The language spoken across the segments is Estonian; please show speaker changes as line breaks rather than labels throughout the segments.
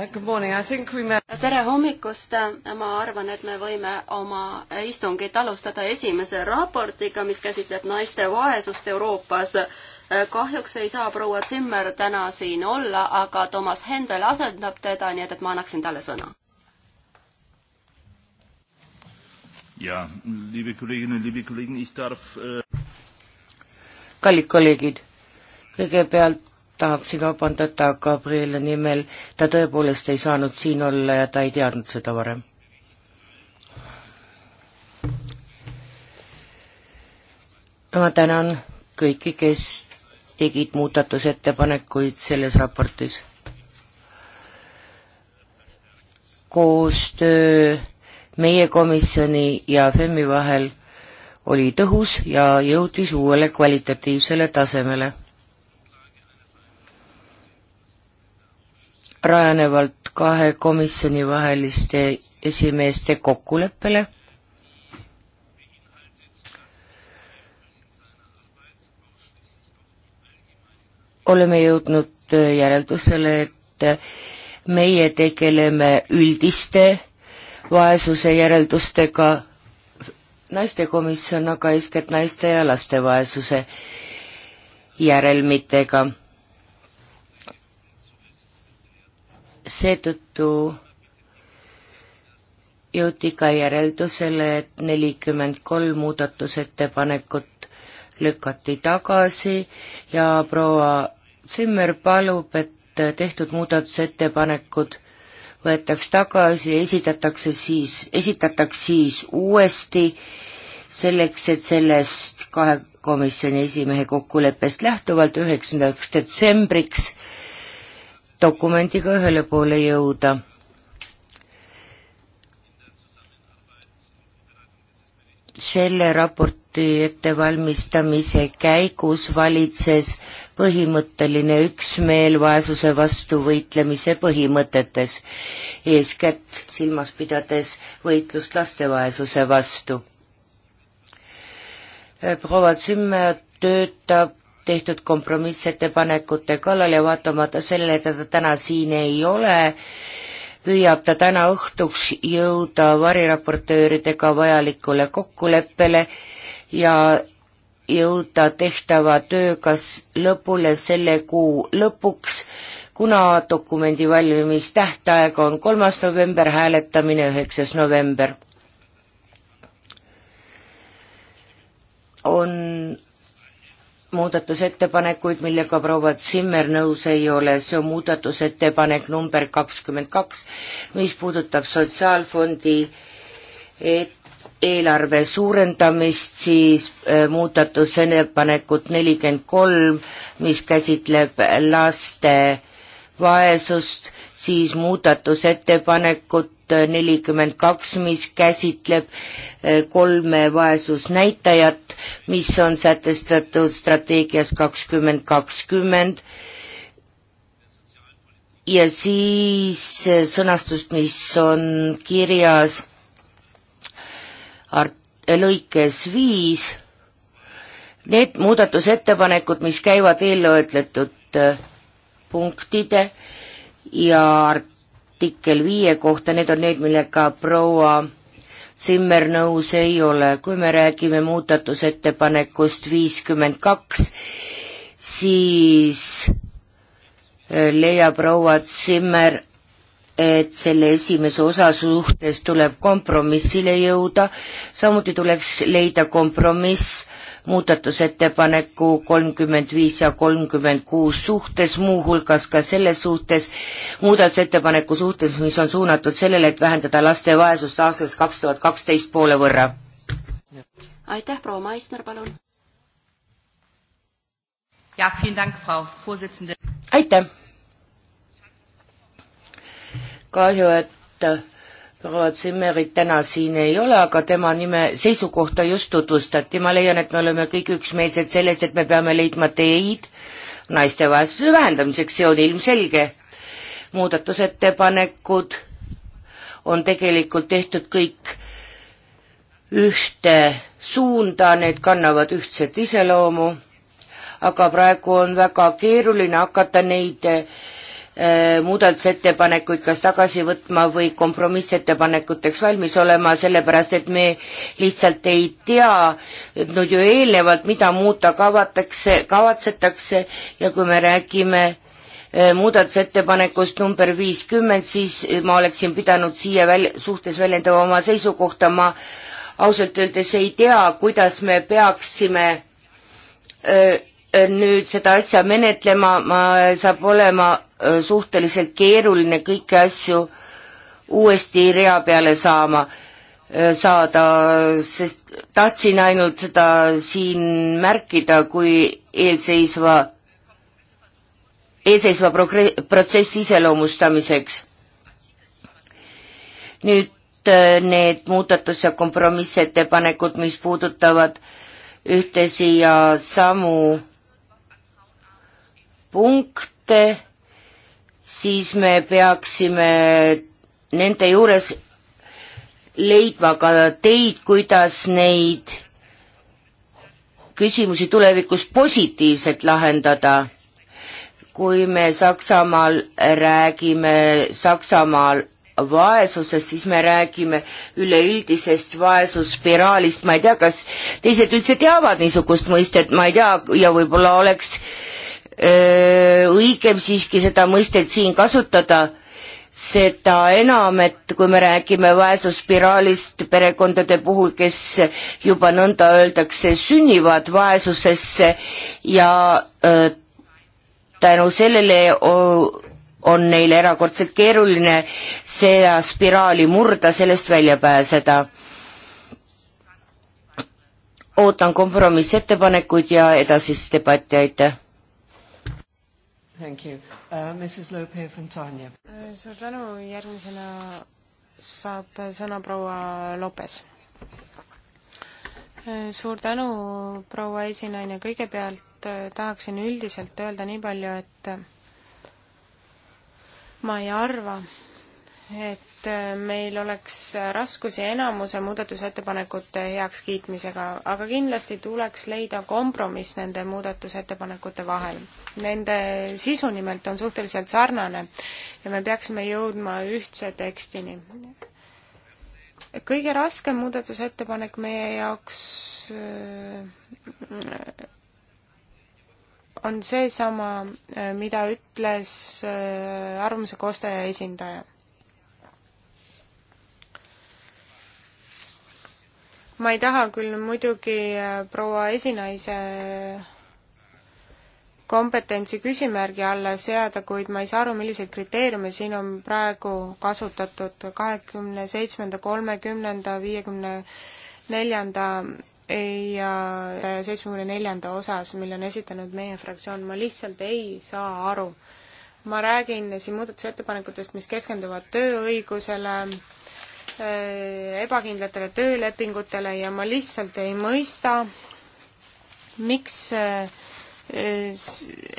Uh, tere hommikust, ma arvan, et me võime oma istungit alustada esimese raportiga, mis käsitleb naiste vaesust Euroopas. Uh, kahjuks ei saa proua Zimmer täna siin olla, aga Toomas Hendel asendab teda, nii et, et ma annaksin talle sõna.
jaa, liibi kolleegid, liibi kolleegid, ich darf äh...
kallid kolleegid, kõigepealt tahaksin vabandada Gabriele nimel, ta tõepoolest ei saanud siin olla ja ta ei teadnud seda varem. ma tänan kõiki, kes tegid muudatusettepanekuid selles raportis. koostöö meie komisjoni ja FEM-i vahel oli tõhus ja jõudis uuele kvalitatiivsele tasemele rajanevalt kahe komisjoni vaheliste esimeeste kokkuleppele oleme jõudnud järeldusele, et meie tegeleme üldiste vaesuse järeldustega, naistekomisjon aga eeskätt naiste ja laste vaesuse järelmitega. seetõttu jõuti ka järeldusele, et nelikümmend kolm muudatusettepanekut lükati tagasi ja proua Zimmer palub, et tehtud muudatusettepanekud võetaks tagasi ja esitatakse siis, esitataks siis uuesti selleks, et sellest kahe komisjoni esimehe kokkuleppest lähtuvalt üheksandaks detsembriks dokumentiga ühele poole jõuda. selle raporti ettevalmistamise käigus valitses põhimõtteline üksmeel vaesuse vastu võitlemise põhimõtetes, eeskätt silmas pidades võitlust laste vaesuse vastu. proua Zimmer töötab tehtud kompromissettepanekute kallal ja vaatamata sellele, et ta täna siin ei ole, püüab ta täna õhtuks jõuda variraportööridega vajalikule kokkuleppele ja jõuda tehtava tööga lõpule selle kuu lõpuks, kuna dokumendi valmimistähtaeg on kolmas november, hääletamine üheksas november. on muudatusettepanekuid, millega proua Zimmer nõus ei ole, see on muudatusettepanek number kakskümmend kaks, mis puudutab Sotsiaalfondi eelarve suurendamist, siis äh, muudatusettepanekut nelikümmend kolm, mis käsitleb laste vaesust, siis muudatusettepanekut nelikümmend kaks, mis käsitleb eh, kolme vaesusnäitajat, mis on sätestatud strateegias kakskümmend kakskümmend ja siis eh, sõnastust, mis on kirjas art-, lõikes viis, need muudatusettepanekud, mis käivad eelloetletud eh, punktide ja art-, artikkel viie kohta, need on need, millega proua Zimmer nõus ei ole. kui me räägime muudatusettepanekust viiskümmend kaks, siis eh, leiab proua Zimmer, et selle esimese osa suhtes tuleb kompromissile jõuda, samuti tuleks leida kompromiss muudatusettepaneku kolmkümmend viis ja kolmkümmend kuus suhtes, muuhulgas ka selles suhtes, muudatusettepaneku suhtes, mis on suunatud sellele, et vähendada laste vaesust aastast kaks tuhat kaksteist poole võrra.
aitäh, proua Maisner, palun!
aitäh! kahju, et äh, proua Zimmerit täna siin ei ole, aga tema nime, seisukohta just tutvustati, ma leian, et me oleme kõik üksmeelsed sellest, et me peame leidma teid naiste vaesuse vähendamiseks, see on ilmselge. muudatusettepanekud on tegelikult tehtud kõik ühte suunda, need kannavad ühtset iseloomu, aga praegu on väga keeruline hakata neid Äh, muudatusettepanekuid kas tagasi võtma või kompromissettepanekuteks valmis olema, sellepärast et me lihtsalt ei tea nüüd ju eelnevalt, mida muuta kavatakse, kavatsetakse ja kui me räägime äh, muudatusettepanekust number viiskümmend, siis ma oleksin pidanud siia väl-, suhtes väljendama oma seisukohta, ma ausalt öeldes ei tea, kuidas me peaksime öö, äh, nüüd seda asja menetlema ma, saab olema äh, suhteliselt keeruline kõiki asju uuesti rea peale saama, äh, saada, sest tahtsin ainult seda siin märkida kui eelseisva, eelseisva progre-, protsessi iseloomustamiseks. nüüd äh, need muudatus- ja kompromissettepanekud, mis puudutavad ühtesi ja samu punkte, siis me peaksime nende juures leidma ka teid, kuidas neid küsimusi tulevikus positiivselt lahendada. kui me Saksamaal räägime Saksamaal vaesusest, siis me räägime üleüldisest vaesusspiraalist, ma ei tea, kas teised üldse teavad niisugust mõistet, ma ei tea, ja võib-olla oleks äh, õigem siiski seda mõistet siin kasutada, seda enam, et kui me räägime vaesusspiraalist perekondade puhul, kes juba nõnda öeldakse, sünnivad vaesusesse ja öö, tänu sellele on neil erakordselt keeruline seda spiraali murda, sellest välja pääseda ootan kompromissettepanekuid ja edasist debatti, aitäh!
Thank you uh,. Mrs Lope Fontania.
Uh, suur tänu, järgmisena saab sõna proua Lopes. Uh, suur tänu, proua esinaine, kõigepealt uh, tahaksin üldiselt öelda nii palju, et ma ei arva, et meil oleks raskusi enamuse muudatusettepanekute heakskiitmisega, aga kindlasti tuleks leida kompromiss nende muudatusettepanekute vahel nende sisu nimelt on suhteliselt sarnane ja me peaksime jõudma ühtse tekstini. kõige raskem muudatusettepanek meie jaoks äh, on seesama, äh, mida ütles äh, arvamuse koostaja esindaja. ma ei taha küll muidugi proua esinaise kompetentsi küsimärgi alla seada, kuid ma ei saa aru, milliseid kriteeriume siin on praegu kasutatud kahekümne seitsmenda, kolmekümnenda, viiekümne neljanda ja seitsmekümne neljanda osas, mille on esitanud meie fraktsioon, ma lihtsalt ei saa aru. ma räägin siin muudatusettepanekutest, mis keskenduvad tööõigusele, eh, ebakindlatele töölepingutele ja ma lihtsalt ei mõista, miks äh,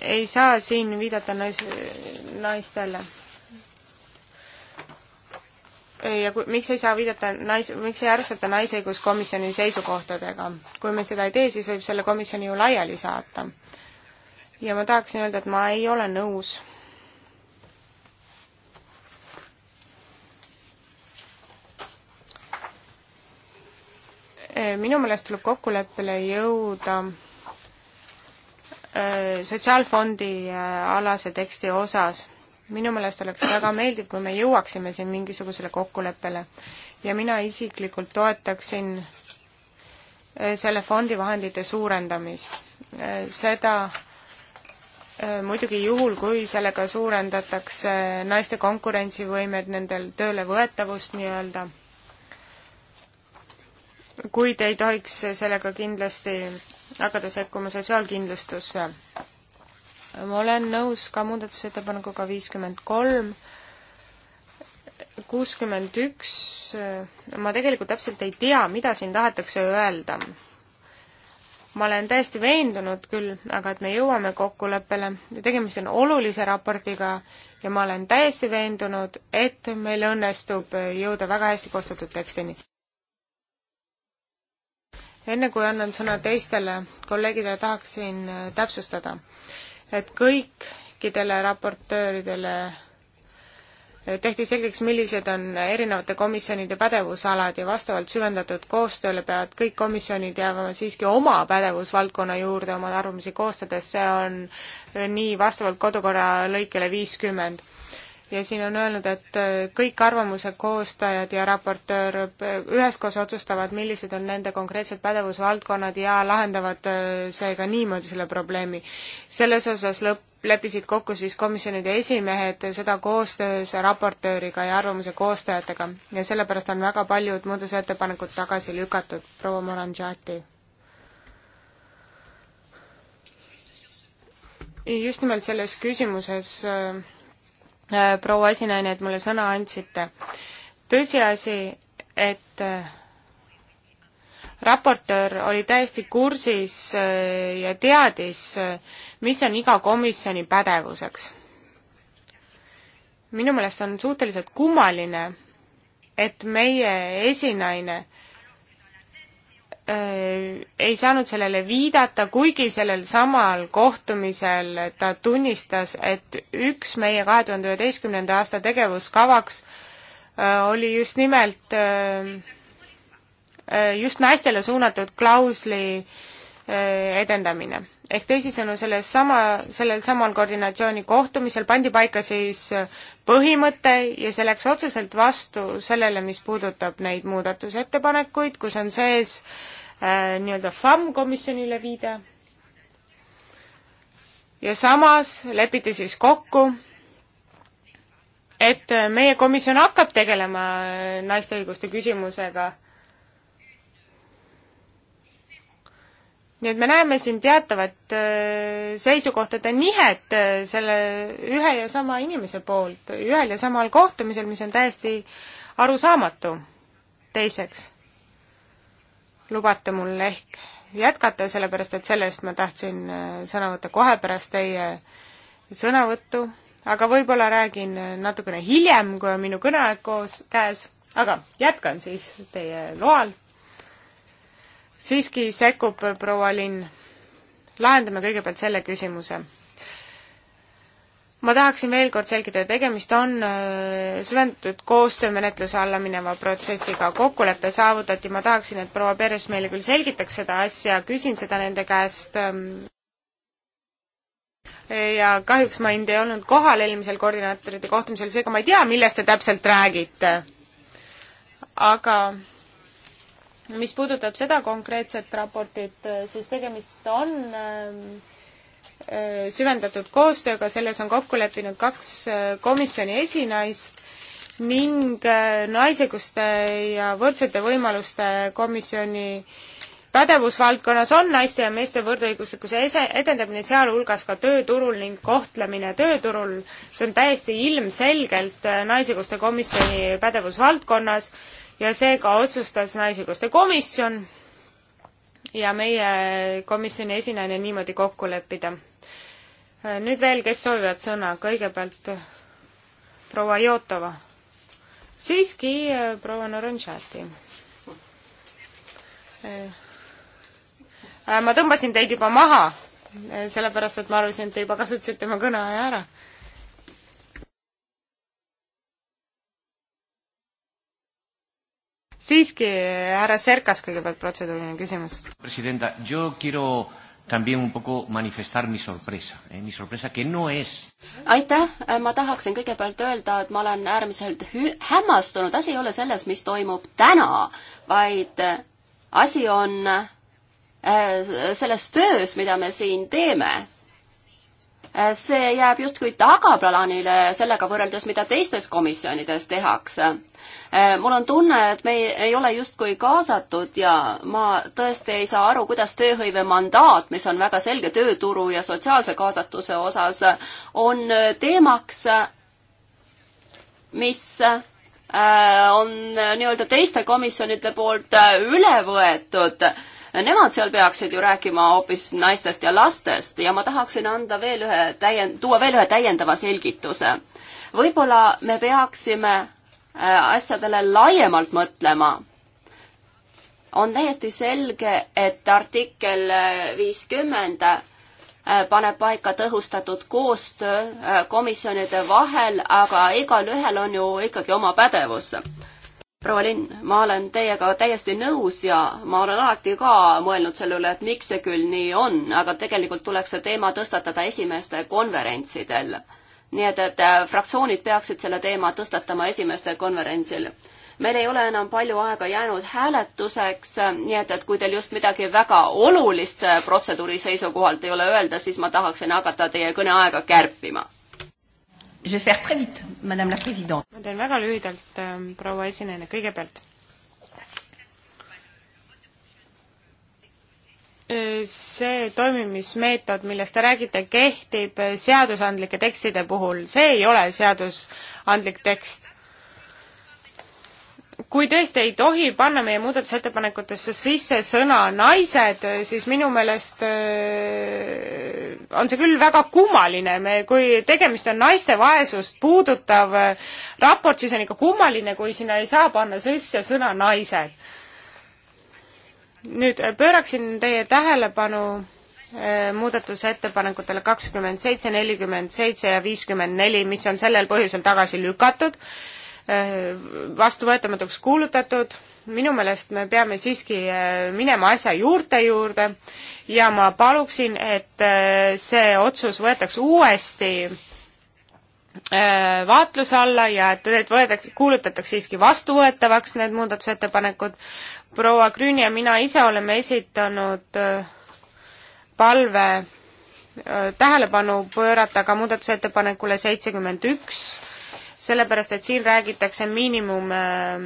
ei saa siin viidata nais, naistele. ja kui, miks ei saa viidata nais-, miks ei arvestata Naisõiguskomisjoni seisukohtadega? kui me seda ei tee, siis võib selle komisjoni ju laiali saata. ja ma tahaksin öelda, et ma ei ole nõus. minu meelest tuleb kokkuleppele jõuda Äh, sotsiaalfondi äh, alase teksti osas. minu meelest oleks väga meeldiv, kui me jõuaksime siin mingisugusele kokkuleppele ja mina isiklikult toetaksin äh, selle fondi vahendite suurendamist. seda muidugi juhul, kui sellega suurendatakse naiste konkurentsivõimet, nendel tööle võetavust nii-öelda kuid ei tohiks sellega kindlasti hakata sekkuma sotsiaalkindlustusse. ma olen nõus ka muudatusettepanekuga viiskümmend kolm, kuuskümmend üks, ma tegelikult täpselt ei tea, mida siin tahetakse öelda. ma olen täiesti veendunud küll, aga et me jõuame kokkuleppele, tegemist on olulise raportiga ja ma olen täiesti veendunud, et meil õnnestub jõuda väga hästi koostatud tekstini enne kui annan sõna teistele kolleegidele, tahaksin äh, täpsustada, et kõikidele raportööridele äh, tehti selgeks, millised on erinevate komisjonide pädevusalad ja vastavalt süvendatud koostööle peavad kõik komisjonid jääma siiski oma pädevusvaldkonna juurde oma arvamusi koostades, see on äh, nii vastavalt kodukorra lõikele viiskümmend ja siin on öelnud, et äh, kõik arvamuse koostajad ja raportöör äh, üheskoos otsustavad, millised on nende konkreetsed pädevusvaldkonnad ja lahendavad äh, seega niimoodi selle probleemi. selles osas lõpp, leppisid kokku siis komisjonide esimehed seda koostöös raportööriga ja arvamuse koostajatega ja sellepärast on väga paljud muudatusettepanekud tagasi lükatud, proua Morangiati. just nimelt selles küsimuses äh, Äh, proua esinaine, et mulle sõna andsite. tõsiasi, et äh, raportöör oli täiesti kursis äh, ja teadis, mis on iga komisjoni pädevuseks. minu meelest on suhteliselt kummaline, et meie esinaine Äh, ei saanud sellele viidata, kuigi sellel samal kohtumisel ta tunnistas, et üks meie kahe tuhande üheteistkümnenda aasta tegevuskavaks äh, oli just nimelt äh, just naistele suunatud klausli edendamine ehk teisisõnu, selles sama, sellel samal koordinatsiooni kohtumisel pandi paika siis põhimõte ja see läks otseselt vastu sellele, mis puudutab neid muudatusettepanekuid, kus on sees äh, nii-öelda FAM komisjonile viide. ja samas lepiti siis kokku, et meie komisjon hakkab tegelema naiste õiguste küsimusega nii et me näeme siin teatavat äh, seisukohtade nihet äh, selle ühe ja sama inimese poolt, ühel ja samal kohtumisel, mis on täiesti arusaamatu. teiseks, lubate mul ehk jätkata, sellepärast et selle eest ma tahtsin äh, sõna võtta kohe pärast teie sõnavõttu, aga võib-olla räägin natukene hiljem, kui on minu kõneaeg koos käes, aga jätkan siis teie loal siiski sekkub äh, proua Linn. lahendame kõigepealt selle küsimuse ma tahaksin veel kord selgitada, tegemist on äh, süvendatud koostöömenetluse alla mineva protsessiga, kokkulepe saavutati, ma tahaksin, et proua Peres meile küll selgitaks seda asja, küsin seda nende käest. Ähm, ja kahjuks ma end ei olnud kohal eelmisel koordinaatorite kohtumisel, seega ma ei tea, millest te täpselt räägite. aga mis puudutab seda konkreetset raportit, äh, siis tegemist on äh, äh, süvendatud koostööga, selles on kokku leppinud kaks komisjoni esinaist ning Naisõiguste ja võrdsete võimaluste komisjoni pädevusvaldkonnas on naiste ja meeste võrdõiguslikkuse edendamine, sealhulgas ka tööturul ning kohtlemine tööturul. see on täiesti ilmselgelt äh, Naisõiguste Komisjoni pädevusvaldkonnas ja seega otsustas Naisõiguste Komisjon ja meie komisjoni esinaine niimoodi kokku leppida. Äh, nüüd veel, kes soovivad sõna, kõigepealt äh, proua Jotova. siiski proua Noronšati. Äh, ma tõmbasin teid juba maha, äh, sellepärast et ma arvasin, et te juba kasutasite oma kõneaja ära. siiski, härra Serkas kõigepealt protseduuriline küsimus.
presidenta, yo quiero también un poco manifestar mi sorpresa eh,, mi sorpresa que no
es. aitäh, äh, ma tahaksin kõigepealt öelda, et ma olen äärmiselt hämmastunud, asi ei ole selles, mis toimub täna, vaid asi on Äh, selles töös, mida me siin teeme, äh, see jääb justkui tagaplaanile sellega võrreldes, mida teistes komisjonides tehakse. Äh, mul on tunne, et me ei ole justkui kaasatud ja ma tõesti ei saa aru, kuidas tööhõive mandaat, mis on väga selge tööturu ja sotsiaalse kaasatuse osas, on teemaks, mis on nii-öelda teiste komisjonide poolt üle võetud nemad seal peaksid ju rääkima hoopis naistest ja lastest ja ma tahaksin anda veel ühe täiend-, tuua veel ühe täiendava selgituse. võib-olla me peaksime äh, asjadele laiemalt mõtlema on täiesti selge, et artikkel äh, viiskümmend äh, paneb paika tõhustatud koostöö komisjonide vahel, aga igalühel on ju ikkagi oma pädevus proua Linn, ma olen teiega täiesti nõus ja ma olen alati ka mõelnud selle üle, et miks see küll nii on, aga tegelikult tuleks see teema tõstatada esimeste konverentsidel. nii et, et äh, fraktsioonid peaksid selle teema tõstatama esimestel konverentsil. meil ei ole enam palju aega jäänud hääletuseks, nii et, et kui teil just midagi väga olulist äh, protseduuri seisukohalt ei ole öelda, siis ma tahaksin hakata teie kõneaega kärpima
Je vais faire très vite, madame la présidente. ma teen väga lühidalt ähm, äh,, proua esineja, kõigepealt see toimimismeetod, millest te räägite, kehtib äh, seadusandlike tekstide puhul, see ei ole seadusandlik tekst kui tõesti ei tohi panna meie muudatusettepanekutesse sisse sõna naised, siis minu meelest äh, on see küll väga kummaline, me, kui tegemist on naiste vaesust puudutav äh, raport, siis on ikka kummaline, kui sinna ei saa panna sisse sõna naised. nüüd äh, pööraksin teie tähelepanu muudatusettepanekutele kakskümmend seitse, nelikümmend seitse ja viiskümmend neli, mis on sellel põhjusel tagasi lükatud Äh, vastuvõetamatuks kuulutatud, minu meelest me peame siiski äh, minema asja juurte juurde ja ma paluksin, et äh, see otsus võetaks uuesti vaatluse alla ja et need võetakse, kuulutatakse siiski vastuvõetavaks, need muudatusettepanekud. proua Krüüni ja mina ise oleme esitanud palve tähelepanu pöörata ka muudatusettepanekule seitsekümmend üks sellepärast et siin räägitakse miinimum äh,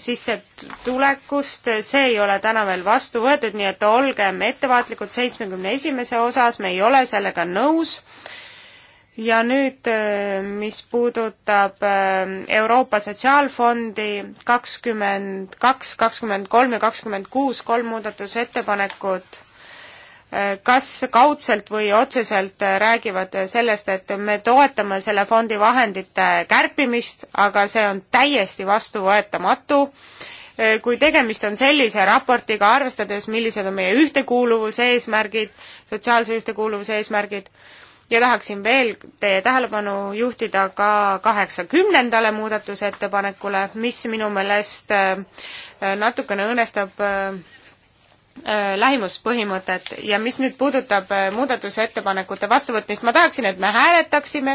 sissetulekust, see ei ole täna veel vastu võetud, nii et olgem ettevaatlikud seitsmekümne esimese osas, me ei ole sellega nõus ja nüüd, äh, mis puudutab äh, Euroopa Sotsiaalfondi kakskümmend kaks, kakskümmend kolm ja kakskümmend kuus, kolm muudatusettepanekut, kas kaudselt või otseselt räägivad sellest, et me toetame selle fondi vahendite kärpimist, aga see on täiesti vastuvõetamatu. kui tegemist on sellise raportiga, arvestades, millised on meie ühtekuuluvuse eesmärgid, sotsiaalse ühtekuuluvuse eesmärgid, ja tahaksin veel teie tähelepanu juhtida ka kaheksakümnendale muudatusettepanekule, mis minu meelest äh, natukene õõnestab äh, Äh, lähimuspõhimõtet ja mis nüüd puudutab äh, muudatusettepanekute vastuvõtmist, ma tahaksin, et me hääletaksime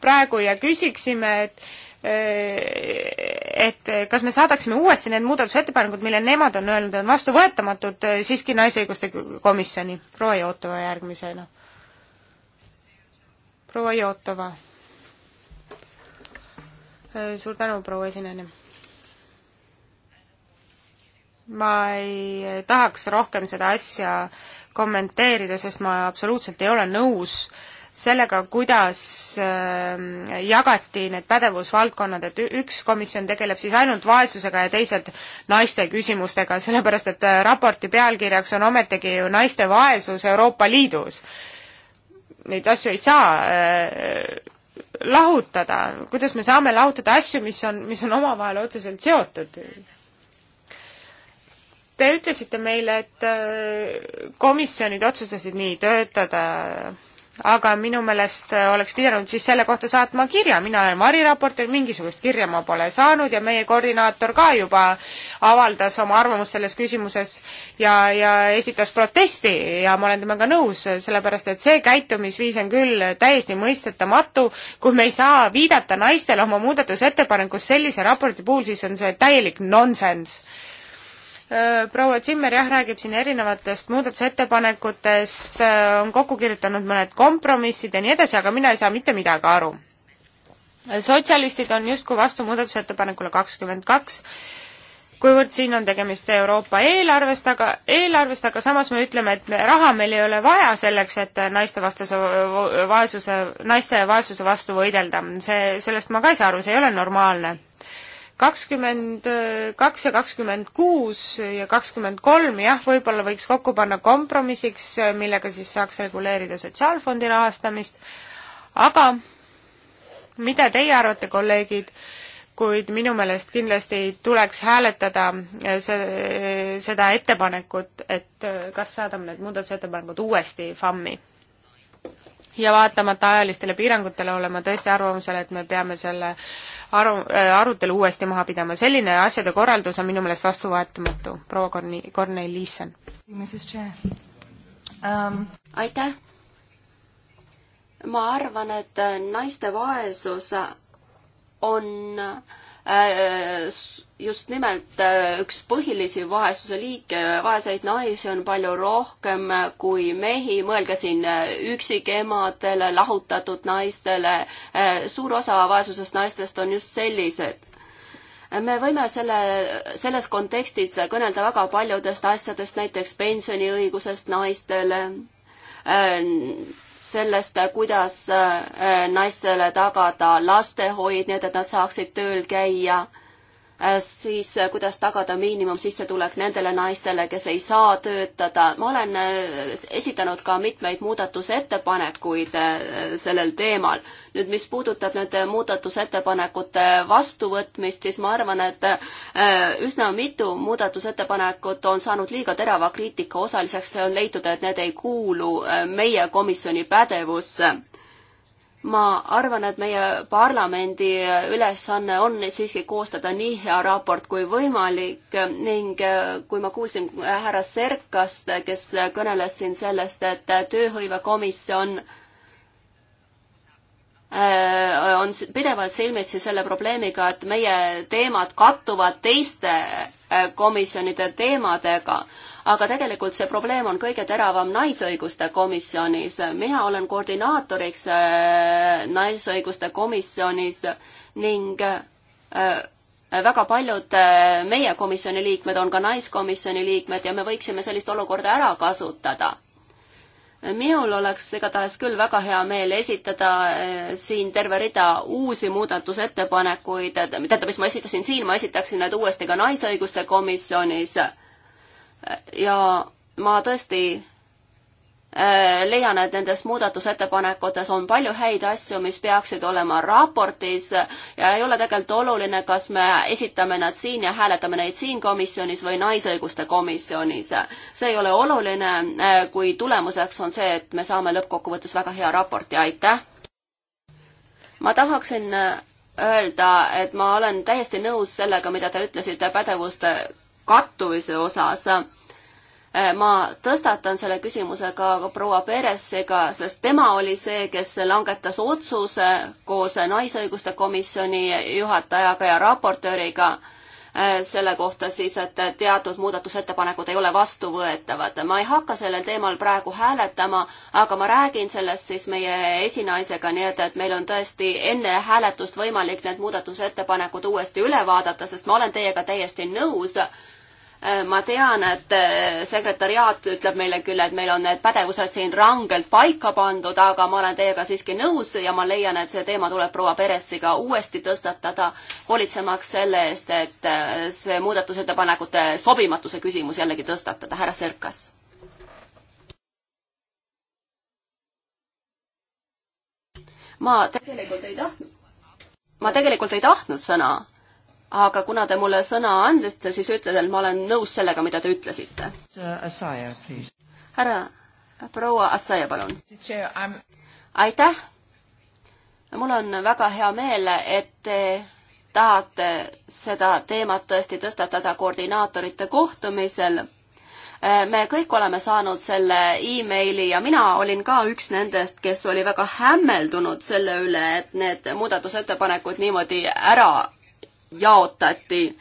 praegu ja küsiksime, et äh, et kas me saadaksime uuesti need muudatusettepanekud, mille nemad on öelnud, on vastuvõetamatud siiski Naisõiguste Komisjoni. proua Jootova järgmisena. proua Jootova. suur tänu, proua esinejana ma ei tahaks rohkem seda asja kommenteerida, sest ma absoluutselt ei ole nõus sellega, kuidas ähm, jagati need pädevusvaldkonnad, et üks komisjon tegeleb siis ainult vaesusega ja teised naiste küsimustega, sellepärast et äh, raporti pealkirjaks on ometigi ju naiste vaesus Euroopa Liidus. Neid asju ei saa äh, lahutada, kuidas me saame lahutada asju, mis on, mis on omavahel otseselt seotud? Te ütlesite meile, et äh, komisjonid otsustasid nii töötada, aga minu meelest äh, oleks pidanud siis selle kohta saatma kirja, mina olen variraportöör, mingisugust kirja ma pole saanud ja meie koordinaator ka juba avaldas oma arvamust selles küsimuses ja, ja esitas protesti ja ma olen temaga nõus, sellepärast et see käitumisviis on küll täiesti mõistetamatu, kui me ei saa viidata naistele oma muudatusettepanekus sellise raporti puhul, siis on see täielik nonsense Äh, proua Zimmer jah, räägib siin erinevatest muudatusettepanekutest, äh, on kokku kirjutanud mõned kompromissid ja nii edasi, aga mina ei saa mitte midagi aru. sotsialistid on justkui vastu muudatusettepanekule kakskümmend kaks, kuivõrd siin on tegemist Euroopa eelarvest, aga, eelarvest, aga samas me ütleme, et me, raha meil ei ole vaja selleks, et naistevastase vaesuse, naiste vaesuse vastu võidelda. see, sellest ma ka ei saa aru, see ei ole normaalne kakskümmend äh, kaks ja kakskümmend kuus ja kakskümmend kolm, jah, võib-olla võiks kokku panna kompromissiks, äh, millega siis saaks reguleerida sotsiaalfondi rahastamist, aga mida teie arvate, kolleegid, kuid minu meelest kindlasti tuleks hääletada äh, see, seda ettepanekut, et kas saadame need muudatusettepanekud uuesti FAM-i. ja vaatamata ajalistele piirangutele olen ma tõesti arvamusel, et me peame selle äh, aru, äh, arutelu uuesti maha pidama. selline asjade korraldus on minu meelest vastuvõetamatu, proua Korni-, Kornel Liisson. Um... Ähm.
aitäh! ma arvan, et naiste vaesus on äh, Äh, just nimelt äh, üks põhilisi vaesuse liike, vaeseid naisi on palju rohkem kui mehi, mõelge siin äh, üksikemadele, lahutatud naistele, suur osa vaesusest naistest on just sellised me võime selle, selles kontekstis kõnelda väga paljudest asjadest, näiteks pensioniõigusest naistele, sellest, kuidas äh, naistele tagada lastehoid, nii et, et nad saaksid tööl käia Äh, siis äh, kuidas tagada miinimumsissetulek nendele naistele, kes ei saa töötada. ma olen äh, esitanud ka mitmeid muudatusettepanekuid sellel teemal. nüüd, mis puudutab nende muudatusettepanekute vastuvõtmist, siis ma arvan, et üsna mitu muudatusettepanekut on saanud liiga terava kriitika osaliseks, on leitud, et need ei kuulu meie komisjoni pädevusse ma arvan, et meie parlamendi ülesanne on siiski koostada nii hea raport kui võimalik ning äh, kui ma kuulsin äh, härra Serkast, kes kõneles siin sellest, et äh, tööhõivekomisjon on pidevalt silmitsi selle probleemiga, et meie teemad kattuvad teiste komisjonide teemadega aga tegelikult see probleem on kõige teravam Naisõiguste komisjonis. mina olen koordinaatoriks äh, Naisõiguste komisjonis ning äh, väga paljud äh, meie komisjoni liikmed on ka naiskomisjoni liikmed ja me võiksime sellist olukorda ära kasutada minul oleks igatahes küll väga hea meel esitada siin terve rida uusi muudatusettepanekuid, tähendab, mis ma esitasin siin, ma esitaksin need uuesti ka Naisõiguste komisjonis ja ma tõesti äh, leian, et nendes muudatusettepanekutes on palju häid asju, mis peaksid olema raportis ja ei ole tegelikult oluline, kas me esitame nad siin ja hääletame neid siin komisjonis või Naisõiguste komisjonis. see ei ole oluline, äh, kui tulemuseks on see, et me saame lõppkokkuvõttes väga hea raporti, aitäh! ma tahaksin äh, öelda, et ma olen täiesti nõus sellega, mida te ütlesite pädevuste kattuvuse osas. Äh, ma tõstatan selle küsimuse ka, ka proua Peressega, sest tema oli see, kes langetas otsuse koos Naisõiguste Komisjoni juhatajaga ja raportööriga äh, selle kohta siis, et teatud muudatusettepanekud ei ole vastuvõetavad. ma ei hakka sellel teemal praegu hääletama, aga ma räägin sellest siis meie esinaisega, nii et, et meil on tõesti enne hääletust võimalik need muudatusettepanekud uuesti üle vaadata, sest ma olen teiega täiesti nõus Äh, ma tean, et äh, sekretäriaat ütleb meile küll, et meil on need pädevused siin rangelt paika pandud, aga ma olen teiega siiski nõus ja ma leian, et see teema tuleb proua Peressiga uuesti tõstatada, hoolitsemaks selle eest, et äh, see muudatusettepanekute sobimatuse küsimus jällegi tõstatada. härra Serkas ma tegelikult ei tahtnud, ma tegelikult ei tahtnud sõna, aga kuna te mulle sõna andisite, siis ütlen, et ma olen nõus sellega, mida te ütlesite. härra, proua Assaja, palun. aitäh. mul on väga hea meel, et te tahate seda teemat tõesti tõstatada koordinaatorite kohtumisel. Eh, me kõik oleme saanud selle emaili ja mina olin ka üks nendest, kes oli väga hämmeldunud selle üle, et need muudatusettepanekud niimoodi ära jaotati.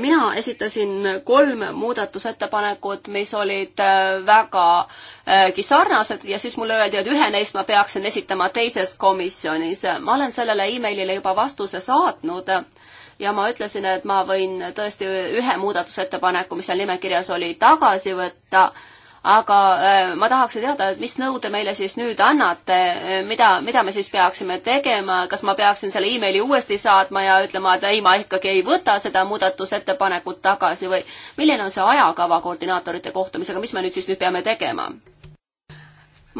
mina esitasin kolm muudatusettepanekut, mis olid äh, vägagi äh, sarnased ja siis mulle öeldi, et ühe neist ma peaksin esitama teises komisjonis. ma olen sellele emailile juba vastuse saatnud ja ma ütlesin, et ma võin tõesti ühe muudatusettepaneku, mis seal nimekirjas oli, tagasi võtta aga äh, ma tahaksin teada, et mis nõu te meile siis nüüd annate, äh, mida, mida me siis peaksime tegema, kas ma peaksin selle emaili uuesti saatma ja ütlema, et ei, ma ikkagi ei võta seda muudatusettepanekut tagasi või milline on see ajakava koordinaatorite kohtumisega, mis me nüüd siis nüüd peame tegema?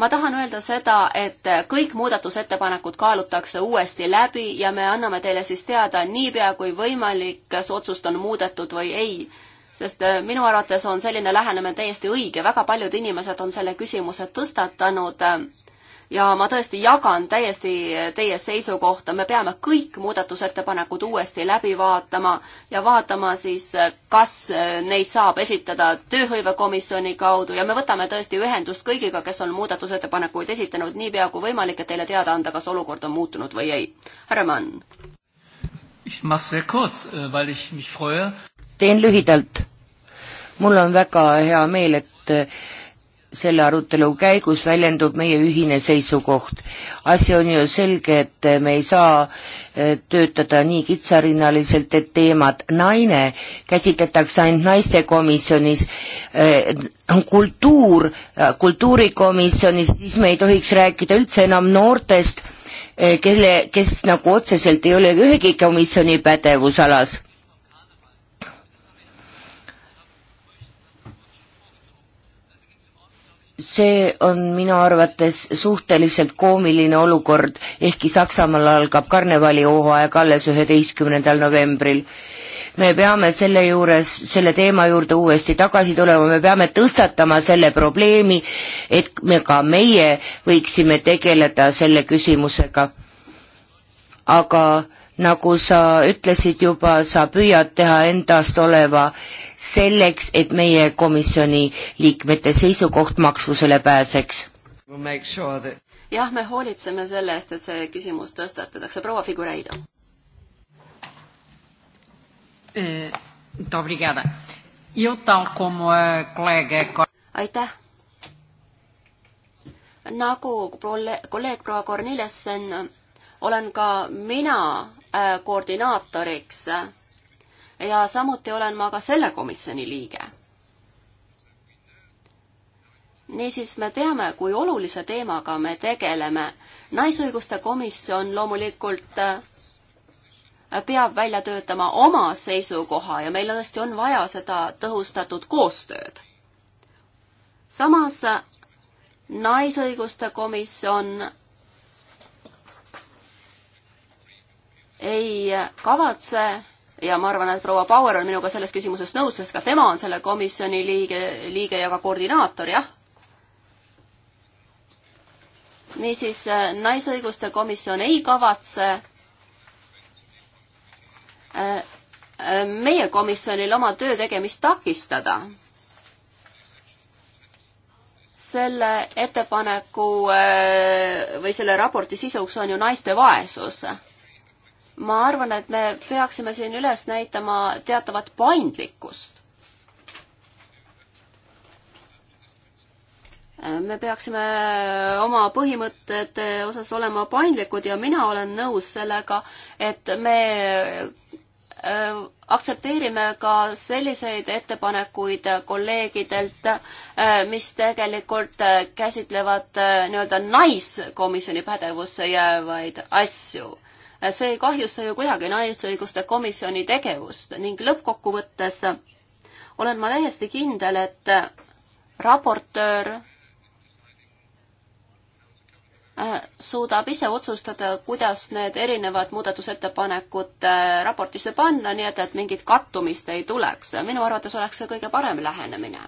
ma tahan öelda seda, et kõik muudatusettepanekud kaalutakse uuesti läbi ja me anname teile siis teada niipea kui võimalik, kas otsust on muudetud või ei sest äh, minu arvates on selline lähenemine täiesti õige, väga paljud inimesed on selle küsimuse tõstatanud äh, ja ma tõesti jagan täiesti teie seisukohta, me peame kõik muudatusettepanekud uuesti läbi vaatama ja vaatama siis, äh, kas neid saab esitada tööhõivekomisjoni kaudu ja me võtame tõesti ühendust kõigiga, kes on muudatusettepanekuid esitanud, niipea kui võimalik, et teile teada anda, kas olukord on muutunud või ei. härra Mann. Ich mache sehr kurz, weil ich mich freue
teen lühidalt. mul on väga hea meel, et äh, selle arutelu käigus väljendub meie ühine seisukoht. asi on ju selge, et äh, me ei saa äh, töötada nii kitsarinnaliselt, et teemat naine käsitletakse ainult naistekomisjonis, kultuur, kultuurikomisjonis, siis me ei tohiks rääkida üldse enam noortest, kelle, kes nagu otseselt ei ole ühegi komisjoni pädevusalas see on minu arvates suhteliselt koomiline olukord, ehkki Saksamaal algab karnevalihooaeg alles üheteistkümnendal novembril. me peame selle juures, selle teema juurde uuesti tagasi tulema, me peame tõstatama selle probleemi, et me ka meie võiksime tegeleda selle küsimusega. aga nagu sa ütlesid juba, sa püüad teha endast oleva selleks, et meie komisjoni liikmete seisukoht maksvusele pääseks.
jah, me hoolitseme selle eest, et see küsimus tõstatatakse. proua Figureido. aitäh nagu kolleeg proua Kornilissen olen ka mina Äh, koordinaatoriks ja samuti olen ma ka selle komisjoni liige. niisiis me teame, kui olulise teemaga me tegeleme. naisõiguste komisjon loomulikult äh, peab välja töötama oma seisukoha ja meil tõesti on vaja seda tõhustatud koostööd. samas äh, naisõiguste komisjon ei kavatse ja ma arvan, et proua Bauer on minuga selles küsimuses nõus, sest ka tema on selle komisjoni liige, liige ja ka koordinaator, jah. niisiis, äh, Naisõiguste Komisjon ei kavatse äh, äh, meie komisjonil oma töö tegemist takistada selle ettepaneku või selle raporti sisuks on ju naiste vaesus ma arvan, et me peaksime siin üles näitama teatavat paindlikkust. me peaksime oma põhimõtete osas olema paindlikud ja mina olen nõus sellega, et me äh, aktsepteerime ka selliseid ettepanekuid kolleegidelt, äh, mis tegelikult äh, käsitlevad nii-öelda naiskomisjoni pädevusse jäävaid asju see ei kahjusta ju kuidagi Naisõiguste Komisjoni tegevust ning lõppkokkuvõttes olen ma täiesti kindel, et raportöör äh, suudab ise otsustada, kuidas need erinevad muudatusettepanekud äh, raportisse panna, nii et, et mingit kattumist ei tuleks. minu arvates oleks see kõige parem lähenemine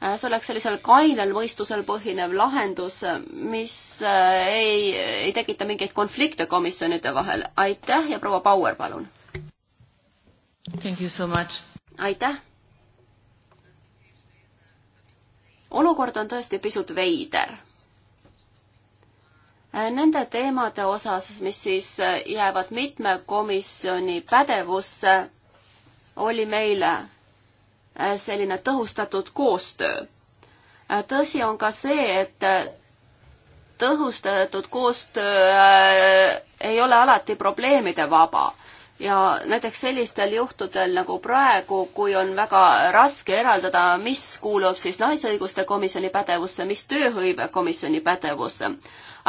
Äh, see oleks sellisel kainel mõistusel põhinev lahendus, äh, mis äh, ei, ei tekita mingeid konflikte komisjonide vahel. aitäh ja proua Bauer, palun! aitäh! olukord on tõesti pisut veider. Nende teemade osas, mis siis jäävad mitme komisjoni pädevusse, oli meile Äh, selline tõhustatud koostöö. Äh, tõsi on ka see, et äh, tõhustatud koostöö ei ole alati probleemide vaba ja näiteks sellistel juhtudel nagu praegu, kui on väga raske eraldada, mis kuulub siis Naisõiguste Komisjoni pädevusse, mis Tööhõivekomisjoni pädevusse.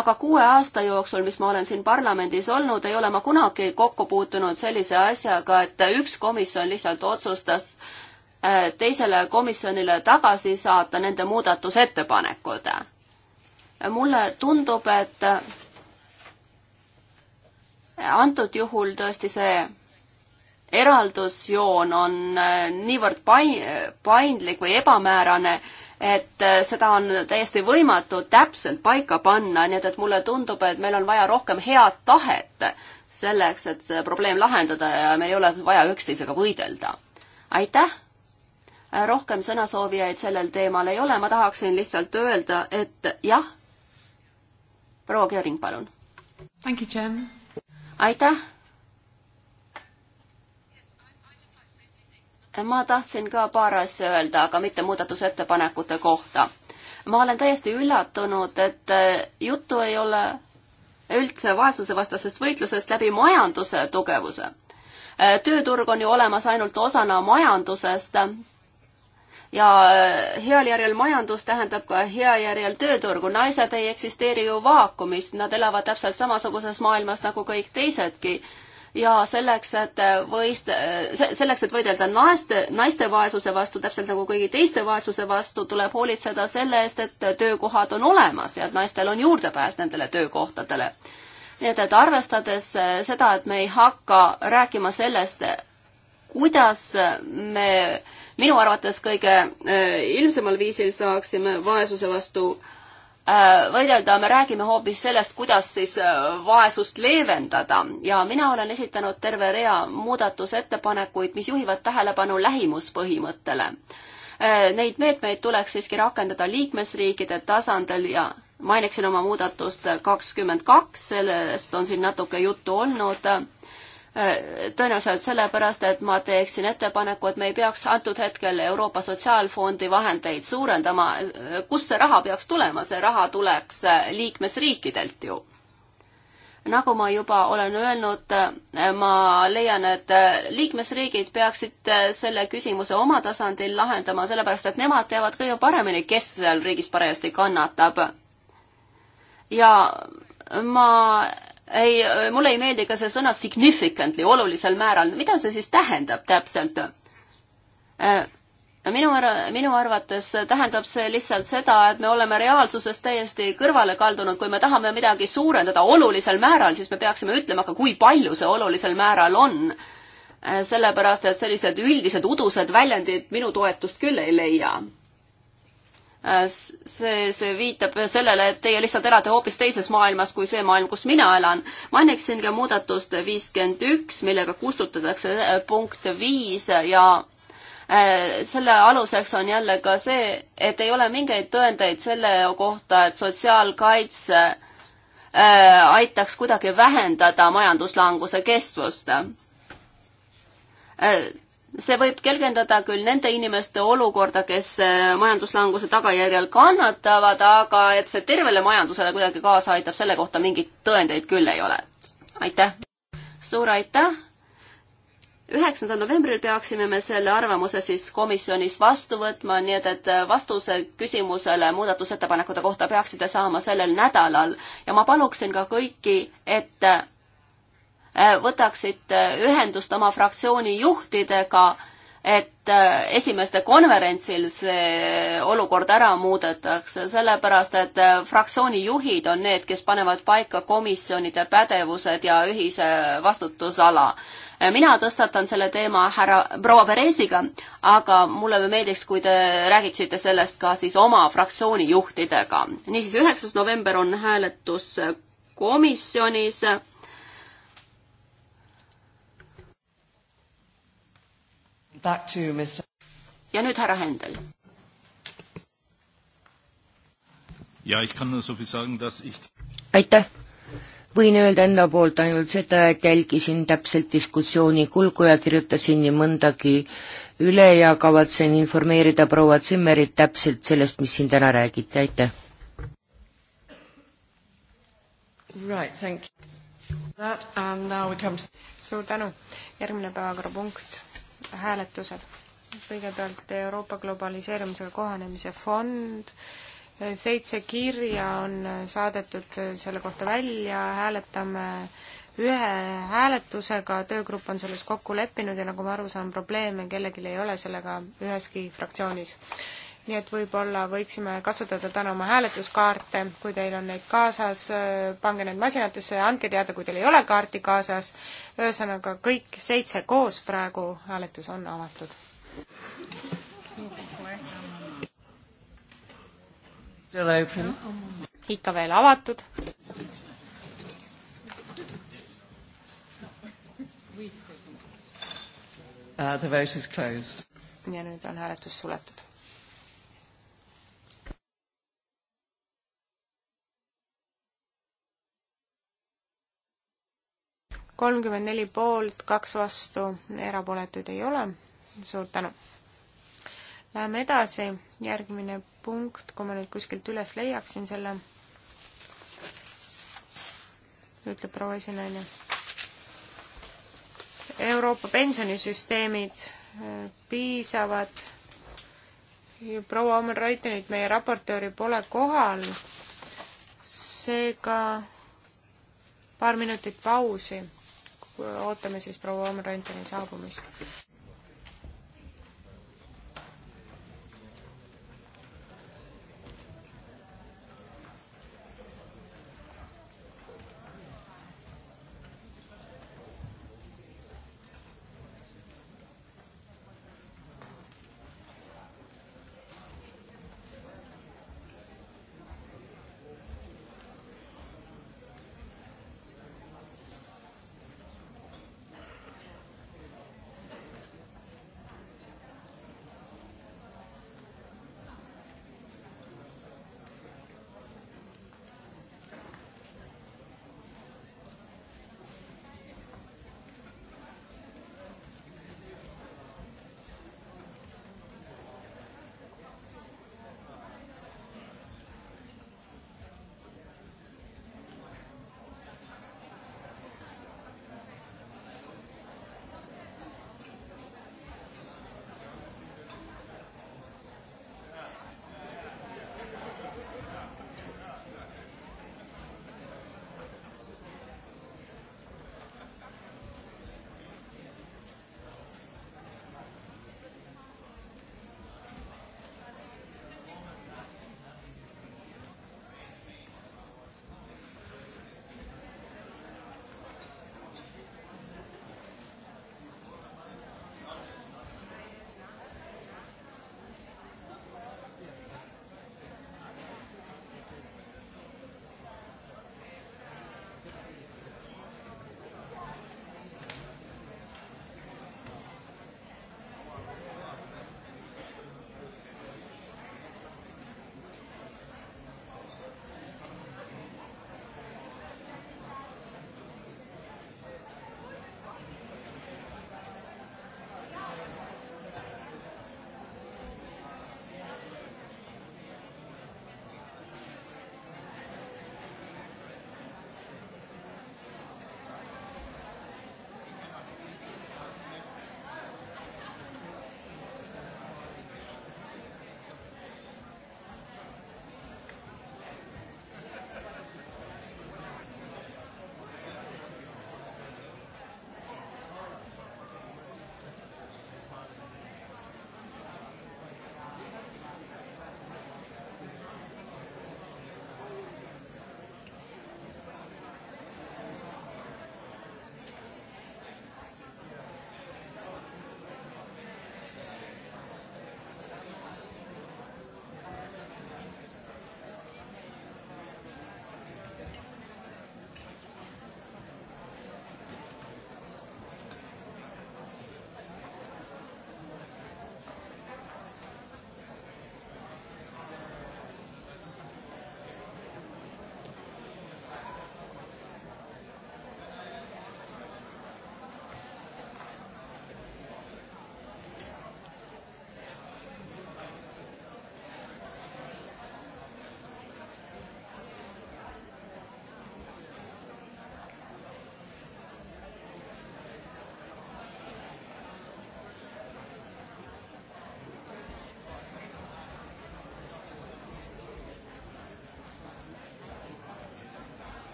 aga kuue aasta jooksul, mis ma olen siin parlamendis olnud, ei ole ma kunagi kokku puutunud sellise asjaga, et üks komisjon lihtsalt otsustas äh, Äh, teisele komisjonile tagasi saata nende muudatusettepanekud. mulle tundub, et äh, antud juhul tõesti see eraldusjoon on äh, niivõrd paindlik või ebamäärane, et seda on täiesti võimatu täpselt paika panna, nii et, et mulle tundub, et meil on vaja rohkem head tahet selleks, et see probleem lahendada ja meil ei ole vaja üksteisega võidelda. aitäh! rohkem sõnasoovijaid sellel teemal ei ole, ma tahaksin lihtsalt öelda, et jah, proua Kering, palun. aitäh. ma tahtsin ka paar asja öelda, aga mitte muudatusettepanekute kohta. ma olen täiesti üllatunud, et juttu ei ole üldse vaesusevastasest võitlusest läbi majanduse tugevuse tööturg on ju olemas ainult osana majandusest ja äh, heal järjel majandus tähendab ka hea järjel tööturgu. naised ei eksisteeri ju vaakumis, nad elavad täpselt samasuguses maailmas nagu kõik teisedki ja selleks, et äh, võist-, äh, selleks, et võidelda naiste, naiste vaesuse vastu, täpselt nagu kõigi teiste vaesuse vastu, tuleb hoolitseda selle eest, et töökohad on olemas ja et naistel on juurdepääs nendele töökohtadele. nii et, et arvestades seda, et me ei hakka rääkima sellest, kuidas me äh, minu arvates kõige äh, ilmsemal viisil saaksime vaesuse vastu äh, võidelda, me räägime hoopis sellest, kuidas siis äh, vaesust leevendada ja mina olen esitanud terve rea muudatusettepanekuid, mis juhivad tähelepanu lähimuspõhimõttele. Neid meetmeid tuleks siiski rakendada liikmesriikide tasandil ja mainiksin oma muudatust kakskümmend kaks, sellest on siin natuke juttu olnud tõenäoliselt sellepärast, et ma teeksin ettepaneku, et me ei peaks antud hetkel Euroopa Sotsiaalfondi vahendeid suurendama. kust see raha peaks tulema, see raha tuleks liikmesriikidelt ju nagu ma juba olen öelnud, ma leian, et liikmesriigid peaksid selle küsimuse oma tasandil lahendama, sellepärast et nemad teavad kõige paremini, kes seal riigis parajasti kannatab. ja ma ei, äh, mulle ei meeldi ka see sõna significantly, olulisel määral, mida see siis tähendab täpselt? Äh, minu ar-, minu arvates tähendab see lihtsalt seda, et me oleme reaalsusest täiesti kõrvale kaldunud, kui me tahame midagi suurendada olulisel määral, siis me peaksime ütlema ka, kui palju see olulisel määral on. Äh, sellepärast, et sellised üldised udused väljendid minu toetust küll ei leia Äh, see, see viitab sellele, et teie lihtsalt elate hoopis teises maailmas kui see maailm, kus mina elan. mainiksin ka muudatust viiskümmend üks, millega kustutatakse äh, punkt viis ja äh, selle aluseks on jälle ka see, et ei ole mingeid tõendeid selle kohta, et sotsiaalkaitse aitaks kuidagi vähendada majanduslanguse kestvust see võib kergendada küll nende inimeste olukorda, kes äh, majanduslanguse tagajärjel kannatavad, aga et see tervele majandusele kuidagi kaasa aitab, selle kohta mingeid tõendeid küll ei ole. aitäh! suur aitäh! üheksandal novembril peaksime me selle arvamuse siis komisjonis vastu võtma, nii et, et äh, vastuse küsimusele muudatusettepanekute kohta peaksite saama sellel nädalal ja ma paluksin ka kõiki, et äh, Äh, võtaksite äh, ühendust oma fraktsiooni juhtidega, et äh, esimeste konverentsil see olukord ära muudetakse, sellepärast et fraktsiooni juhid on need, kes panevad paika komisjonide pädevused ja ühise vastutusala. mina tõstatan selle teema härra proua Peresiga, aga mulle meeldiks, kui te räägiksite sellest ka siis oma fraktsiooni juhtidega. niisiis, üheksas november on hääletus komisjonis back to Mr. ja nüüd härra Händel. aitäh, võin
öelda enda poolt ainult seda, et jälgisin täpselt diskussiooni kulgu ja kirjutasin nii mõndagi üle ja kavatsen informeerida proua Zimmerit täpselt sellest, mis siin täna räägiti, aitäh.
Right, thank you. That and now we come to... suur tänu, järgmine päevakorrapunkt hääletused. kõigepealt Euroopa globaliseerumisega kohanemise fond, seitse kirja on saadetud selle kohta välja, hääletame ühe hääletusega, töögrupp on selles kokku leppinud ja nagu ma aru saan, probleeme kellelgi ei ole sellega üheski fraktsioonis nii et võib-olla võiksime kasutada täna oma hääletuskaarte, kui teil on neid kaasas, pange need masinatesse ja andke teada, kui teil ei ole kaarti kaasas. ühesõnaga, kõik seitse koos praegu hääletus on avatud. ikka veel avatud. Uh, the vote is closed. ja nüüd on hääletus suletud. kolmkümmend neli poolt, kaks vastu, erapooletuid ei ole. suur tänu! Läheme edasi, järgmine punkt, kui ma nüüd kuskilt üles leiaksin selle, ütleb proua esinaine. Euroopa pensionisüsteemid äh, piisavad, proua Omen Reutenit, meie raportööri, pole kohal, seega paar minutit pausi ootame siis proua Omen Renteni saabumist.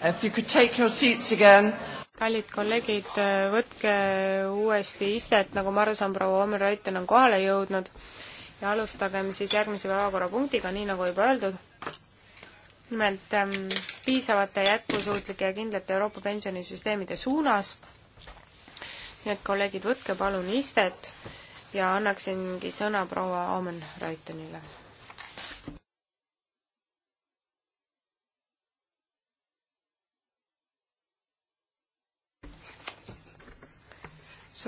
If you could take your seats again. kallid kolleegid, võtke uuesti istet, nagu ma aru saan, proua Omer Reuten on kohale jõudnud ja alustagem siis järgmise päevakorrapunktiga, nii nagu juba öeldud. nimelt ähm, piisavate, jätkusuutlike ja kindlate Euroopa pensionisüsteemide suunas. nii et kolleegid, võtke palun istet ja annaksingi sõna proua Omen Reutenile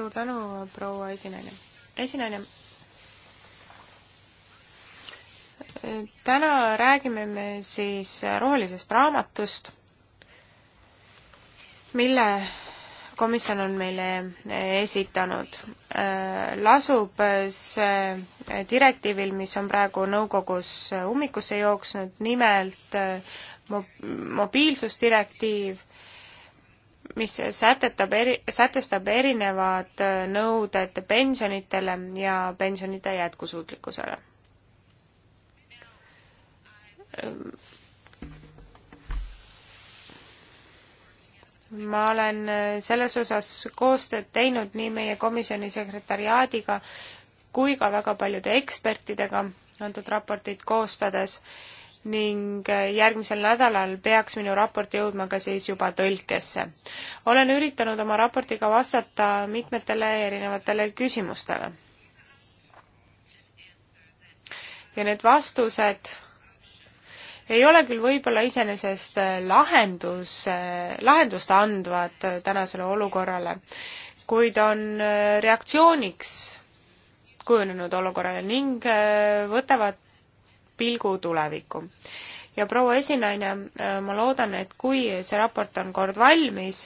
suur tänu, proua esinaine. esinaine. täna räägime me siis rohelisest raamatust, mille komisjon on meile esitanud. lasub see direktiivil, mis on praegu nõukogus ummikusse jooksnud, nimelt mobiilsusdirektiiv mis sätetab eri, sätestab erinevad nõuded pensionitele ja pensionide jätkusuutlikkusele. ma olen selles osas koostööd teinud nii meie komisjoni sekretariaadiga kui ka väga paljude ekspertidega antud raportit koostades ning äh, järgmisel nädalal peaks minu raport jõudma ka siis juba tõlkesse. olen üritanud oma raportiga vastata mitmetele erinevatele küsimustele. ja need vastused ei ole küll võib-olla iseenesest äh, lahendus, äh, lahendust andvad tänasele olukorrale, kuid on reaktsiooniks kujunenud olukorrale ning võtavad pilgu tulevikku. ja proua esinaine, äh, ma loodan, et kui see raport on kord valmis,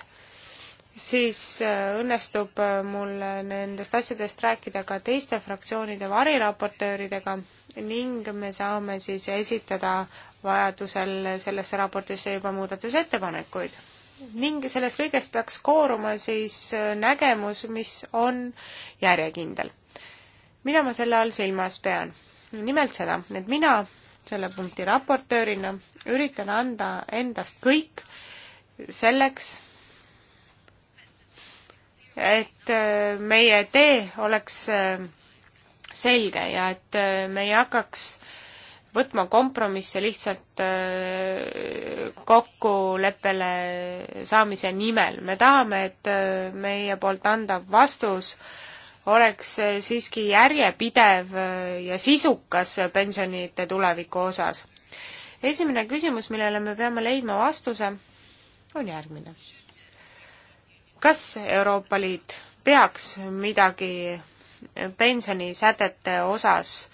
siis äh, õnnestub äh, mul nendest asjadest rääkida ka teiste fraktsioonide variraportööridega ning me saame siis esitada vajadusel sellesse raportisse juba muudatusettepanekuid. ning sellest kõigest peaks kooruma siis nägemus, mis on järjekindel. mida ma selle all silmas pean? nimelt seda, et mina selle punkti raportöörina üritan anda endast kõik selleks, et äh, meie tee oleks äh, selge ja et äh, me ei hakkaks võtma kompromisse lihtsalt kokkuleppele saamise nimel. me tahame, et meie poolt andav vastus äh, oleks siiski järjepidev äh, ja sisukas pensionite tuleviku osas. esimene küsimus, millele me peame leidma vastuse, on järgmine. kas Euroopa Liit peaks midagi pensionisätete osas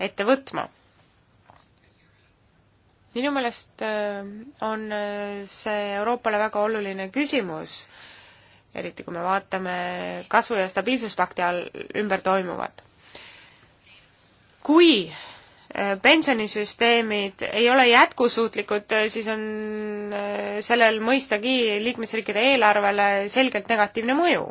ette võtma? minu meelest äh, on äh, see Euroopale väga oluline küsimus eriti kui me vaatame kasvu- ja stabiilsuspakti all ümber toimuvat. kui äh, pensionisüsteemid ei ole jätkusuutlikud, äh, siis on äh, sellel mõistagi liikmesriikide eelarvele selgelt negatiivne mõju.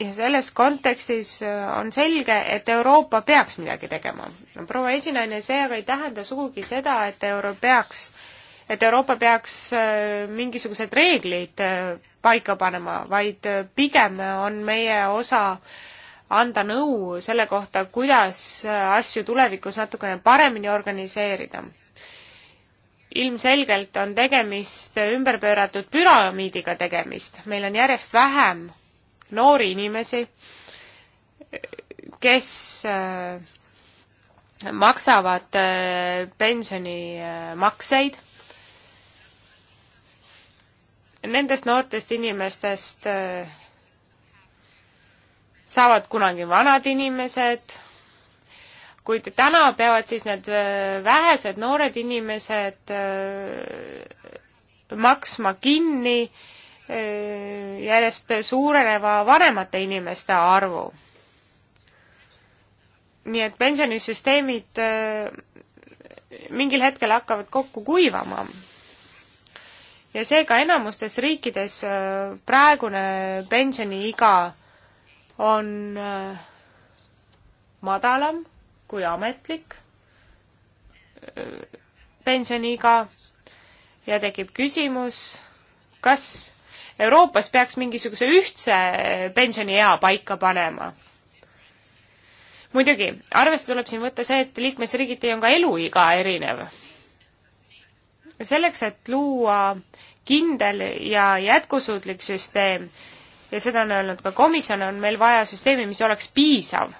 ja selles kontekstis on selge, et Euroopa peaks midagi tegema. proua esinaine, see aga ei tähenda sugugi seda, et Euro peaks äh, et Euroopa peaks äh, mingisugused reeglid äh, paika panema, vaid äh, pigem on meie osa anda nõu selle kohta, kuidas asju tulevikus natukene paremini organiseerida. ilmselgelt on tegemist ümberpööratud püramiidiga tegemist, meil on järjest vähem noori inimesi, kes maksavad pensionimakseid nendest noortest inimestest äh, saavad kunagi vanad inimesed, kuid täna peavad siis need äh, vähesed noored inimesed äh, maksma kinni järjest suureneva vanemate inimeste arvu. nii et pensionisüsteemid mingil hetkel hakkavad kokku kuivama ja seega enamustes riikides äh, praegune pensioniiga on äh, madalam kui ametlik äh, pensioniiga ja tekib küsimus, kas Euroopas peaks mingisuguse ühtse pensioniea paika panema? muidugi, arvesse tuleb siin võtta see, et liikmesriigiti on ka eluiga erinev. selleks, et luua kindel ja jätkusuutlik süsteem ja seda on öelnud ka komisjon, on meil vaja süsteemi, mis oleks piisav.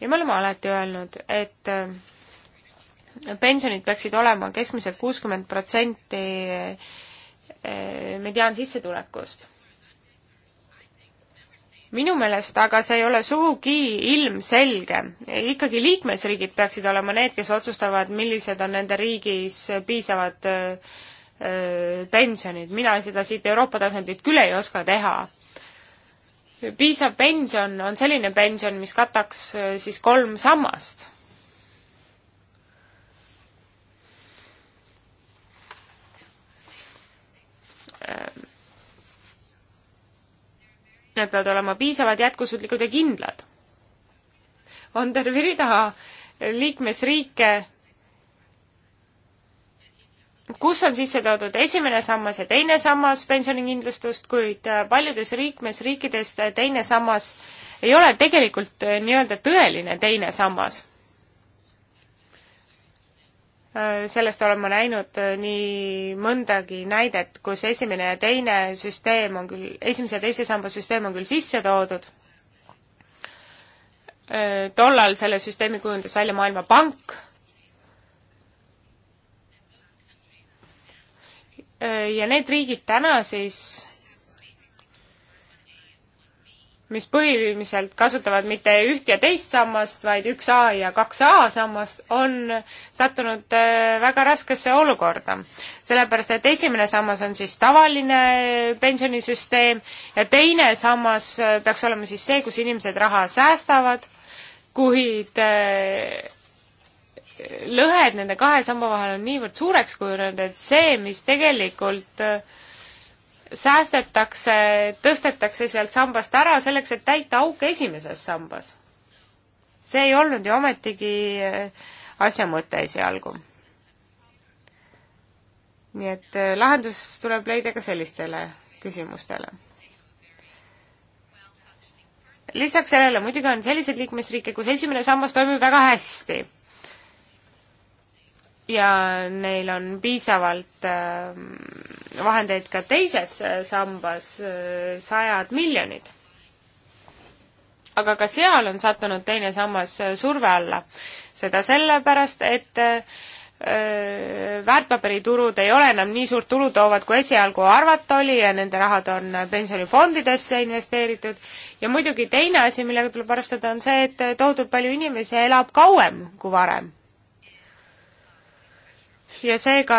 ja me oleme alati öelnud, et äh, pensionid peaksid olema keskmiselt kuuskümmend protsenti äh, mediaansissetulekust. minu meelest aga see ei ole sugugi ilmselge. ikkagi liikmesriigid peaksid olema need, kes otsustavad, millised on nende riigis piisavad äh, Äh, pensionid, mina seda siit Euroopa tasandilt küll ei oska teha. piisav pension on selline pension, mis kataks äh, siis kolm sammast äh, need peavad olema piisavad, jätkusuutlikud ja kindlad. on terve rida liikmesriike, kus on sisse toodud esimene sammas ja teine sammas pensionikindlustust, kuid äh, paljudes liikmesriikides äh, teine sammas ei ole tegelikult äh, nii-öelda tõeline teine sammas. sellest olen ma näinud nii mõndagi näidet, kus esimene ja teine süsteem on küll, esimese ja teise samba süsteem on küll sisse toodud, tollal selle süsteemi kujundas välja Maailmapank ja need riigid täna siis, mis põhiliselt kasutavad mitte üht ja teist sammast, vaid üks A ja kaks A sammast, on sattunud äh, väga raskesse olukorda. sellepärast, et esimene sammas on siis tavaline äh, pensionisüsteem ja teine sammas äh, peaks olema siis see, kus inimesed raha säästavad, kuid lõhed nende kahe samba vahel on niivõrd suureks kujunenud, et see, mis tegelikult äh, säästetakse, tõstetakse sealt sambast ära selleks, et täita auke esimeses sambas. see ei olnud ju ometigi äh, asja mõte esialgu. nii et äh, lahendus tuleb leida ka sellistele küsimustele lisaks sellele muidugi on selliseid liikmesriike, kus esimene sammas toimib väga hästi ja neil on piisavalt ähm, vahendeid ka teises äh, sambas, äh, sajad miljonid. aga ka seal on sattunud teine sammas äh, surve alla. seda sellepärast, et väärtpaberiturud ei ole enam nii suurt tulu toovad, kui esialgu arvata oli ja nende rahad on pensionifondidesse investeeritud. ja muidugi teine asi, millega tuleb arvestada, on see, et tohutult palju inimesi elab kauem kui varem ja seega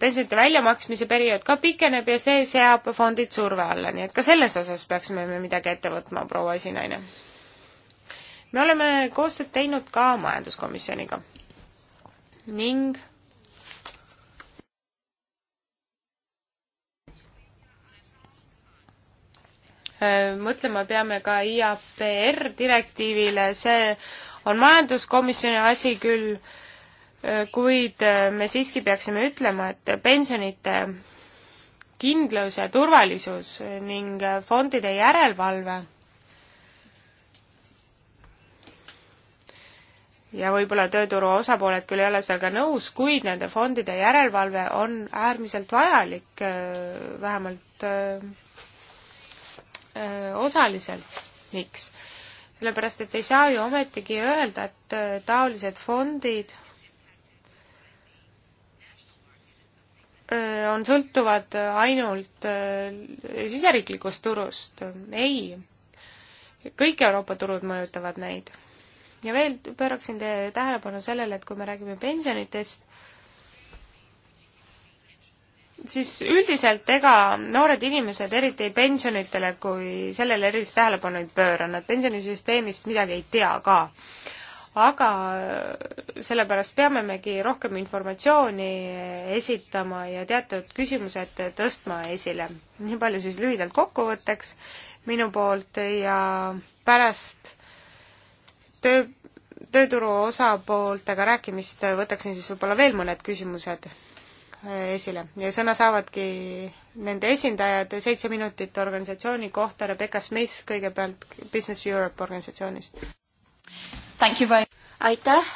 pensionite väljamaksmise periood ka pikeneb ja see seab fondid surve alla, nii et ka selles osas peaksime me midagi ette võtma, proua esinaine. me oleme koostööd teinud ka majanduskomisjoniga ning äh, mõtlema peame ka IAPR direktiivile, see on majanduskomisjoni asi küll, kuid äh, me siiski peaksime ütlema, et pensionite kindlus ja turvalisus ning äh, fondide järelevalve ja võib-olla tööturu osapooled küll ei ole sellega nõus, kuid nende fondide järelevalve on äärmiselt vajalik, äh, vähemalt öö, osaliselt. miks? sellepärast, et ei saa ju ometigi öelda, et taolised fondid Äh, on sõltuvad äh, ainult äh, siseriiklikust turust. ei, kõik Euroopa turud mõjutavad neid. ja veel pööraksin teie tähelepanu sellele, et kui me räägime pensionitest, siis üldiselt ega noored inimesed eriti pensionitele kui sellele erilist tähelepanu ei pööra, nad pensionisüsteemist midagi ei tea ka aga sellepärast peamegi rohkem informatsiooni esitama ja teatud küsimused tõstma esile. nii palju siis lühidalt kokkuvõtteks minu poolt ja pärast töö, tööturu osapooltega rääkimist võtaksin siis võib-olla veel mõned küsimused esile ja sõna saavadki nende esindajad, seitse minutit organisatsiooni kohta, Rebecca Smith kõigepealt Business Europe organisatsioonist aitäh,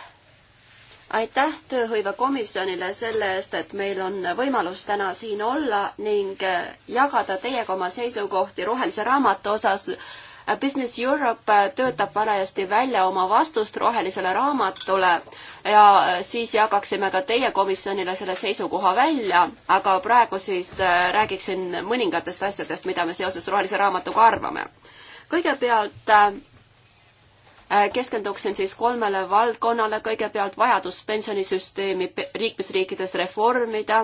aitäh Tööhõivekomisjonile selle eest, et meil on võimalus täna siin olla ning äh, jagada teiega oma seisukohti rohelise raamatu osas äh, Business Europe äh, töötab parajasti välja oma vastust rohelisele raamatule ja siis jagaksime ka teie komisjonile selle seisukoha välja, aga praegu siis räägiksin mõningatest asjadest, mida me seoses rohelise raamatuga arvame. kõigepealt Äh, keskenduksin siis kolmele valdkonnale, kõigepealt vajadus pensionisüsteemi liikmesriikides reformida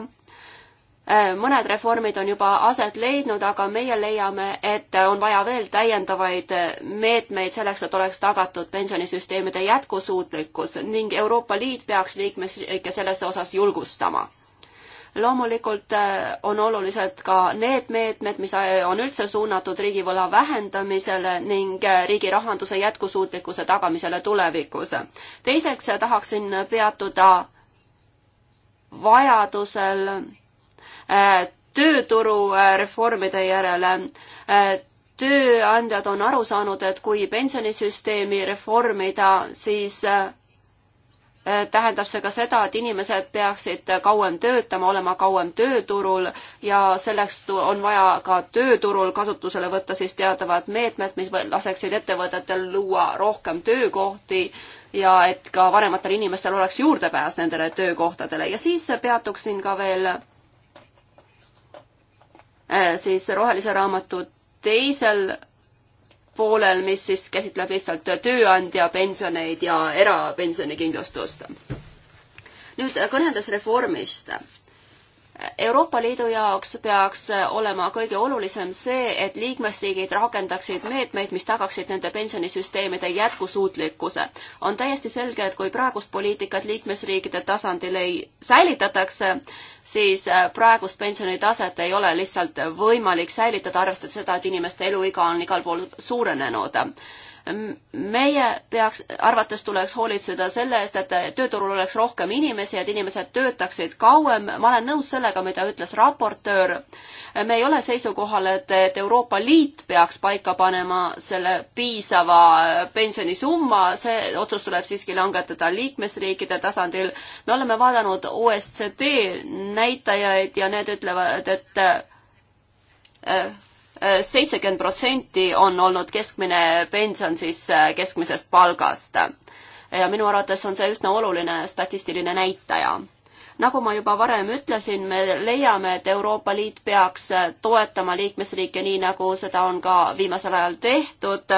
äh, mõned reformid on juba aset leidnud, aga meie leiame, et on vaja veel täiendavaid meetmeid selleks, et oleks tagatud pensionisüsteemide jätkusuutlikkus ning Euroopa Liit peaks liikmesriike selles osas julgustama loomulikult äh, on olulised ka need meetmed, mis äh, on üldse suunatud riigivõla vähendamisele ning äh, riigi rahanduse jätkusuutlikkuse tagamisele tulevikus. teiseks tahaksin peatuda vajadusel tööturu reformide järele tööandjad on aru saanud, et kui pensionisüsteemi reformida, siis tähendab see ka seda, et inimesed peaksid kauem töötama, olema kauem tööturul ja selleks on vaja ka tööturul kasutusele võtta siis teatavad meetmed, mis laseksid ettevõtetel luua rohkem töökohti ja et ka vanematel inimestel oleks juurdepääs nendele töökohtadele ja siis peatuksin ka veel äh, siis rohelise raamatu teisel poolel, mis siis käsitleb lihtsalt tööandja pensioneid ja erapensionikindlustust. nüüd kõneldes reformist Euroopa Liidu jaoks peaks äh, olema kõige olulisem see, et liikmesriigid rakendaksid meetmeid, mis tagaksid nende pensionisüsteemide jätkusuutlikkuse. on täiesti selge, et kui praegust poliitikat liikmesriikide tasandil ei säilitatakse, siis äh, praegust pensionitaset ei ole lihtsalt võimalik säilitada, arvestades seda, et inimeste eluiga on igal pool suurenenud meie peaks, arvates tuleks hoolitseda selle eest, et tööturul oleks rohkem inimesi, et inimesed töötaksid kauem. ma olen nõus sellega, mida ütles raportöör. me ei ole seisukohal, et, et Euroopa Liit peaks paika panema selle piisava pensionisumma, see otsus tuleb siiski langetada liikmesriikide tasandil. me oleme vaadanud OSCD näitajaid ja need ütlevad, et äh, seitsekümmend protsenti on olnud keskmine pension siis äh, keskmisest palgast. ja minu arvates on see üsna oluline statistiline näitaja. nagu ma juba varem ütlesin, me leiame, et Euroopa Liit peaks äh, toetama liikmesriike nii, nagu seda on ka viimasel ajal tehtud.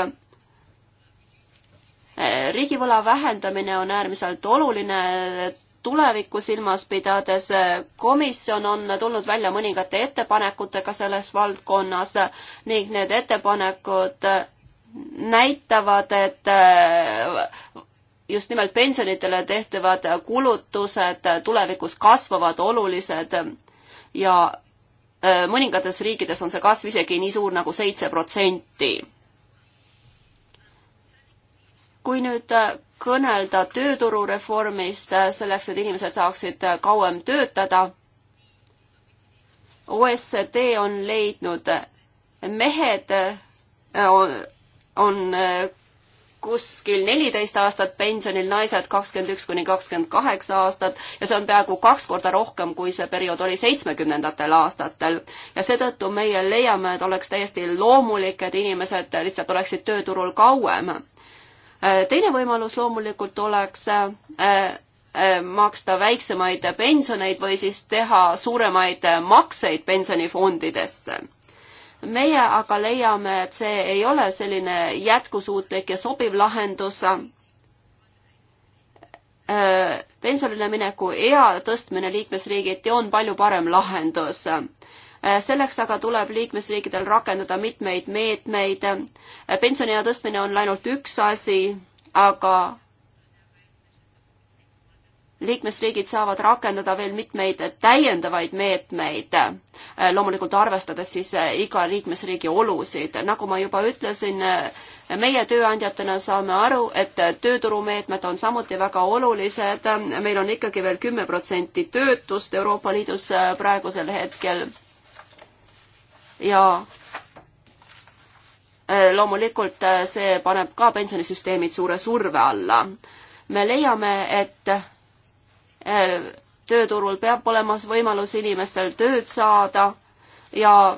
Äh, riigivõla vähendamine on äärmiselt oluline, et tulevikku silmas pidades, komisjon on tulnud välja mõningate ettepanekutega selles valdkonnas ning need ettepanekud näitavad, et äh, just nimelt pensionitele tehtavad kulutused tulevikus kasvavad olulised ja äh, mõningates riikides on see kasv isegi nii suur nagu seitse protsenti. kui nüüd äh, kõnelda tööturureformist äh, selleks, et inimesed saaksid äh, kauem töötada. OSCD on leidnud, äh, mehed on, on kuskil neliteist aastat pensionil, naised kakskümmend üks kuni kakskümmend kaheksa aastat ja see on peaaegu kaks korda rohkem, kui see periood oli seitsmekümnendatel aastatel. ja seetõttu meie leiame, et oleks täiesti loomulik, et inimesed lihtsalt oleksid tööturul kauem. Äh, teine võimalus loomulikult oleks äh, äh, maksta väiksemaid pensioneid või siis teha suuremaid makseid pensionifondidesse. meie aga leiame, et see ei ole selline jätkusuutlik ja sobiv lahendus. pensionile mineku ea tõstmine liikmesriigiti on palju parem lahendus Äh, selleks aga tuleb liikmesriikidel rakendada mitmeid meetmeid. Äh, pensioniea tõstmine on ainult üks asi, aga liikmesriigid saavad rakendada veel mitmeid täiendavaid meetmeid, äh, loomulikult arvestades siis iga liikmesriigi olusid. nagu ma juba ütlesin, meie tööandjatena saame aru, et tööturumeetmed on samuti väga olulised, meil on ikkagi veel kümme protsenti töötust Euroopa Liidus praegusel hetkel ja äh, loomulikult äh, see paneb ka pensionisüsteemid suure surve alla. me leiame, et äh, tööturul peab olema võimalus inimestel tööd saada ja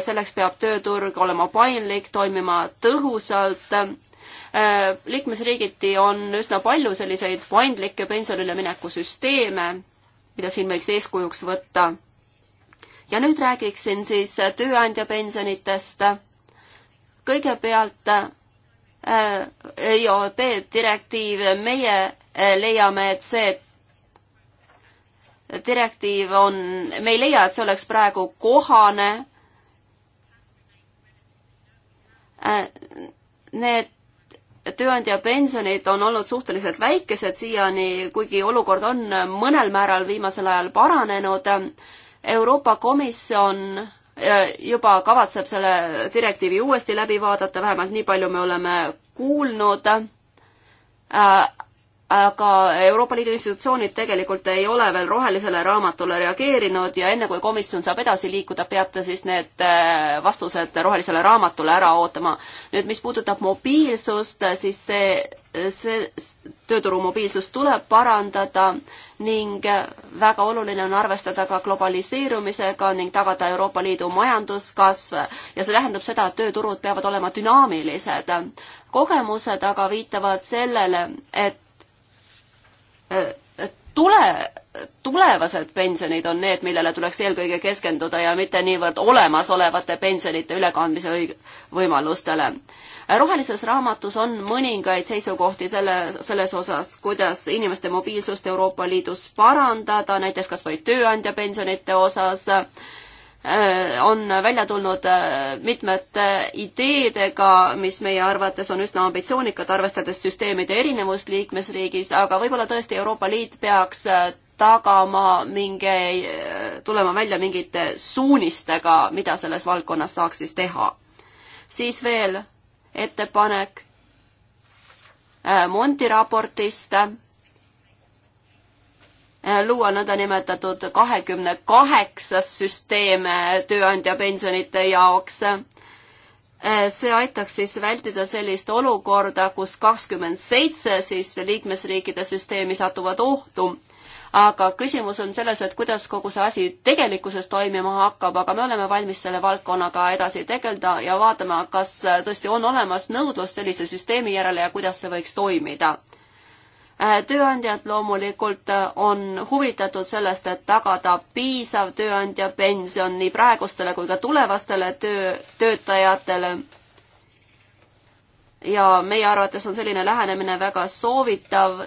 selleks peab tööturg olema paindlik, toimima tõhusalt. liikmesriigiti on üsna palju selliseid paindlikke pensionile mineku süsteeme, mida siin võiks eeskujuks võtta ja nüüd räägiksin siis tööandja pensionitest. kõigepealt äh, EOB direktiiv, meie äh, leiame, et see direktiiv on, me ei leia, et see oleks praegu kohane. Äh, need tööandja pensionid on olnud suhteliselt väikesed siiani, kuigi olukord on mõnel määral viimasel ajal paranenud Euroopa Komisjon äh, juba kavatseb selle direktiivi uuesti läbi vaadata, vähemalt nii palju me oleme kuulnud. Äh, äh, aga Euroopa Liidu institutsioonid tegelikult ei ole veel rohelisele raamatule reageerinud ja enne, kui komisjon saab edasi liikuda, peab ta siis need vastused rohelisele raamatule ära ootama. nüüd, mis puudutab mobiilsust, siis see, see tööturu mobiilsus tuleb parandada ning äh, väga oluline on arvestada ka globaliseerumisega ning tagada Euroopa Liidu majanduskasv ja see tähendab seda, et tööturud peavad olema dünaamilised. kogemused aga viitavad sellele, et äh, tule, tulevased pensionid on need, millele tuleks eelkõige keskenduda ja mitte niivõrd olemasolevate pensionite ülekandmise õig-, võimalustele rohelises raamatus on mõningaid seisukohti selle, selles osas, kuidas inimeste mobiilsust Euroopa Liidus parandada, näiteks kas või tööandjapensionite osas, äh, on välja tulnud äh, mitmete ideedega, mis meie arvates on üsna ambitsioonikad, arvestades süsteemide erinevust liikmesriigis, aga võib-olla tõesti Euroopa Liit peaks äh, tagama mingi, tulema välja mingite suunistega, mida selles valdkonnas saaks siis teha. siis veel ettepanek äh, Monti raportist äh, luua nõndanimetatud kahekümne kaheksas süsteem äh, tööandja pensionite jaoks. see aitaks siis vältida sellist olukorda, kus kakskümmend seitse siis liikmesriikide süsteemi satuvad ohtu aga küsimus on selles, et kuidas kogu see asi tegelikkuses toimima hakkab, aga me oleme valmis selle valdkonnaga edasi tegeleda ja vaatama, kas tõesti on olemas nõudlus sellise süsteemi järele ja kuidas see võiks toimida äh, tööandjad loomulikult äh, on huvitatud sellest, et tagada piisav tööandja pension nii praegustele kui ka tulevastele töö, töötajatele. ja meie arvates on selline lähenemine väga soovitav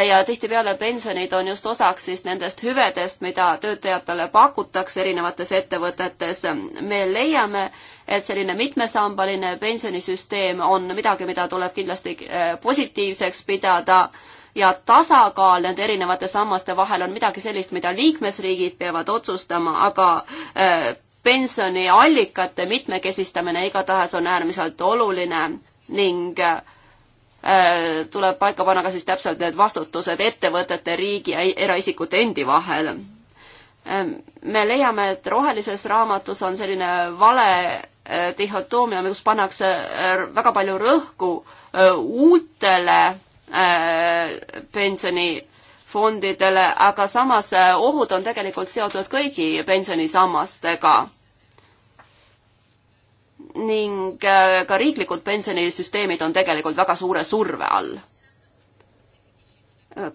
ja tihtipeale pensionid on just osaks siis nendest hüvedest, mida töötajatele pakutakse erinevates ettevõtetes. me leiame, et selline mitmesambaline pensionisüsteem on midagi, mida tuleb kindlasti eh, positiivseks pidada ja tasakaal nende erinevate sammaste vahel on midagi sellist, mida liikmesriigid peavad otsustama, aga eh, pensioniallikate mitmekesistamine igatahes on äärmiselt oluline ning äh, Äh, tuleb paika panna ka siis täpselt need vastutused ettevõtete, riigi ja eraisikute endi vahel. Äh, me leiame, et rohelises raamatus on selline vale äh, dihhotoomia, kus pannakse väga palju rõhku uutele pensionifondidele, aga samas ohud on tegelikult seotud kõigi pensionisammastega ning äh, ka riiklikud pensionisüsteemid on tegelikult väga suure surve all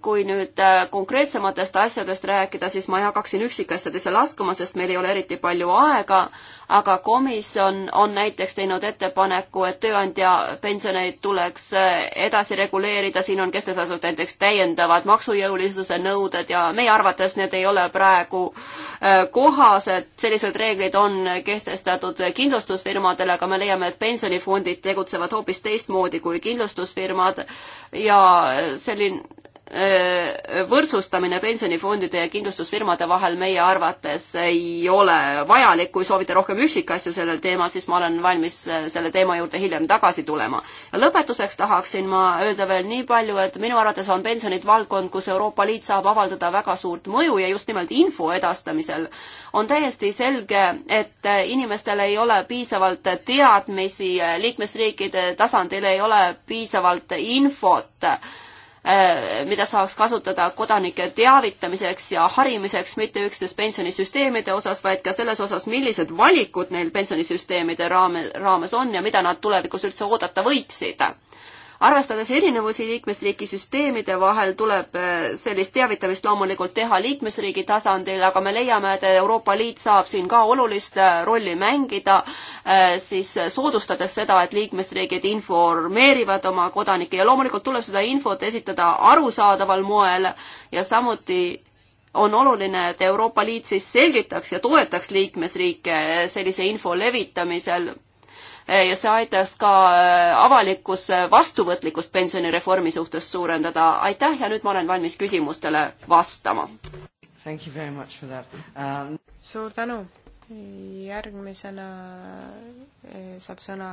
kui nüüd äh, konkreetsematest asjadest rääkida, siis ma ei hakkaksin üksikasjadesse laskuma, sest meil ei ole eriti palju aega, aga komisjon on näiteks teinud ettepaneku, et tööandja pensioneid tuleks äh, edasi reguleerida, siin on kehtestatud näiteks täiendavad maksujõulisuse nõuded ja meie arvates need ei ole praegu äh, kohased, sellised reeglid on kehtestatud kindlustusfirmadele, aga me leiame, et pensionifondid tegutsevad hoopis teistmoodi kui kindlustusfirmad ja selline Äh, võrdsustamine pensionifondide ja kindlustusfirmade vahel meie arvates ei ole vajalik, kui soovite rohkem üksikasju sellel teemal, siis ma olen valmis äh, selle teema juurde hiljem tagasi tulema. ja lõpetuseks tahaksin ma öelda veel nii palju, et minu arvates on pensionid valdkond, kus Euroopa Liit saab avaldada väga suurt mõju ja just nimelt info edastamisel. on täiesti selge, et äh, inimestel ei ole piisavalt teadmisi, liikmesriikide tasandil ei ole piisavalt infot Äh, mida saaks kasutada kodanike teavitamiseks ja harimiseks mitte üksnes pensionisüsteemide osas, vaid ka selles osas, millised valikud neil pensionisüsteemide raame, raames on ja mida nad tulevikus üldse oodata võiksid arvestades erinevusi liikmesriigi süsteemide vahel, tuleb äh, sellist teavitamist loomulikult teha liikmesriigi tasandil, aga me leiame, et Euroopa Liit saab siin ka olulist äh, rolli mängida, äh, siis soodustades seda, et liikmesriigid informeerivad oma kodanikke ja loomulikult tuleb seda infot esitada arusaadaval moel ja samuti on oluline, et Euroopa Liit siis selgitaks ja toetaks liikmesriike sellise info levitamisel Eh, ja see aitaks ka eh, avalikkus eh, vastuvõtlikkust pensionireformi suhtes suurendada. aitäh ja nüüd ma olen valmis küsimustele vastama.
Um... suur tänu. järgmisena saab sõna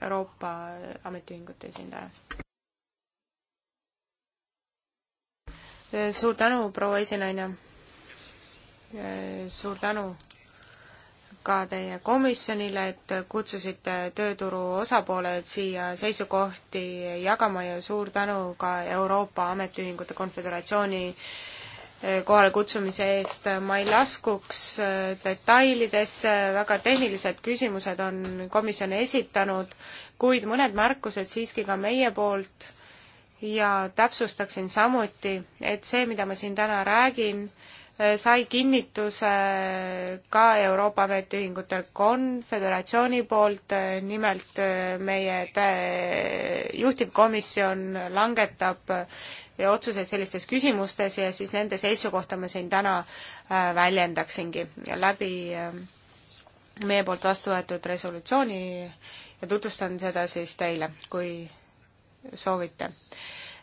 Euroopa Ametiühingute esindaja. suur tänu, proua esinaine. suur tänu ka teie komisjonile, et kutsusite tööturu osapooled siia seisukohti jagama ja suur tänu ka Euroopa Ametiühingute Konföderatsiooni eh, kohale kutsumise eest. ma ei laskuks eh, detailidesse, väga tehnilised küsimused on komisjon esitanud, kuid mõned märkused siiski ka meie poolt ja täpsustaksin samuti, et see, mida ma siin täna räägin, Äh, sai kinnituse ka Euroopa Ametiühingute Konföderatsiooni poolt, äh, nimelt äh, meie juhtivkomisjon langetab otsuseid sellistes küsimustes ja siis nende seisukohta ma siin täna väljendaksingi läbi meie poolt vastu võetud resolutsiooni ja tutvustan seda siis teile, kui soovite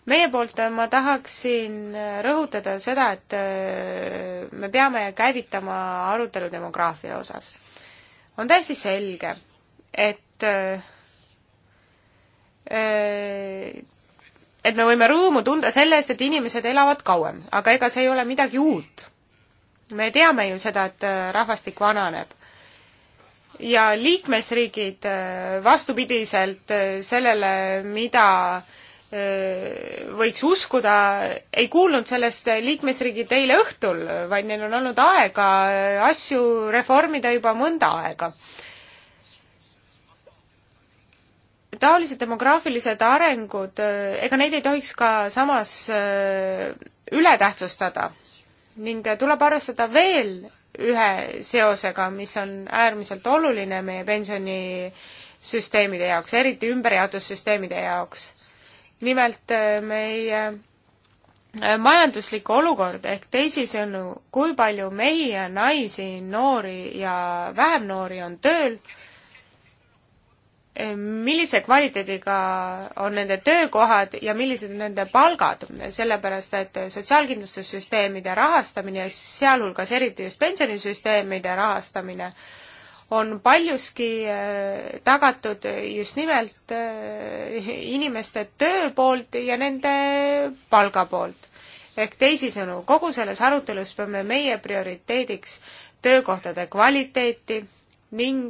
meie poolt ma tahaksin äh, rõhutada seda, et äh, me peame käivitama arutelu demograafia osas. on täiesti selge, et äh, et me võime rõõmu tunda selle eest, et inimesed elavad kauem, aga ega see ei ole midagi uut. me teame ju seda, et rahvastik vananeb ja liikmesriigid vastupidiselt sellele, mida äh, võiks uskuda, ei kuulnud sellest liikmesriigid eile õhtul, vaid neil on olnud aega asju reformida juba mõnda aega. taolised demograafilised arengud, ega neid ei tohiks ka samas ületähtsustada ning tuleb arvestada veel ühe seosega, mis on äärmiselt oluline meie pensionisüsteemide jaoks, eriti ümberjaotussüsteemide jaoks nimelt äh, meie äh, majanduslikku olukorda ehk teisisõnu, kui palju mehi ja naisi, noori ja vähem noori on tööl, äh, millise kvaliteediga on nende töökohad ja millised on nende palgad, sellepärast et sotsiaalkindlustussüsteemide rahastamine, sealhulgas eriti just pensionisüsteemide rahastamine, on paljuski äh, tagatud just nimelt äh, inimeste töö poolt ja nende palga poolt. ehk teisisõnu, kogu selles arutelus peame meie prioriteediks töökohtade kvaliteeti ning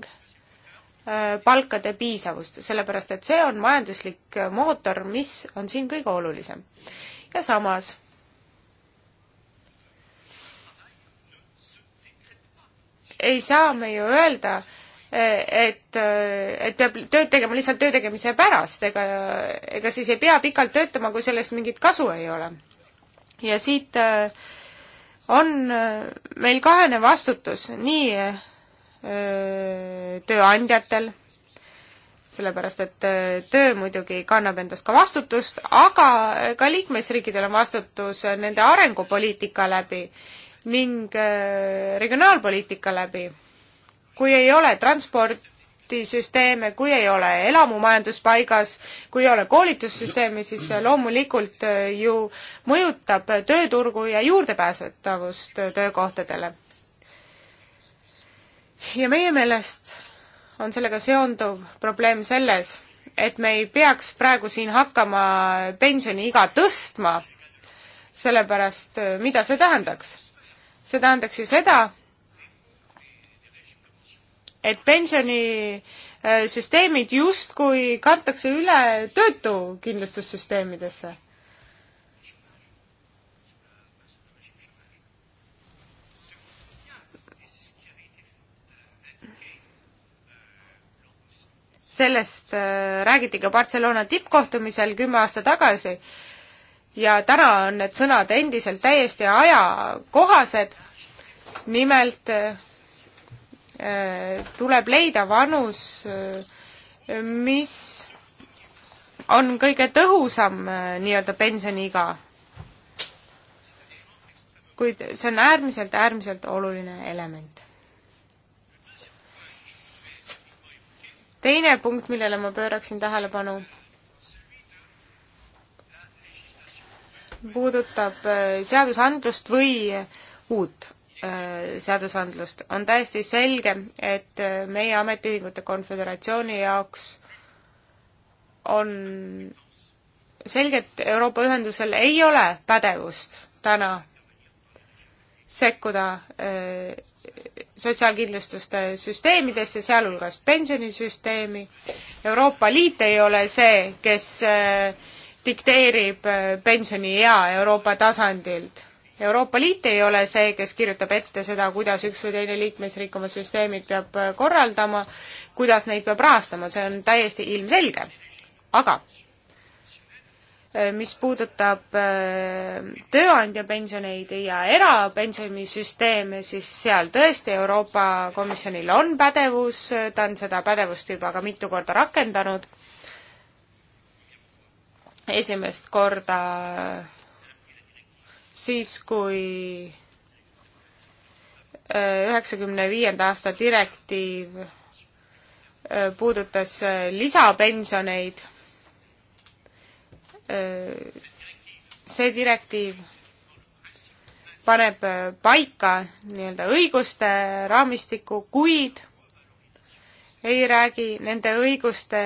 äh, palkade piisavust, sellepärast et see on majanduslik mootor, mis on siin kõige olulisem. ja samas ei saa me ju öelda, et, et peab tööd tegema lihtsalt töö tegemise pärast, ega, ega siis ei pea pikalt töötama, kui sellest mingit kasu ei ole. ja siit äh, on äh, meil kahene vastutus nii äh, tööandjatel, sellepärast et töö muidugi kannab endas ka vastutust, aga ka liikmesriikidel on vastutus nende arengupoliitika läbi ning äh, regionaalpoliitika läbi. kui ei ole transpordisüsteeme, kui ei ole elamumajandus paigas, kui ei ole koolitussüsteemi, siis loomulikult äh, ju mõjutab tööturgu ja juurdepääsetavust äh, töökohtadele. ja meie meelest on sellega seonduv probleem selles, et me ei peaks praegu siin hakkama pensioniiga tõstma, sellepärast mida see tähendaks see tähendaks ju seda, et pensionisüsteemid justkui kantakse üle töötukindlustussüsteemidesse. sellest äh, räägiti ka Barcelona tippkohtumisel kümme aastat tagasi ja täna on need sõnad endiselt täiesti ajakohased. nimelt äh, tuleb leida vanus, äh, mis on kõige tõhusam äh, nii-öelda pensioniiga. kuid see on äärmiselt, äärmiselt oluline element. teine punkt, millele ma pööraksin tähelepanu puudutab äh, seadusandlust või uut äh, seadusandlust, on täiesti selge, et äh, meie Ametiühingute Konföderatsiooni jaoks on selge, et Euroopa Ühendusel ei ole pädevust täna sekkuda sotsiaalkindlustuste süsteemidesse, sealhulgas pensionisüsteemi. Euroopa Liit ei ole see, kes öö, dikteerib äh, pensioniea Euroopa tasandilt. Euroopa Liit ei ole see, kes kirjutab ette seda, kuidas üks või teine liikmesriik oma süsteemid peab äh, korraldama, kuidas neid peab rahastama, see on täiesti ilmselge. aga äh, mis puudutab tööandja pensioneid ja erapensionisüsteeme, siis seal tõesti Euroopa Komisjonil on pädevus, ta on seda pädevust juba ka mitu korda rakendanud esimest korda siis, kui äh, üheksakümne viienda aasta direktiiv äh, puudutas äh, lisapensioneid. see direktiiv paneb paika nii-öelda õiguste raamistiku, kuid ei räägi nende õiguste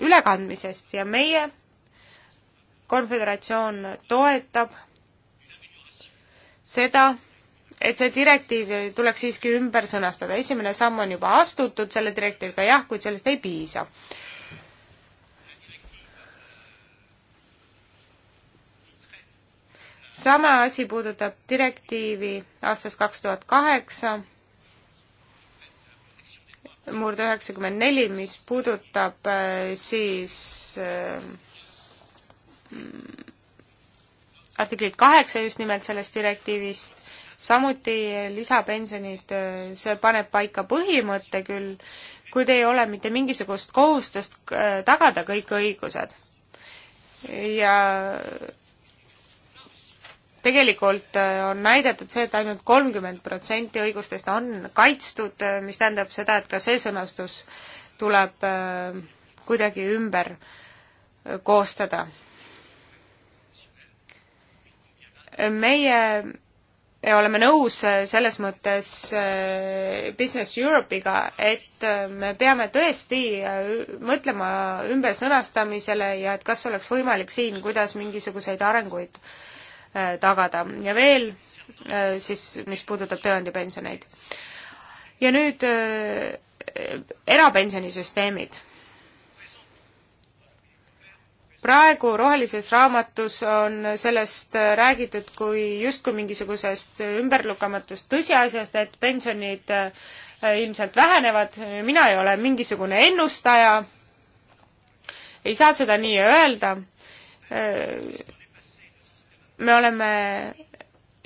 ülekandmisest ja meie konföderatsioon toetab seda, et see direktiiv tuleks siiski ümber sõnastada, esimene samm on juba astutud selle direktiiviga jah, kuid sellest ei piisa. sama asi puudutab direktiivi aastast kaks tuhat kaheksa murd üheksakümmend neli, mis puudutab äh, siis äh, artiklit kaheksa just nimelt sellest direktiivist, samuti lisapensionid, äh, see paneb paika põhimõtte küll, kuid ei ole mitte mingisugust kohustust tagada kõik õigused. ja tegelikult äh, on näidatud see, et ainult kolmkümmend protsenti õigustest on kaitstud, äh, mis tähendab seda, et ka see sõnastus tuleb äh, kuidagi ümber koostada. meie oleme nõus selles mõttes Business Europe'iga, et me peame tõesti mõtlema ümbersõnastamisele ja et kas oleks võimalik siin, kuidas mingisuguseid arenguid äh, Äh, tagada ja veel äh, siis, mis puudutab tööandjapensioneid. ja nüüd äh, erapensionisüsteemid. praegu Rohelises raamatus on sellest räägitud kui justkui mingisugusest ümberlükkamatust tõsiasjast, et pensionid ilmselt vähenevad, mina ei ole mingisugune ennustaja, ei saa seda nii öelda me oleme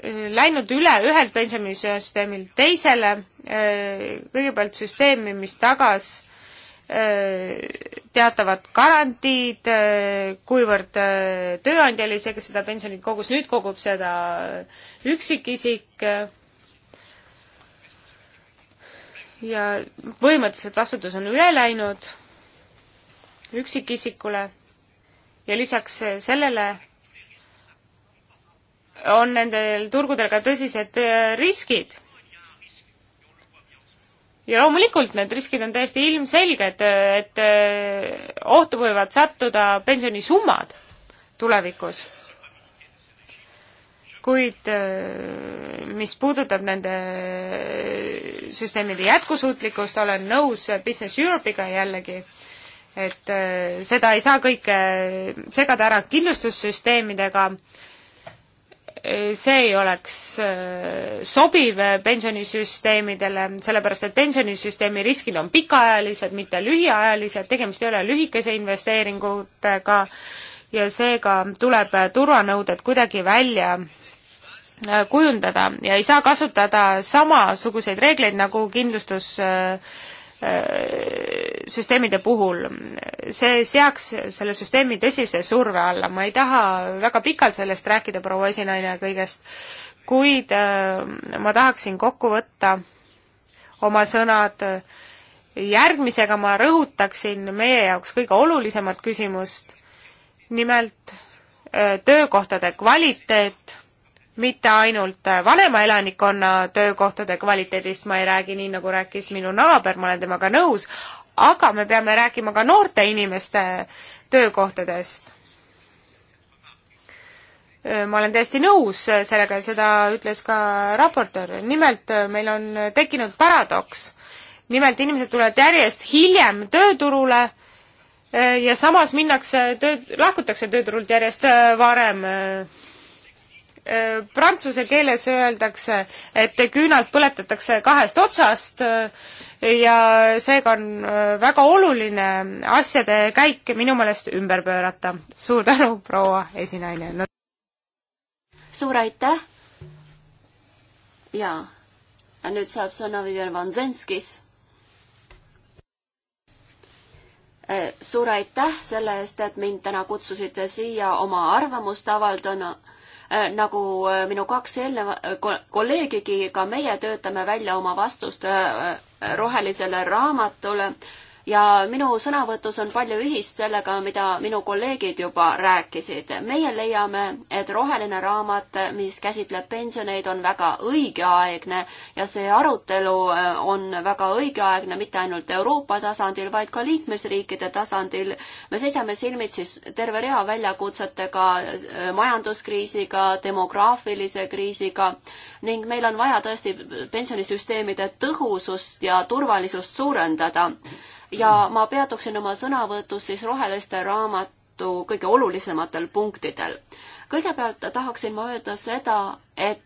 äh, läinud üle ühelt pensionisüsteemilt teisele, äh, kõigepealt süsteemi, mis tagas äh, teatavad garantiid, kuivõrd tööandja oli see, kes seda pensionit kogus, nüüd kogub seda üksikisik ja põhimõtteliselt vastutus on üle läinud üksikisikule ja lisaks sellele on nendel turgudel ka tõsised äh, riskid. ja loomulikult need riskid on täiesti ilmselged, et äh, ohtu võivad sattuda pensionisummad tulevikus. kuid äh, mis puudutab nende süsteemide jätkusuutlikkust, olen nõus Business Europe'iga jällegi, et seda ei saa kõike segada ära kindlustussüsteemidega see ei oleks äh, sobiv pensionisüsteemidele, sellepärast et pensionisüsteemi riskid on pikaajalised, mitte lühiajalised, tegemist ei ole lühikese investeeringutega ja seega tuleb turvanõuded kuidagi välja äh, kujundada ja ei saa kasutada samasuguseid reegleid nagu kindlustus äh, Äh, süsteemide puhul, see seaks selle süsteemi tõsise surve alla, ma ei taha väga pikalt sellest rääkida, proua esinaine, kõigest, kuid äh, ma tahaksin kokku võtta oma sõnad järgmisega, ma rõhutaksin meie jaoks kõige olulisemat küsimust, nimelt äh, töökohtade kvaliteet mitte ainult äh, vanema elanikkonna töökohtade kvaliteedist ma ei räägi, nii nagu rääkis minu naaber, ma olen temaga nõus, aga me peame rääkima ka noorte inimeste töökohtadest. Äh, ma olen täiesti nõus äh, sellega ja seda ütles ka raportöör, nimelt meil on tekkinud paradoks. nimelt inimesed tulevad järjest hiljem tööturule ja samas minnakse töö, lahkutakse tööturult järjest varem prantsuse keeles öeldakse, et küünalt põletatakse kahest otsast äh, ja seega on äh, väga oluline asjade käik minu meelest ümber pöörata. suur tänu, proua esinaine no.! suur aitäh!
jaa, nüüd saab sõna Vivian Vanzenskis. Äh, suur aitäh selle eest, et mind täna kutsusite siia oma arvamust avaldama Äh, nagu äh, minu kaks eelneva äh, kolleegigi, ka meie töötame välja oma vastust rohelisele raamatule ja minu sõnavõtus on palju ühist sellega, mida minu kolleegid juba rääkisid. meie leiame, et roheline raamat, mis käsitleb pensioneid, on väga õigeaegne ja see arutelu äh, on väga õigeaegne mitte ainult Euroopa tasandil, vaid ka liikmesriikide tasandil. me seisame silmitsi terve rea väljakutsetega, äh, majanduskriisiga, demograafilise kriisiga ning meil on vaja tõesti pensionisüsteemide tõhusust ja turvalisust suurendada ja ma peatuksin oma sõnavõtus siis roheliste raamatu kõige olulisematel punktidel. kõigepealt tahaksin ma öelda seda, et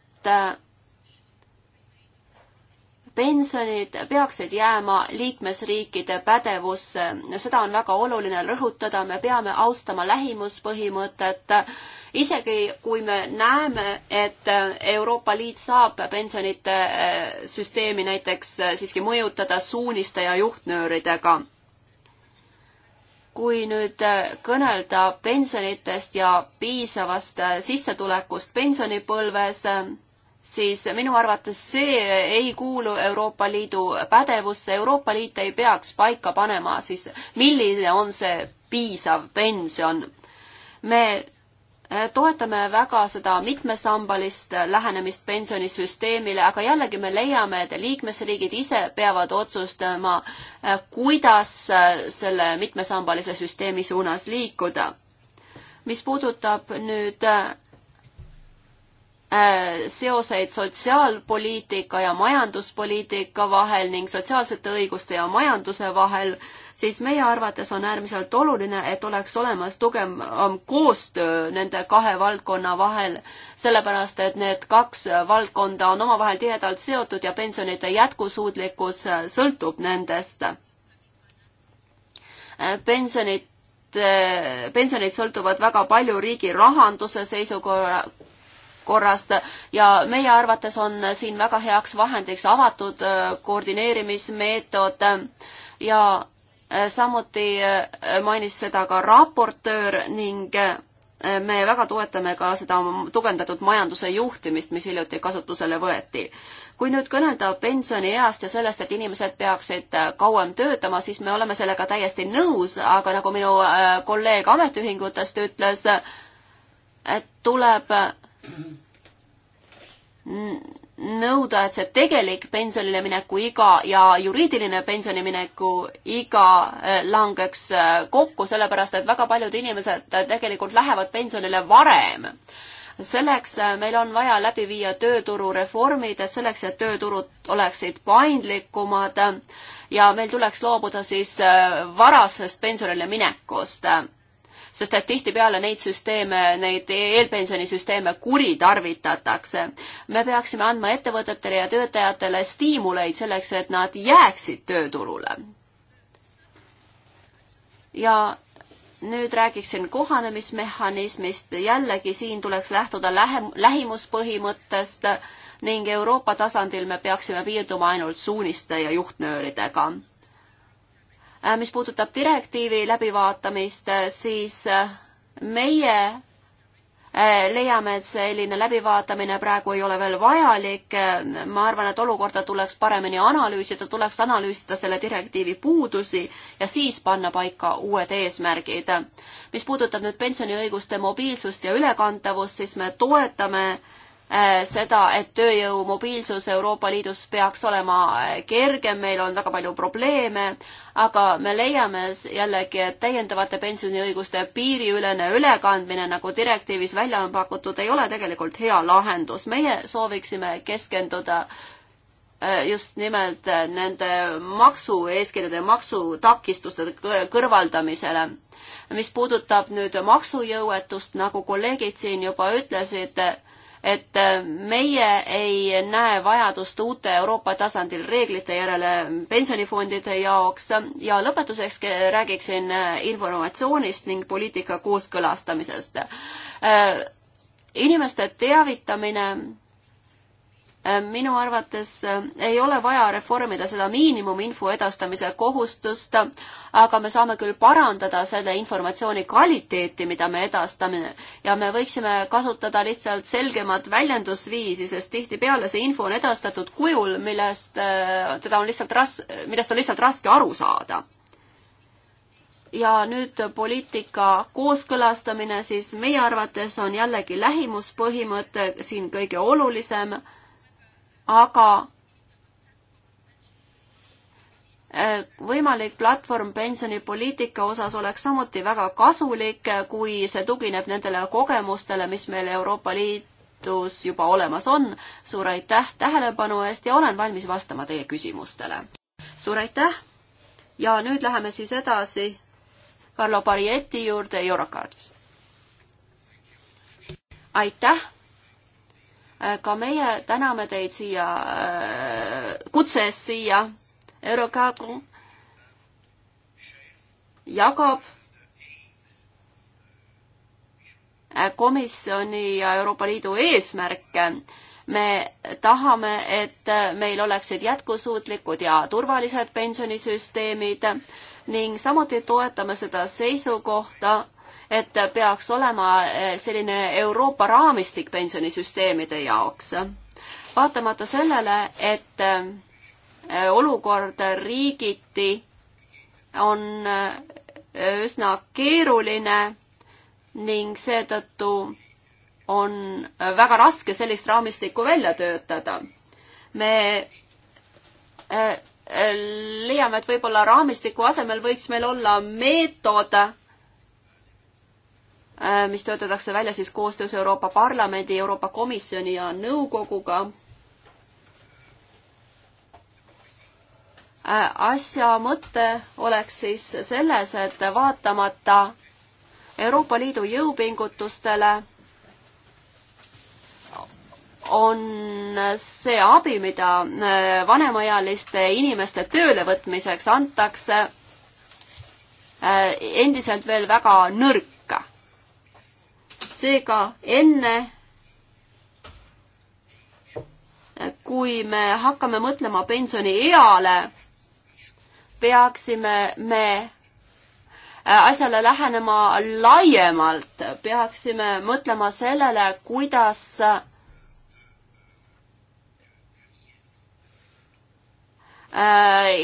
pensionid peaksid jääma liikmesriikide pädevusse, seda on väga oluline rõhutada, me peame austama lähimuspõhimõtet, isegi kui me näeme, et Euroopa Liit saab pensionite eh, süsteemi näiteks eh, siiski mõjutada suuniste ja juhtnööridega. kui nüüd eh, kõnelda pensionitest ja piisavast sissetulekust pensionipõlves, siis minu arvates see ei kuulu Euroopa Liidu pädevusse, Euroopa Liit ei peaks paika panema siis, milline on see piisav pension. me eh, toetame väga seda mitmesambalist lähenemist pensionisüsteemile, aga jällegi me leiame, et liikmesriigid ise peavad otsustama, eh, kuidas eh, selle mitmesambalise süsteemi suunas liikuda. mis puudutab nüüd Äh, seoseid sotsiaalpoliitika ja majanduspoliitika vahel ning sotsiaalsete õiguste ja majanduse vahel, siis meie arvates on äärmiselt oluline, et oleks olemas tugevam koostöö nende kahe valdkonna vahel, sellepärast et need kaks valdkonda on omavahel tihedalt seotud ja pensionite jätkusuutlikkus äh, sõltub nendest. Äh, pensionid pensionid sõltuvad väga palju riigi rahanduse seisukorra, korrast ja meie arvates on siin väga heaks vahendiks avatud äh, koordineerimismeetod ja äh, samuti äh, mainis seda ka raportöör ning me väga toetame ka seda tugevdatud majanduse juhtimist, mis hiljuti kasutusele võeti. kui nüüd kõnelda pensionieast ja sellest, et inimesed peaksid kauem töötama, siis me oleme sellega täiesti nõus, aga nagu minu kolleeg ametiühingutest ütles, et tuleb nõuda, et see tegelik pensionile mineku iga ja juriidiline pensionimineku iga äh, langeks äh, kokku, sellepärast et väga paljud inimesed äh, tegelikult lähevad pensionile varem. selleks meil on vaja läbi viia tööturureformid, et selleks, et tööturud oleksid paindlikumad ja meil tuleks loobuda siis varasest pensionile minekust sest et tihtipeale neid süsteeme, neid eelpensionisüsteeme kuritarvitatakse. me peaksime andma ettevõtetele ja töötajatele stiimuleid selleks, et nad jääksid tööturule. ja nüüd räägiksin kohanemismehhanismist, jällegi siin tuleks lähtuda lähem-, lähimuspõhimõttest ning Euroopa tasandil me peaksime piirduma ainult suuniste ja juhtnööridega Äh, mis puudutab direktiivi läbivaatamist, äh, siis äh, meie leiame, et selline läbivaatamine praegu ei ole veel vajalik. ma arvan, et olukorda tuleks paremini analüüsida, tuleks analüüsida selle direktiivi puudusi ja siis panna paika uued eesmärgid. mis puudutab nüüd pensioniõiguste mobiilsust ja ülekantavust, siis me toetame äh, Äh, seda, et tööjõu mobiilsus Euroopa Liidus peaks olema äh, kergem, meil on väga palju probleeme, aga me leiame jällegi, et täiendavate pensioniõiguste piiriülene ülekandmine, nagu direktiivis välja on pakutud, ei ole tegelikult hea lahendus. meie sooviksime keskenduda äh, just nimelt nende maksueeskirjade, maksutakistuste kõrvaldamisele. mis puudutab nüüd maksujõuetust, nagu kolleegid siin juba ütlesid, et äh, meie ei näe vajadust uute Euroopa tasandil reeglite järele pensionifondide jaoks ja lõpetuseks räägiksin äh, informatsioonist ning poliitika kooskõlastamisest. Äh, inimeste teavitamine Äh, minu arvates äh, ei ole vaja reformida seda miinimuminfo edastamise kohustust, aga me saame küll parandada selle informatsiooni kvaliteeti, mida me edastame ja me võiksime kasutada lihtsalt selgemat väljendusviisi, sest tihtipeale see info on edastatud kujul, millest äh, teda on lihtsalt ras-, millest on lihtsalt raske aru saada ja nüüd poliitika kooskõlastamine, siis meie arvates on jällegi lähimuspõhimõte siin kõige olulisem aga äh, võimalik platvorm pensionipoliitika osas oleks samuti väga kasulik, äh, kui see tugineb nendele kogemustele, mis meil Euroopa Liidus juba olemas on. suur aitäh tähelepanu eest ja olen valmis vastama teie küsimustele. suur aitäh ja nüüd läheme siis edasi Carlo Barietti juurde Eurocardist. aitäh ka meie täname teid siia, äh, kutse eest siia. Eurocadro jagab äh, komisjoni ja Euroopa Liidu eesmärke. me tahame, et äh, meil oleksid jätkusuutlikud ja turvalised pensionisüsteemid ning samuti toetame seda seisukohta, et peaks olema eh, selline Euroopa raamistik pensionisüsteemide jaoks. vaatamata sellele, et eh, olukord riigiti on eh, üsna keeruline ning seetõttu on väga raske sellist raamistikku välja töötada. me leiame, et võib-olla raamistiku asemel võiks meil olla meetod, Äh, mis töötatakse välja siis koostöös Euroopa Parlamendi, Euroopa Komisjoni ja nõukoguga. Äh, asja mõte oleks siis selles, et vaatamata Euroopa Liidu jõupingutustele on see abi, mida äh, vanemaealiste inimeste töölevõtmiseks antakse, endiselt veel väga nõrk seega enne, kui me hakkame mõtlema pensionieale, peaksime me äh, asjale lähenema laiemalt, peaksime mõtlema sellele, kuidas äh,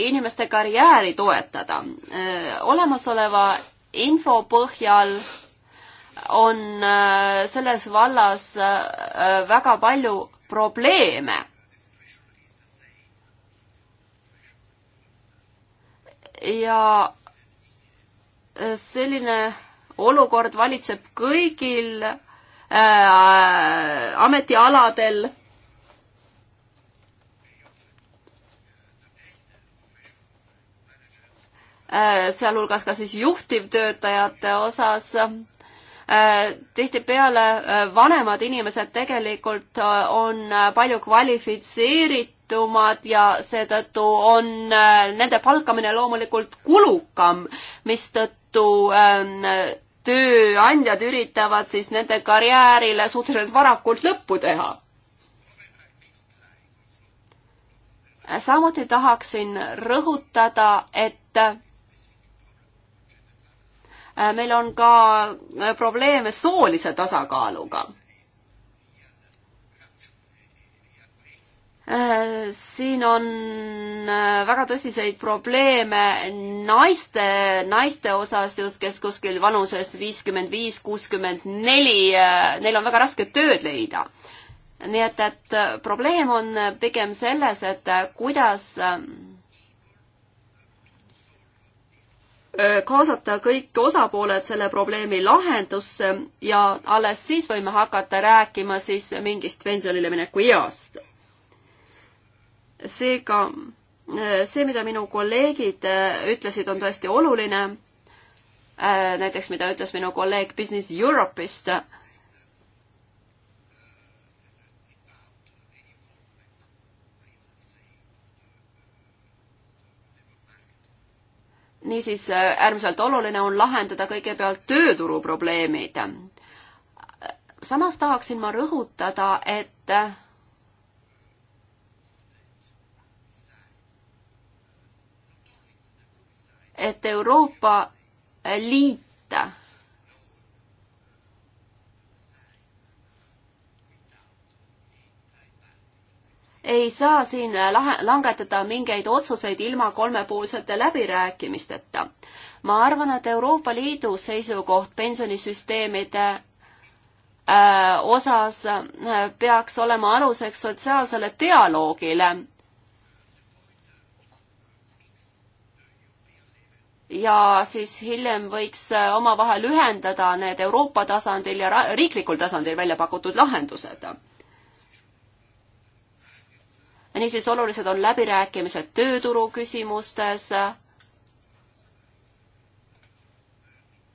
inimeste karjääri toetada. Äh, olemasoleva info põhjal on äh, selles vallas äh, väga palju probleeme. ja äh, selline olukord valitseb kõigil äh, ametialadel sealhulgas ka siis juhtivtöötajate osas Äh, tihtipeale äh, vanemad inimesed tegelikult äh, on palju kvalifitseeritumad ja seetõttu on nende palkamine loomulikult kulukam, mistõttu ähm, tööandjad üritavad siis nende karjäärile suhteliselt varakult lõppu teha. samuti tahaksin rõhutada, et Äh, meil on ka äh, probleeme soolise tasakaaluga. Äh, siin on väga tõsiseid probleeme naiste, naiste osas just, kes kuskil vanuses viiskümmend viis, kuuskümmend neli, neil on väga raske tööd leida. nii et, et probleem on pigem selles, et kuidas Äh, kaasata kõik osapooled selle probleemi lahendusse ja alles siis võime hakata rääkima siis mingist pensionile mineku east. seega äh, see, mida minu kolleegid äh, ütlesid, on tõesti oluline. näiteks, mida ütles minu kolleeg Business Europe'ist niisiis äh, äärmiselt oluline on lahendada kõigepealt tööturu probleemid. samas tahaksin ma rõhutada, et et Euroopa Liit ei saa siin lahe, langetada mingeid otsuseid ilma kolmepoolsete läbirääkimisteta. ma arvan, et Euroopa Liidu seisukoht pensionisüsteemide äh, osas äh, peaks olema aluseks sotsiaalsele dialoogile. ja siis hiljem võiks äh, omavahel ühendada need Euroopa tasandil ja riiklikul tasandil välja pakutud lahendused niisiis olulised on läbirääkimised tööturu küsimustes,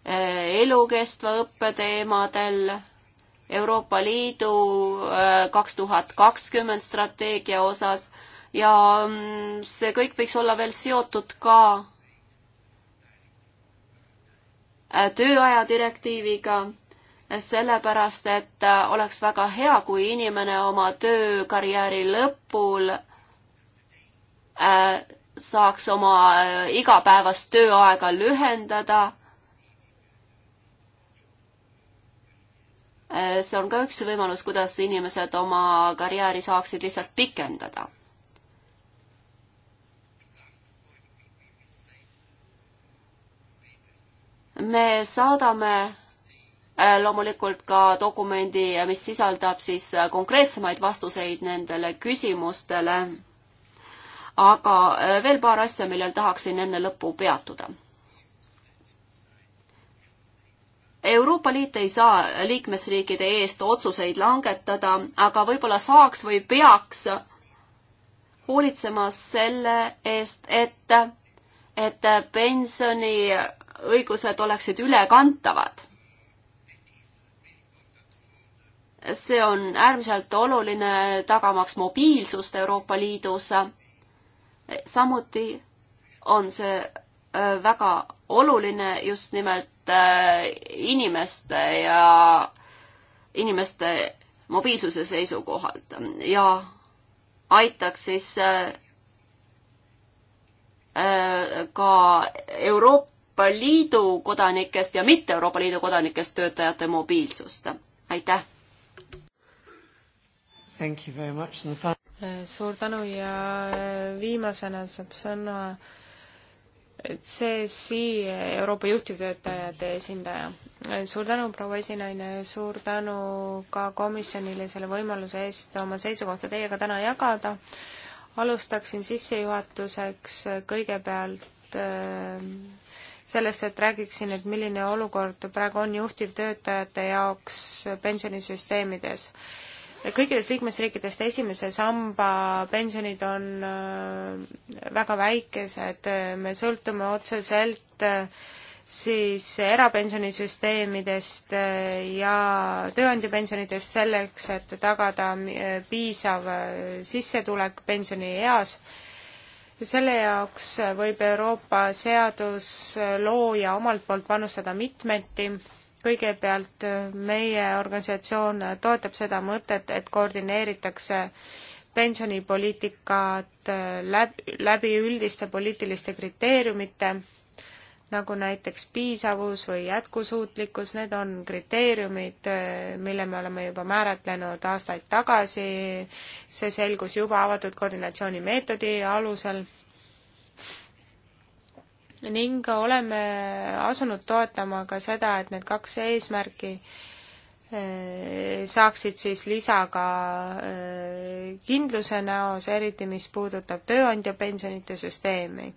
eh, elukestva õppe teemadel, Euroopa Liidu eh, kaks tuhat kakskümmend strateegia osas ja mm, see kõik võiks olla veel seotud ka eh, tööaja direktiiviga sellepärast et äh, oleks väga hea, kui inimene oma töökarjääri lõpul äh, saaks oma äh, igapäevast tööaega lühendada. see on ka üks võimalus, kuidas inimesed oma karjääri saaksid lihtsalt pikendada me saadame Äh, loomulikult ka dokumendi, äh, mis sisaldab siis äh, konkreetsemaid vastuseid nendele küsimustele. aga veel paar asja, millel tahaksin enne lõppu peatuda. Euroopa Liit ei saa liikmesriikide eest otsuseid langetada, aga võib-olla saaks või peaks hoolitsema selle eest, et, et pensioniõigused oleksid ülekantavad see on äärmiselt oluline, tagamaks mobiilsust Euroopa Liidus. samuti on see äh, väga oluline just nimelt äh, inimeste ja inimeste mobiilsuse seisukohalt ja aitaks siis äh, ka Euroopa Liidu kodanikest ja mitte Euroopa Liidu kodanikest töötajate mobiilsust.
aitäh!
Thank you very much. And the final
suur tänu ja äh, viimasena saab sõna äh, CSI Euroopa juhtivtöötajate esindaja. Äh, suur tänu, proua esinaine, suur tänu ka komisjonile selle võimaluse eest oma seisukohta teiega täna jagada. alustaksin sissejuhatuseks kõigepealt sellest, et räägiksin, et milline olukord praegu on juhtivtöötajate jaoks pensionisüsteemides kõikides liikmesriikidest esimese samba pensionid on äh, väga väikesed, me sõltume otseselt äh, siis erapensionisüsteemidest äh, ja tööandjapensionidest selleks, et tagada piisav sissetulek pensionieas selle jaoks võib Euroopa seaduslooja omalt poolt panustada mitmeti kõigepealt äh, meie organisatsioon toetab seda mõtet, et koordineeritakse pensionipoliitikat äh, läbi, läbi üldiste poliitiliste kriteeriumite, nagu näiteks piisavus või jätkusuutlikkus, need on kriteeriumid, äh, mille me oleme juba määratlenud aastaid tagasi, see selgus juba avatud koordinatsioonimeetodi alusel ning oleme asunud toetama ka seda, et need kaks eesmärki eh, saaksid siis lisaga eh, kindluse näos, eriti mis puudutab tööandja pensionite süsteemi.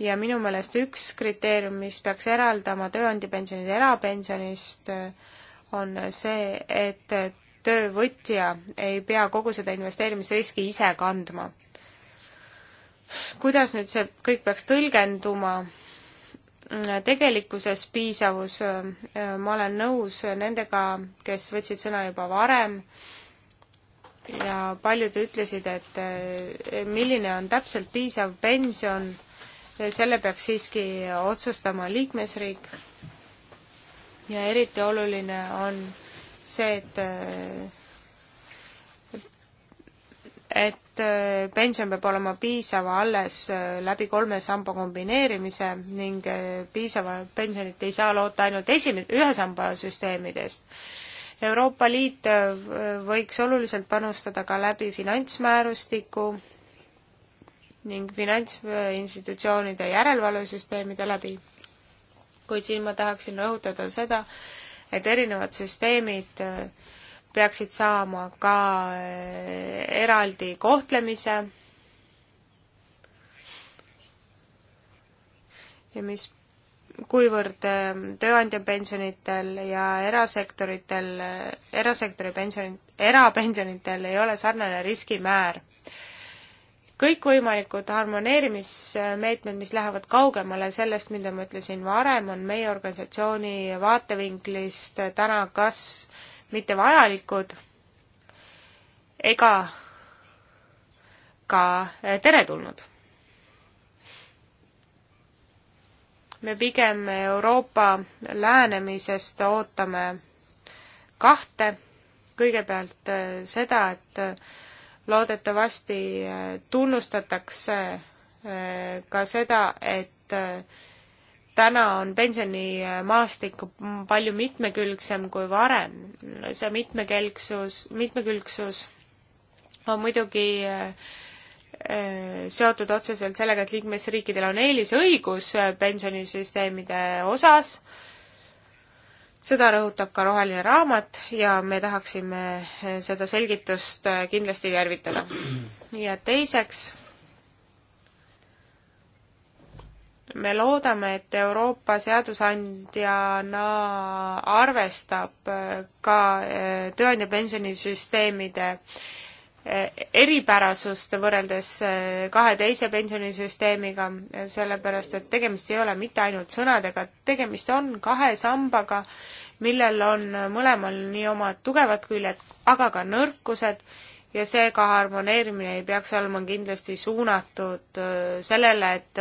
ja minu meelest üks kriteerium, mis peaks eraldama tööandja pensionid erapensionist, eh, on see, et töövõtja ei pea kogu seda investeerimisriski ise kandma kuidas nüüd see kõik peaks tõlgenduma äh, tegelikkuses piisavus, äh, äh, ma olen nõus nendega, kes võtsid sõna juba varem ja paljud ütlesid, et milline on täpselt piisav pension, selle peaks siiski otsustama liikmesriik. ja eriti oluline on see, et et et äh, pension peab olema piisava alles äh, läbi kolme samba kombineerimise ning äh, piisava pensionit ei saa loota ainult esimene, ühe samba süsteemidest. Euroopa Liit võiks oluliselt panustada ka läbi finantsmäärustiku ning finantsinstitutsioonide järelevalvesüsteemide läbi. kuid siin ma tahaksin rõhutada seda, et erinevad süsteemid äh, peaksid saama ka eh, eraldi kohtlemise. ja mis, kuivõrd eh, tööandja pensionitel ja erasektoritel, eh, erasektori pensionid, erapensionitel ei ole sarnane riskimäär kõikvõimalikud harmoneerimismeetmed, mis lähevad kaugemale sellest, mida ma ütlesin varem, on meie organisatsiooni vaatevinklist täna kas mitte vajalikud ega ka teretulnud. me pigem Euroopa lähenemisest ootame kahte, kõigepealt äh, seda, et äh, loodetavasti äh, tunnustatakse ka seda, et täna on pensionimaastik palju mitmekülgsem kui varem. see mitmekülgsus, mitmekülgsus on muidugi äh, äh, seotud otseselt sellega, et liikmesriikidel on eelisõigus äh, pensionisüsteemide osas, seda rõhutab ka roheline raamat ja me tahaksime seda selgitust kindlasti tervitada. ja teiseks me loodame, et Euroopa seadusandjana arvestab äh, ka äh, tööandja pensionisüsteemide äh, eripärasust võrreldes kahe teise pensionisüsteemiga, sellepärast et tegemist ei ole mitte ainult sõnadega, tegemist on kahe sambaga, millel on mõlemal nii omad tugevad küljed, aga ka nõrkused ja seega harmoneerimine ei peaks olema kindlasti suunatud sellele, et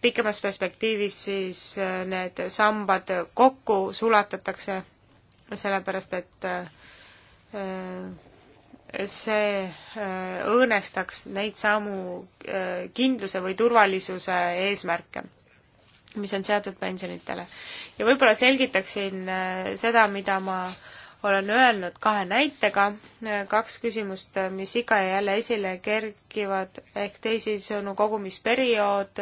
pikemas perspektiivis siis äh, need sambad kokku sulatatakse, sellepärast et äh, see äh, õõnestaks neid samu kindluse või turvalisuse eesmärke, mis on seatud pensionitele. ja võib-olla selgitaksin seda, mida ma äh, olen öelnud kahe näitega, kaks küsimust, mis ikka ja jälle esile kerkivad, ehk teisisõnu kogumisperiood,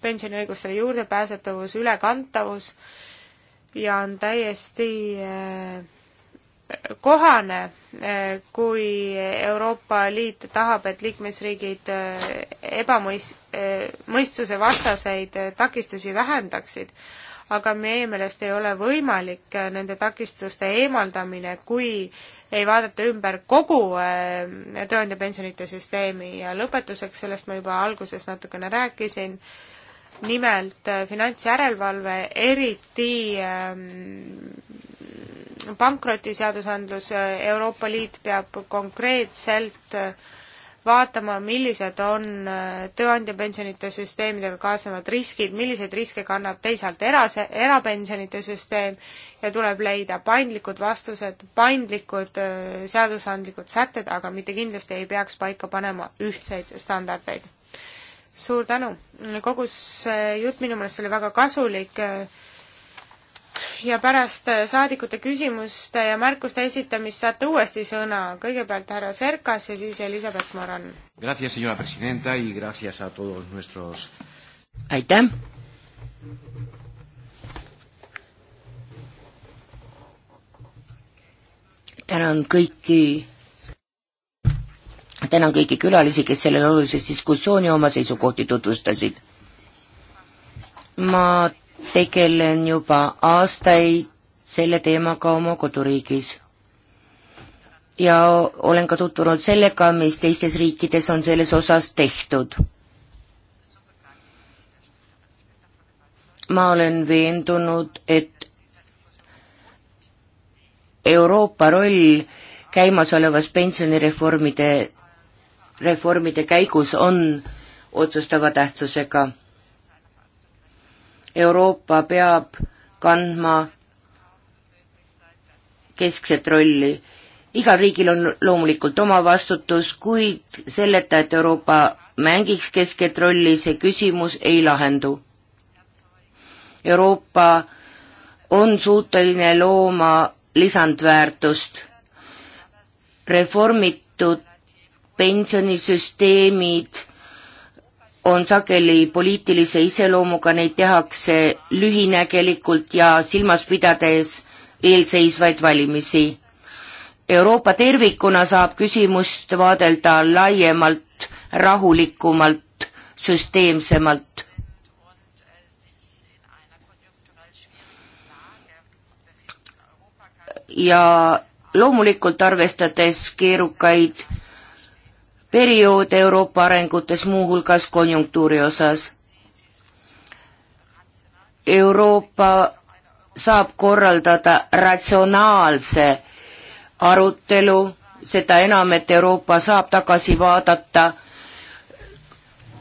pensioniõigustele juurdepääsetavus, ülekantavus ja on täiesti eh, kohane, eh, kui Euroopa Liit tahab, et liikmesriigid eh, ebamõis-, mõistuse vastaseid takistusi vähendaksid aga meie meelest ei ole võimalik äh, nende takistuste eemaldamine, kui ei vaadata ümber kogu äh, tööandjapensionite süsteemi ja lõpetuseks, sellest ma juba alguses natukene rääkisin, nimelt äh, finantsjärelevalve, eriti ähm, pankrotiseadusandlus, Euroopa Liit peab konkreetselt äh, vaatama, millised on äh, tööandjapensionite süsteemidega kaasnevad riskid, milliseid riske kannab teisalt erase, erapensionite süsteem ja tuleb leida paindlikud vastused, paindlikud äh, seadusandlikud sätted, aga mitte kindlasti ei peaks paika panema ühtseid standardeid. suur tänu, kogu see jutt minu meelest oli väga kasulik äh, ja pärast saadikute küsimuste ja märkuste esitamist saate uuesti sõna. kõigepealt härra Serkas ja siis Elizabeth Moran.
Nuestros... aitäh! tänan kõiki, tänan kõiki külalisi, kes sellel olulises diskussiooni oma seisukohti tutvustasid. ma tegelen juba aastaid selle teemaga oma koduriigis. ja olen ka tutvunud sellega, mis teistes riikides on selles osas tehtud. ma olen veendunud, et Euroopa roll käimasolevas pensionireformide, reformide käigus on otsustava tähtsusega Euroopa peab kandma keskset rolli. igal riigil on loomulikult oma vastutus, kuid selleta, et Euroopa mängiks keskset rolli, see küsimus ei lahendu. Euroopa on suuteline looma lisandväärtust. reformitud pensionisüsteemid on sageli poliitilise iseloomuga, neid tehakse lühinägelikult ja silmas pidades eelseisvaid valimisi. Euroopa tervikuna saab küsimust vaadelda laiemalt, rahulikumalt, süsteemsemalt. ja loomulikult arvestades keerukaid periood Euroopa arengutes, muuhulgas konjunktuuri osas. Euroopa saab korraldada ratsionaalse arutelu, seda enam, et Euroopa saab tagasi vaadata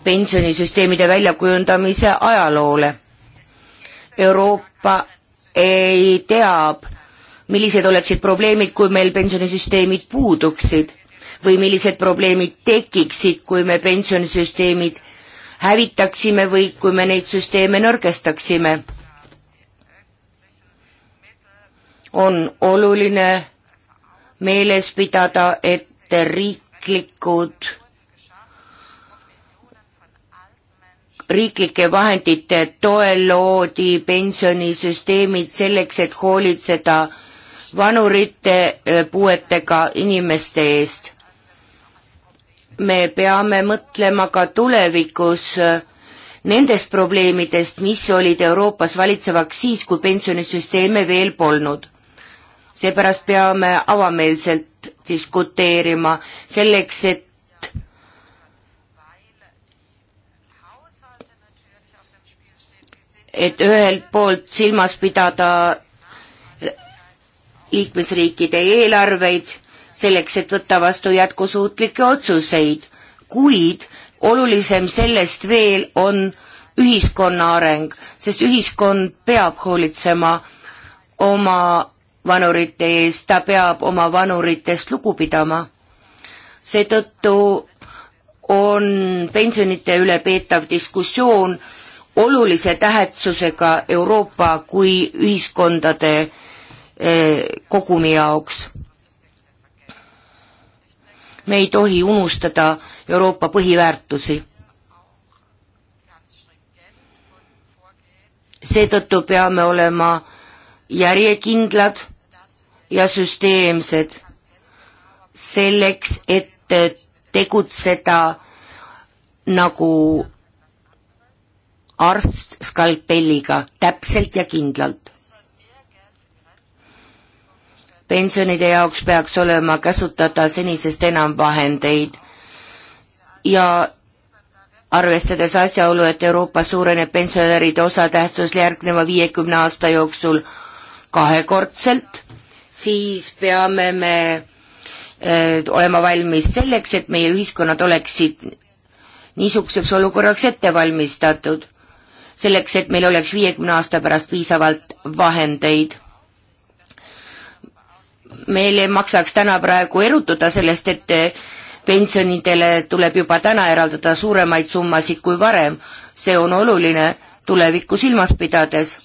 pensionisüsteemide väljakujundamise ajaloole. Euroopa ei teab, millised oleksid probleemid, kui meil pensionisüsteemid puuduksid või millised probleemid tekiksid, kui me pensionisüsteemid hävitaksime või kui me neid süsteeme nõrgestaksime. on oluline meeles pidada, et riiklikud, riiklike vahendite toel loodi pensionisüsteemid selleks, et hoolitseda vanurite puuetega inimeste eest me peame mõtlema ka tulevikus äh, nendest probleemidest, mis olid Euroopas valitsevaks siis, kui pensionisüsteeme veel polnud. seepärast peame avameelselt diskuteerima selleks, et et ühelt poolt silmas pidada liikmesriikide eelarveid selleks, et võtta vastu jätkusuutlikke otsuseid, kuid olulisem sellest veel on ühiskonna areng, sest ühiskond peab hoolitsema oma vanurite eest, ta peab oma vanuritest lugu pidama. seetõttu on pensionite üle peetav diskussioon olulise tähtsusega Euroopa kui ühiskondade eh, kogumi jaoks me ei tohi unustada Euroopa põhiväärtusi. seetõttu peame olema järjekindlad ja süsteemsed selleks, et tegutseda nagu arst skalpelliga täpselt ja kindlalt pensionide jaoks peaks olema käsutada senisest enam vahendeid ja arvestades asjaolu, et Euroopas suureneb pensionäride osatähtsus järgneva viiekümne aasta jooksul kahekordselt, siis peame me öö, eh, olema valmis selleks, et meie ühiskonnad oleksid niisuguseks olukorraks ette valmistatud, selleks, et meil oleks viiekümne aasta pärast piisavalt vahendeid meil ei maksaks täna praegu erutuda sellest, et eh, pensionidele tuleb juba täna eraldada suuremaid summasid kui varem. see on oluline tulevikku silmas pidades.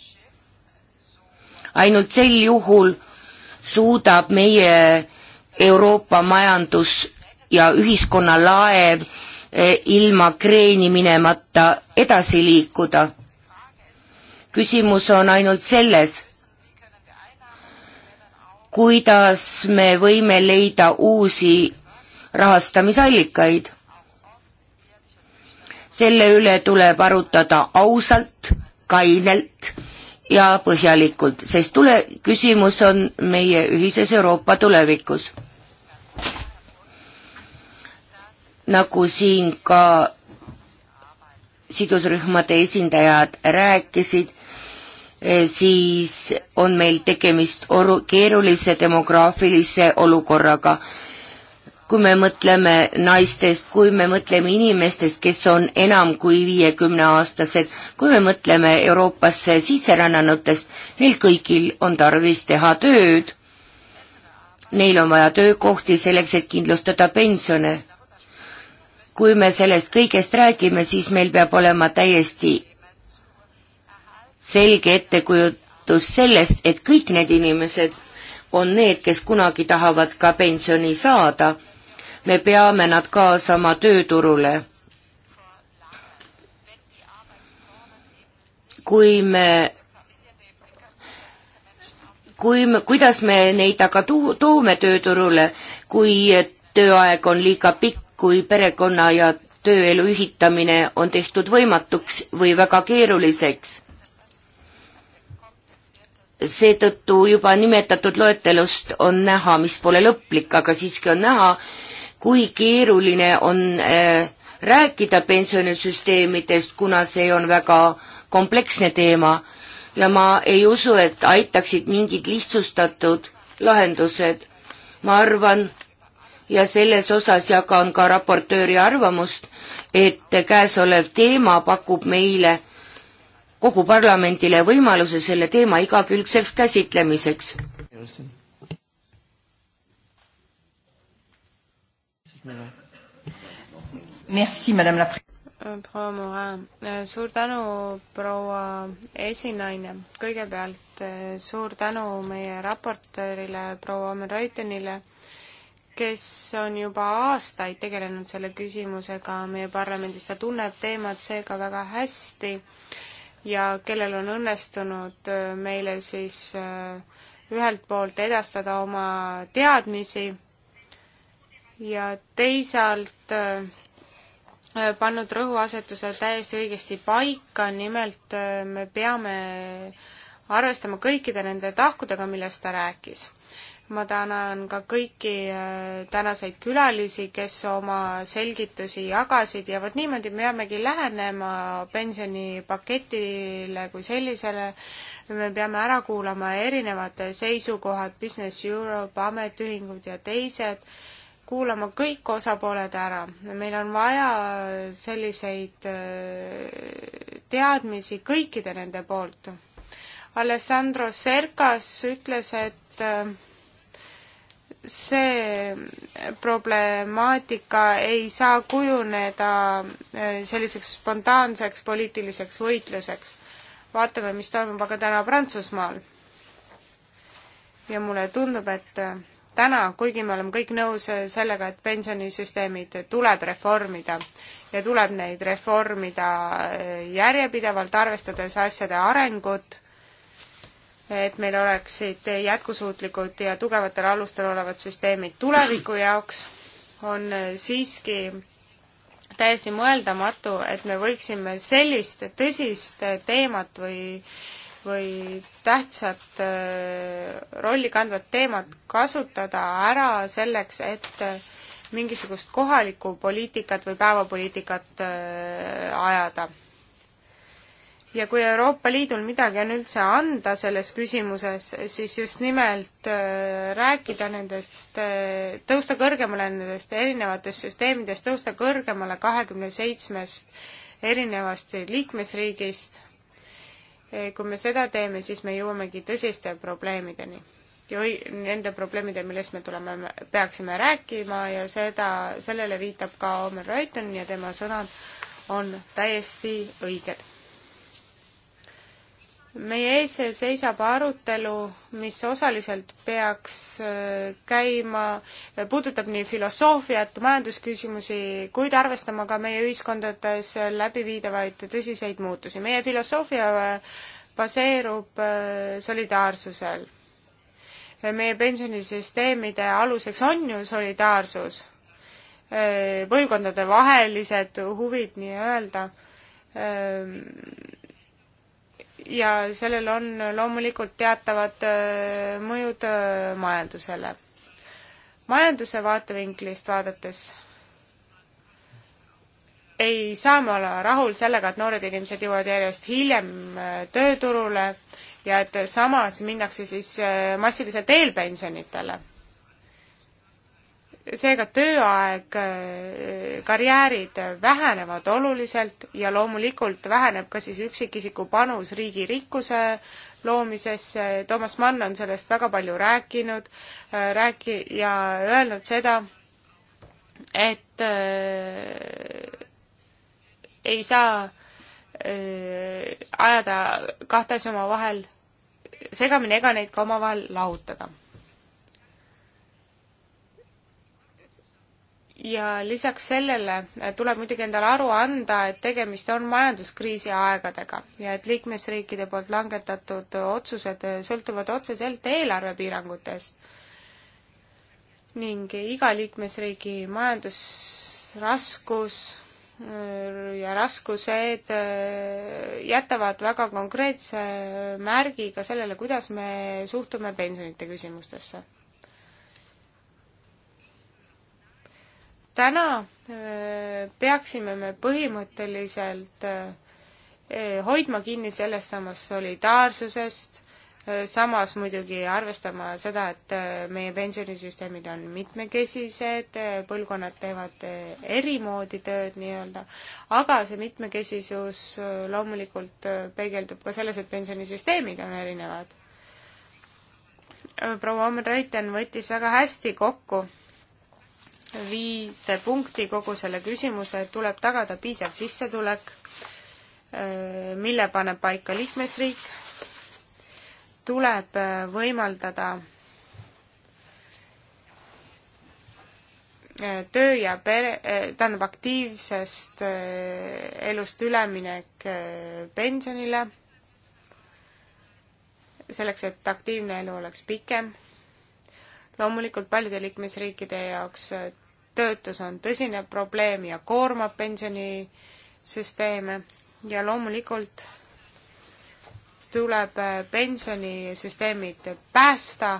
ainult sel juhul suudab meie Euroopa majandus ja ühiskonna laev eh, ilma kreeni minemata edasi liikuda. küsimus on ainult selles kuidas me võime leida uusi rahastamisallikaid. selle üle tuleb arutada ausalt, kainelt ja põhjalikult, sest tule-, küsimus on meie ühises Euroopa tulevikus. nagu siin ka sidusrühmade esindajad rääkisid Eh, siis on meil tegemist oru, keerulise demograafilise olukorraga. kui me mõtleme naistest, kui me mõtleme inimestest, kes on enam kui viiekümneaastased, kui me mõtleme Euroopasse sisserännanutest, neil kõigil on tarvis teha tööd. Neil on vaja töökohti selleks, et kindlustada pensione. kui me sellest kõigest räägime, siis meil peab olema täiesti selge ettekujutus sellest, et kõik need inimesed on need, kes kunagi tahavad ka pensioni saada. me peame nad kaasama tööturule. kui me kui me, kuidas me neid aga tu-, toome tööturule, kui tööaeg on liiga pikk, kui perekonna ja tööelu ühitamine on tehtud võimatuks või väga keeruliseks seetõttu juba nimetatud loetelust on näha, mis pole lõplik, aga siiski on näha, kui keeruline on eh, rääkida pensionisüsteemidest, kuna see on väga kompleksne teema ja ma ei usu, et aitaksid mingid lihtsustatud lahendused. ma arvan ja selles osas jagan ka raportööri arvamust, et käesolev teema pakub meile kogu parlamendile võimaluse selle teema igakülgseks käsitlemiseks. Merci, madame la
proua Morin, suur tänu, proua esinaine. kõigepealt suur tänu meie raportöörile, proua Omen Reutenile, kes on juba aastaid tegelenud selle küsimusega meie parlamendis, ta tunneb teemat seega väga hästi ja kellel on õnnestunud äh, meile siis äh, ühelt poolt edastada oma teadmisi ja teisalt äh, pannud rõhuasetuse täiesti õigesti paika, nimelt me peame arvestama kõikide nende tahkudega, millest ta rääkis ma tänan ka kõiki äh, tänaseid külalisi, kes oma selgitusi jagasid ja vot niimoodi me peamegi lähenema pensionipaketile kui sellisele. me peame ära kuulama erinevad seisukohad, Business Europe, ametiühingud ja teised, kuulama kõik osapooled ära. meil on vaja selliseid äh, teadmisi kõikide nende poolt. Alessandro Serkas ütles, et äh, see problemaatika ei saa kujuneda äh, selliseks spontaanseks poliitiliseks võitluseks. vaatame, mis toimub aga täna Prantsusmaal. ja mulle tundub, et äh, täna, kuigi me oleme kõik nõus äh, sellega, et pensionisüsteemid tuleb reformida ja tuleb neid reformida järjepidevalt, arvestades asjade arengut et meil oleksid jätkusuutlikud ja tugevatel alustel olevad süsteemid tuleviku jaoks, on siiski täiesti mõeldamatu, et me võiksime sellist tõsist teemat või, või tähtsat äh, rolli kandvat teemat kasutada ära selleks, et äh, mingisugust kohalikku poliitikat või päevapoliitikat äh, ajada ja kui Euroopa Liidul midagi on üldse anda selles küsimuses, siis just nimelt äh, rääkida nendest, äh, tõusta kõrgemale nendest erinevatest süsteemidest, tõusta kõrgemale kahekümne seitsmest erinevast liikmesriigist. Äh, kui me seda teeme, siis me jõuamegi tõsiste probleemideni ja nende probleemide, millest me tuleme, peaksime rääkima ja seda, sellele viitab ka Omer Reuten ja tema sõnad on täiesti õiged meie ees seisab arutelu, mis osaliselt peaks äh, käima, puudutab nii filosoofiat, majandusküsimusi, kuid arvestama ka meie ühiskondades läbiviidavaid tõsiseid muutusi. meie filosoofia äh, baseerub äh, solidaarsusel. meie pensionisüsteemide aluseks on ju solidaarsus, põlvkondadevahelised huvid nii-öelda ja sellel on loomulikult teatavad äh, mõjud äh, majandusele. majanduse vaatevinklist vaadates ei saa me olla rahul sellega, et noored inimesed jõuavad järjest hiljem äh, tööturule ja et samas minnakse siis massiliselt eelpensionitele seega tööaeg, äh, karjäärid vähenevad oluliselt ja loomulikult väheneb ka siis üksikisiku panus riigi rikkuse loomisesse, Toomas Mann on sellest väga palju rääkinud, äh, rääki- ja öelnud seda, et äh, ei saa äh, ajada kahte asja omavahel segamini ega neid ka omavahel lahutada ja lisaks sellele äh, tuleb muidugi endale aru anda, et tegemist on majanduskriisi aegadega ja et liikmesriikide poolt langetatud otsused äh, sõltuvad otseselt eelarvepiirangutest. ning iga liikmesriigi majandusraskus äh, ja raskused jätavad väga konkreetse märgi ka sellele, kuidas me suhtume pensionite küsimustesse täna äh, peaksime me põhimõtteliselt äh, eh, hoidma kinni sellest samast solidaarsusest, äh, samas muidugi arvestama seda, et meie pensionisüsteemid on mitmekesised, põlvkonnad teevad eri moodi tööd nii-öelda, aga see mitmekesisus loomulikult peegeldub ka selles, et pensionisüsteemid on erinevad. proua Omen Reuten võttis väga hästi kokku viite punkti kogu selle küsimuse, et tuleb tagada piisav sissetulek, mille paneb paika liikmesriik, tuleb võimaldada töö ja pere, tähendab aktiivsest elust üleminek pensionile, selleks, et aktiivne elu oleks pikem loomulikult paljude liikmesriikide jaoks äh, töötus on tõsine probleem ja koormab pensionisüsteeme ja loomulikult tuleb äh, pensionisüsteemid päästa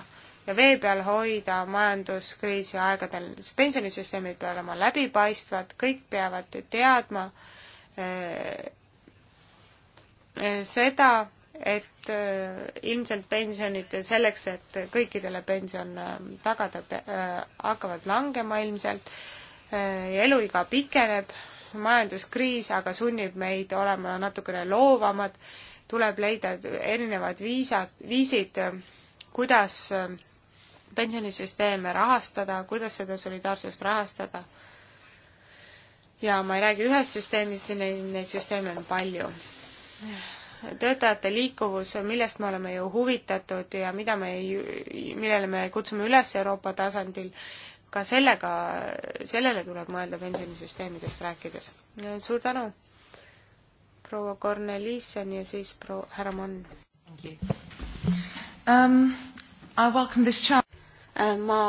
ja vee peal hoida majanduskriisi aegadel. pensionisüsteemid peavad olema läbipaistvad, kõik peavad teadma äh, seda, et äh, ilmselt pensionid selleks, et kõikidele pension äh, tagada, äh, hakkavad langema ilmselt ja eluiga pikeneb, majanduskriis aga sunnib meid olema natukene loovamad, tuleb leida erinevad viisad, viisid, kuidas pensionisüsteeme rahastada, kuidas seda solidaarsust rahastada. ja ma ei räägi ühest süsteemist, neid, neid süsteeme on palju töötajate liikuvus, millest me oleme ju huvitatud ja mida me, millele me kutsume üles Euroopa tasandil, ka sellega, sellele tuleb mõelda pensionisüsteemidest rääkides. suur tänu, proua Korneliisen ja siis proua härra Mann. Um, äh,
ma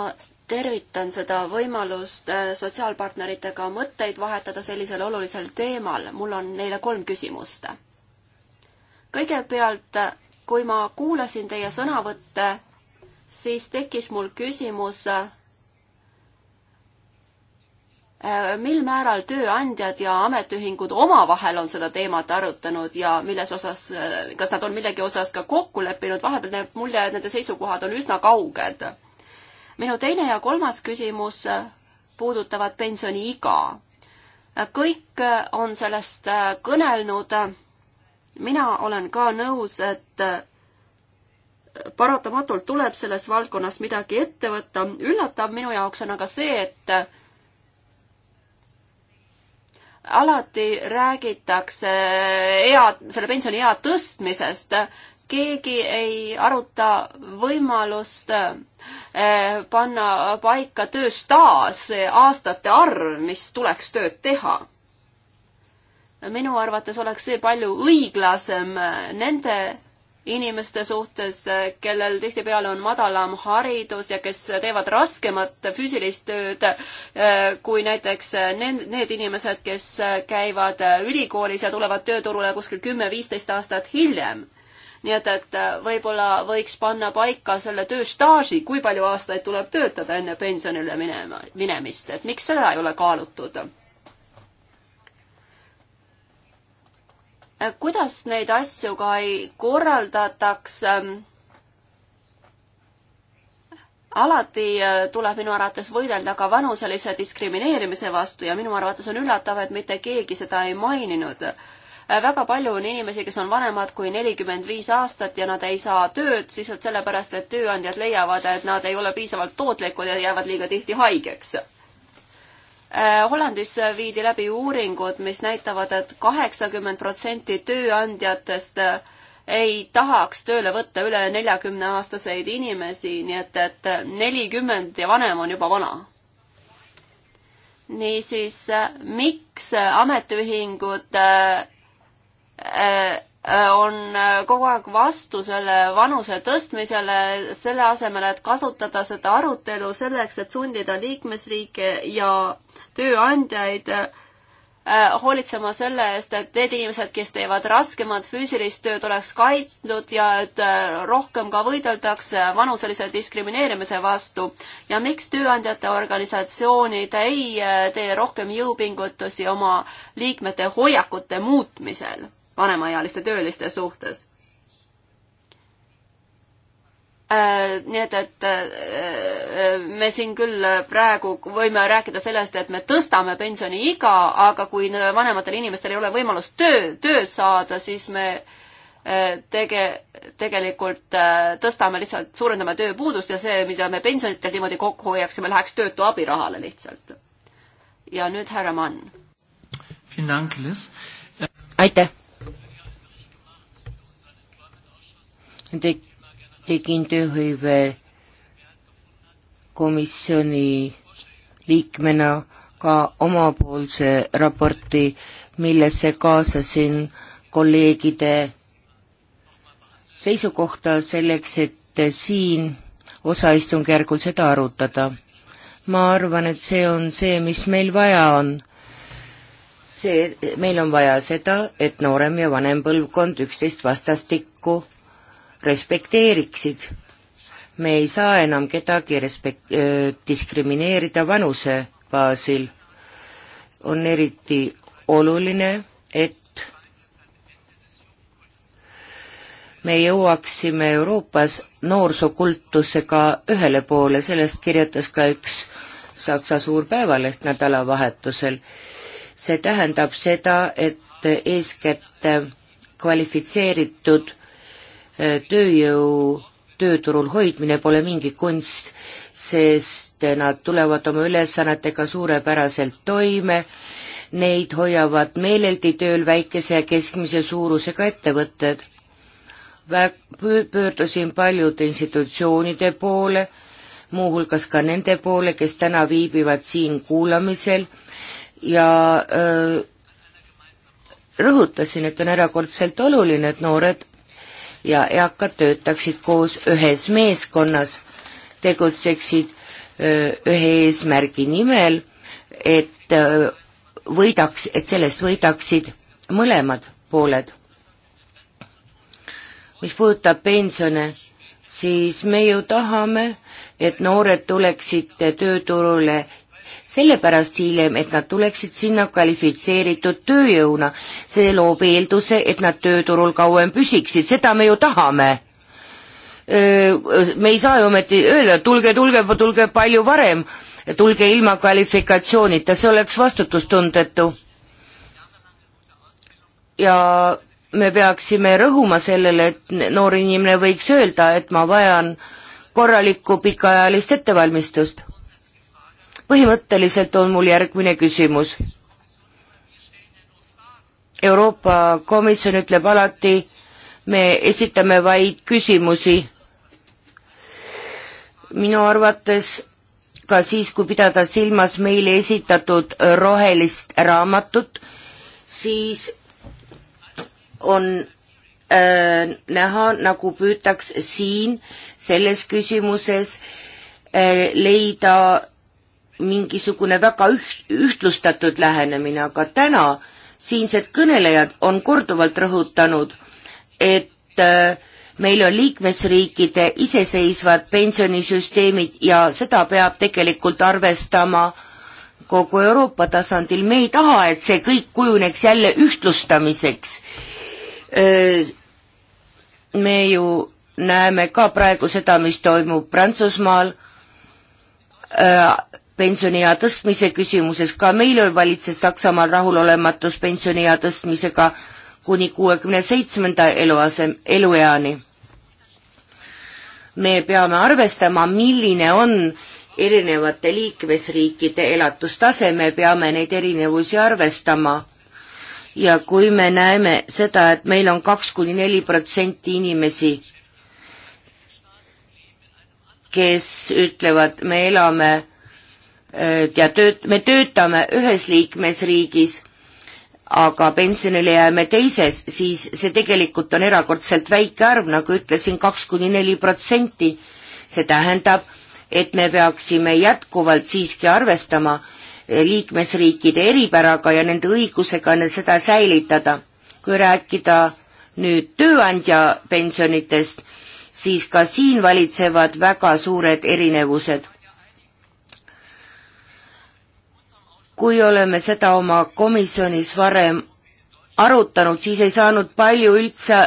tervitan seda võimalust äh, sotsiaalpartneritega mõtteid vahetada sellisel olulisel teemal. mul on neile kolm küsimust kõigepealt, kui ma kuulasin teie sõnavõtte, siis tekkis mul küsimus, äh, mil määral tööandjad ja ametiühingud omavahel on seda teemat arutanud ja milles osas, äh, kas nad on millegi osas ka kokku leppinud, vahepeal näeb mulje, et nende seisukohad on üsna kauged. minu teine ja kolmas küsimus äh, puudutavad pensioniiga. kõik on sellest kõnelnud mina olen ka nõus, et äh, paratamatult tuleb selles valdkonnas midagi ette võtta. üllatav minu jaoks on aga see, et äh, alati räägitakse äh, ea, selle pensioniea tõstmisest, keegi ei aruta võimalust panna paika tööstaaž, aastate arv, mis tuleks tööd teha minu arvates oleks see palju õiglasem äh, nende inimeste suhtes, äh, kellel tihtipeale on madalam haridus ja kes teevad raskemat füüsilist tööd äh, kui näiteks need, need inimesed, kes käivad ülikoolis ja tulevad tööturule kuskil kümme-viisteist aastat hiljem. nii et, et võib-olla võiks panna paika selle tööstaaži, kui palju aastaid tuleb töötada enne pensionile minema, minemist, et miks seda ei ole kaalutud kuidas neid asju ka ei korraldataks, ähm, alati äh, tuleb minu arvates võidelda ka vanuselise diskrimineerimise vastu ja minu arvates on üllatav, et mitte keegi seda ei maininud äh, väga palju on inimesi, kes on vanemad kui nelikümmend viis aastat ja nad ei saa tööd lihtsalt sellepärast, et tööandjad leiavad, et nad ei ole piisavalt tootlikud ja jäävad liiga tihti haigeks. Äh, Hollandis viidi läbi uuringud, mis näitavad et, et kaheksakümmend protsenti tööandjatest äh, ei tahaks tööle võtta üle neljakümneaastaseid inimesi, nii et, et nelikümmend ja vanem on juba vana. niisiis, äh, miks ametiühingud äh, äh, Äh, on äh, kogu aeg vastu selle vanuse tõstmisele, selle asemel, et kasutada seda arutelu selleks, et sundida liikmesriike ja tööandjaid äh, hoolitsema selle eest, et need inimesed, kes teevad raskemat füüsilist tööd, oleks kaitstud ja et rohkem ka võideldakse vanuselise diskrimineerimise vastu. ja miks tööandjate organisatsioonid ei tee rohkem jõupingutusi oma liikmete hoiakute muutmisel? vanemaealiste tööliste suhtes äh, nii et, et äh, äh, me siin küll praegu võime rääkida sellest, et me tõstame pensioniiga, aga kui vanematel inimestel ei ole võimalust töö, tööd saada, siis me tege-, tegelikult tõstame lihtsalt, suurendame tööpuudust ja see, mida me pensionitel niimoodi kokku hoiaksime, läheks töötu abirahale lihtsalt. ja nüüd härra Mann. aitäh
tek-, tegin tööhõive komisjoni liikmena ka omapoolse raporti, millesse kaasasin kolleegide seisukohta selleks, et siin osaistungjärgul seda arutada. ma arvan, et see on see, mis meil vaja on. see, meil on vaja seda, et noorem ja vanem põlvkond üksteist vastastikku respekteeriksid. me ei saa enam kedagi respekt-, diskrimineerida vanuse baasil. on eriti oluline, et me jõuaksime Euroopas noorsookultusega ühele poole, sellest kirjutas ka üks Saksa suurpäevaleht nädalavahetusel. see tähendab seda, et eeskätt kvalifitseeritud tööjõu tööturul hoidmine pole mingi kunst, sest nad tulevad oma ülesannetega suurepäraselt toime, neid hoiavad meeleldi tööl väikese ja keskmise suurusega ettevõtted. pöördusin paljude institutsioonide poole, muuhulgas ka nende poole, kes täna viibivad siin kuulamisel ja öö, rõhutasin, et on erakordselt oluline, et noored ja eakad töötaksid koos ühes meeskonnas, tegutseksid ühe eesmärgi nimel, et võidaks, et sellest võidaksid mõlemad pooled. mis puudutab pensione, siis me ju tahame, et noored tuleksid tööturule sellepärast hiljem, et nad tuleksid sinna kvalifitseeritud tööjõuna. see loob eelduse, et nad tööturul kauem püsiksid, seda me ju tahame. me ei saa ju ometi öelda, tulge, tulge, tulge palju varem, tulge ilma kvalifikatsioonita, see oleks vastutustundetu. ja me peaksime rõhuma sellele, et noor inimene võiks öelda, et ma vajan korralikku pikaajalist ettevalmistust põhimõtteliselt on mul järgmine küsimus. Euroopa Komisjon ütleb alati, me esitame vaid küsimusi. minu arvates ka siis, kui pidada silmas meile esitatud rohelist raamatut, siis on äh, näha, nagu püütaks siin selles küsimuses äh, leida mingisugune väga üht, ühtlustatud lähenemine, aga täna siinsed kõnelejad on korduvalt rõhutanud, et äh, meil on liikmesriikide iseseisvad pensionisüsteemid ja seda peab tegelikult arvestama kogu Euroopa tasandil. me ei taha, et see kõik kujuneks jälle ühtlustamiseks. Äh, me ju näeme ka praegu seda, mis toimub Prantsusmaal äh, pensioniea tõstmise küsimuses, ka meil valitses Saksamaal rahulolematus pensioniea tõstmisega kuni kuuekümne seitsmenda eluasem, elueani. me peame arvestama, milline on erinevate liikmesriikide elatustase, me peame neid erinevusi arvestama. ja kui me näeme seda, et meil on kaks kuni neli protsenti inimesi, kes ütlevad, me elame Äh, ja tööt-, me töötame ühes liikmesriigis, aga pensionile jääme teises, siis see tegelikult on erakordselt väike arv, nagu ütlesin, kaks kuni neli protsenti. see tähendab, et me peaksime jätkuvalt siiski arvestama äh, liikmesriikide eripäraga ja nende õigusega seda säilitada. kui rääkida nüüd tööandja pensionitest, siis ka siin valitsevad väga suured erinevused kui oleme seda oma komisjonis varem arutanud, siis ei saanud palju üldse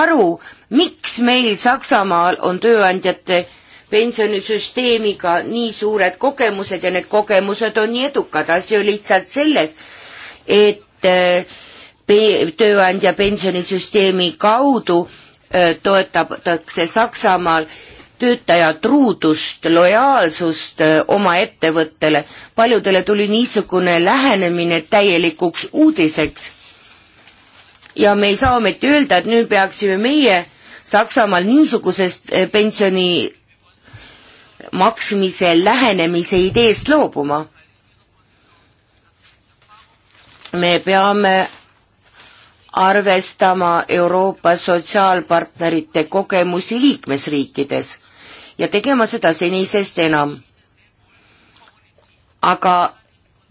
aru, miks meil Saksamaal on tööandjate pensionisüsteemiga nii suured kogemused ja need kogemused on nii edukad, asi on lihtsalt selles, et eh, tööandja pensionisüsteemi kaudu eh, toetatakse Saksamaal äh, töötaja truudust, lojaalsust oma ettevõttele. paljudele tuli niisugune lähenemine täielikuks uudiseks. ja me ei saa ometi öelda, et nüüd peaksime meie Saksamaal niisugusest pensioni maksmise lähenemise ideest loobuma. me peame arvestama Euroopa sotsiaalpartnerite kogemusi liikmesriikides ja tegema seda senisest enam. aga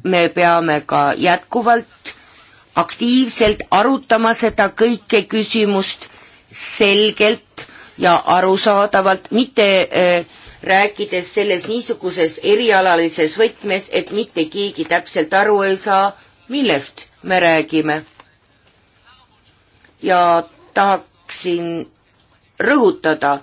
me peame ka jätkuvalt aktiivselt arutama seda kõike küsimust selgelt ja arusaadavalt, mitte äh, rääkides selles niisuguses erialalises võtmes, et mitte keegi täpselt aru ei saa, millest me räägime. ja tahaksin rõhutada,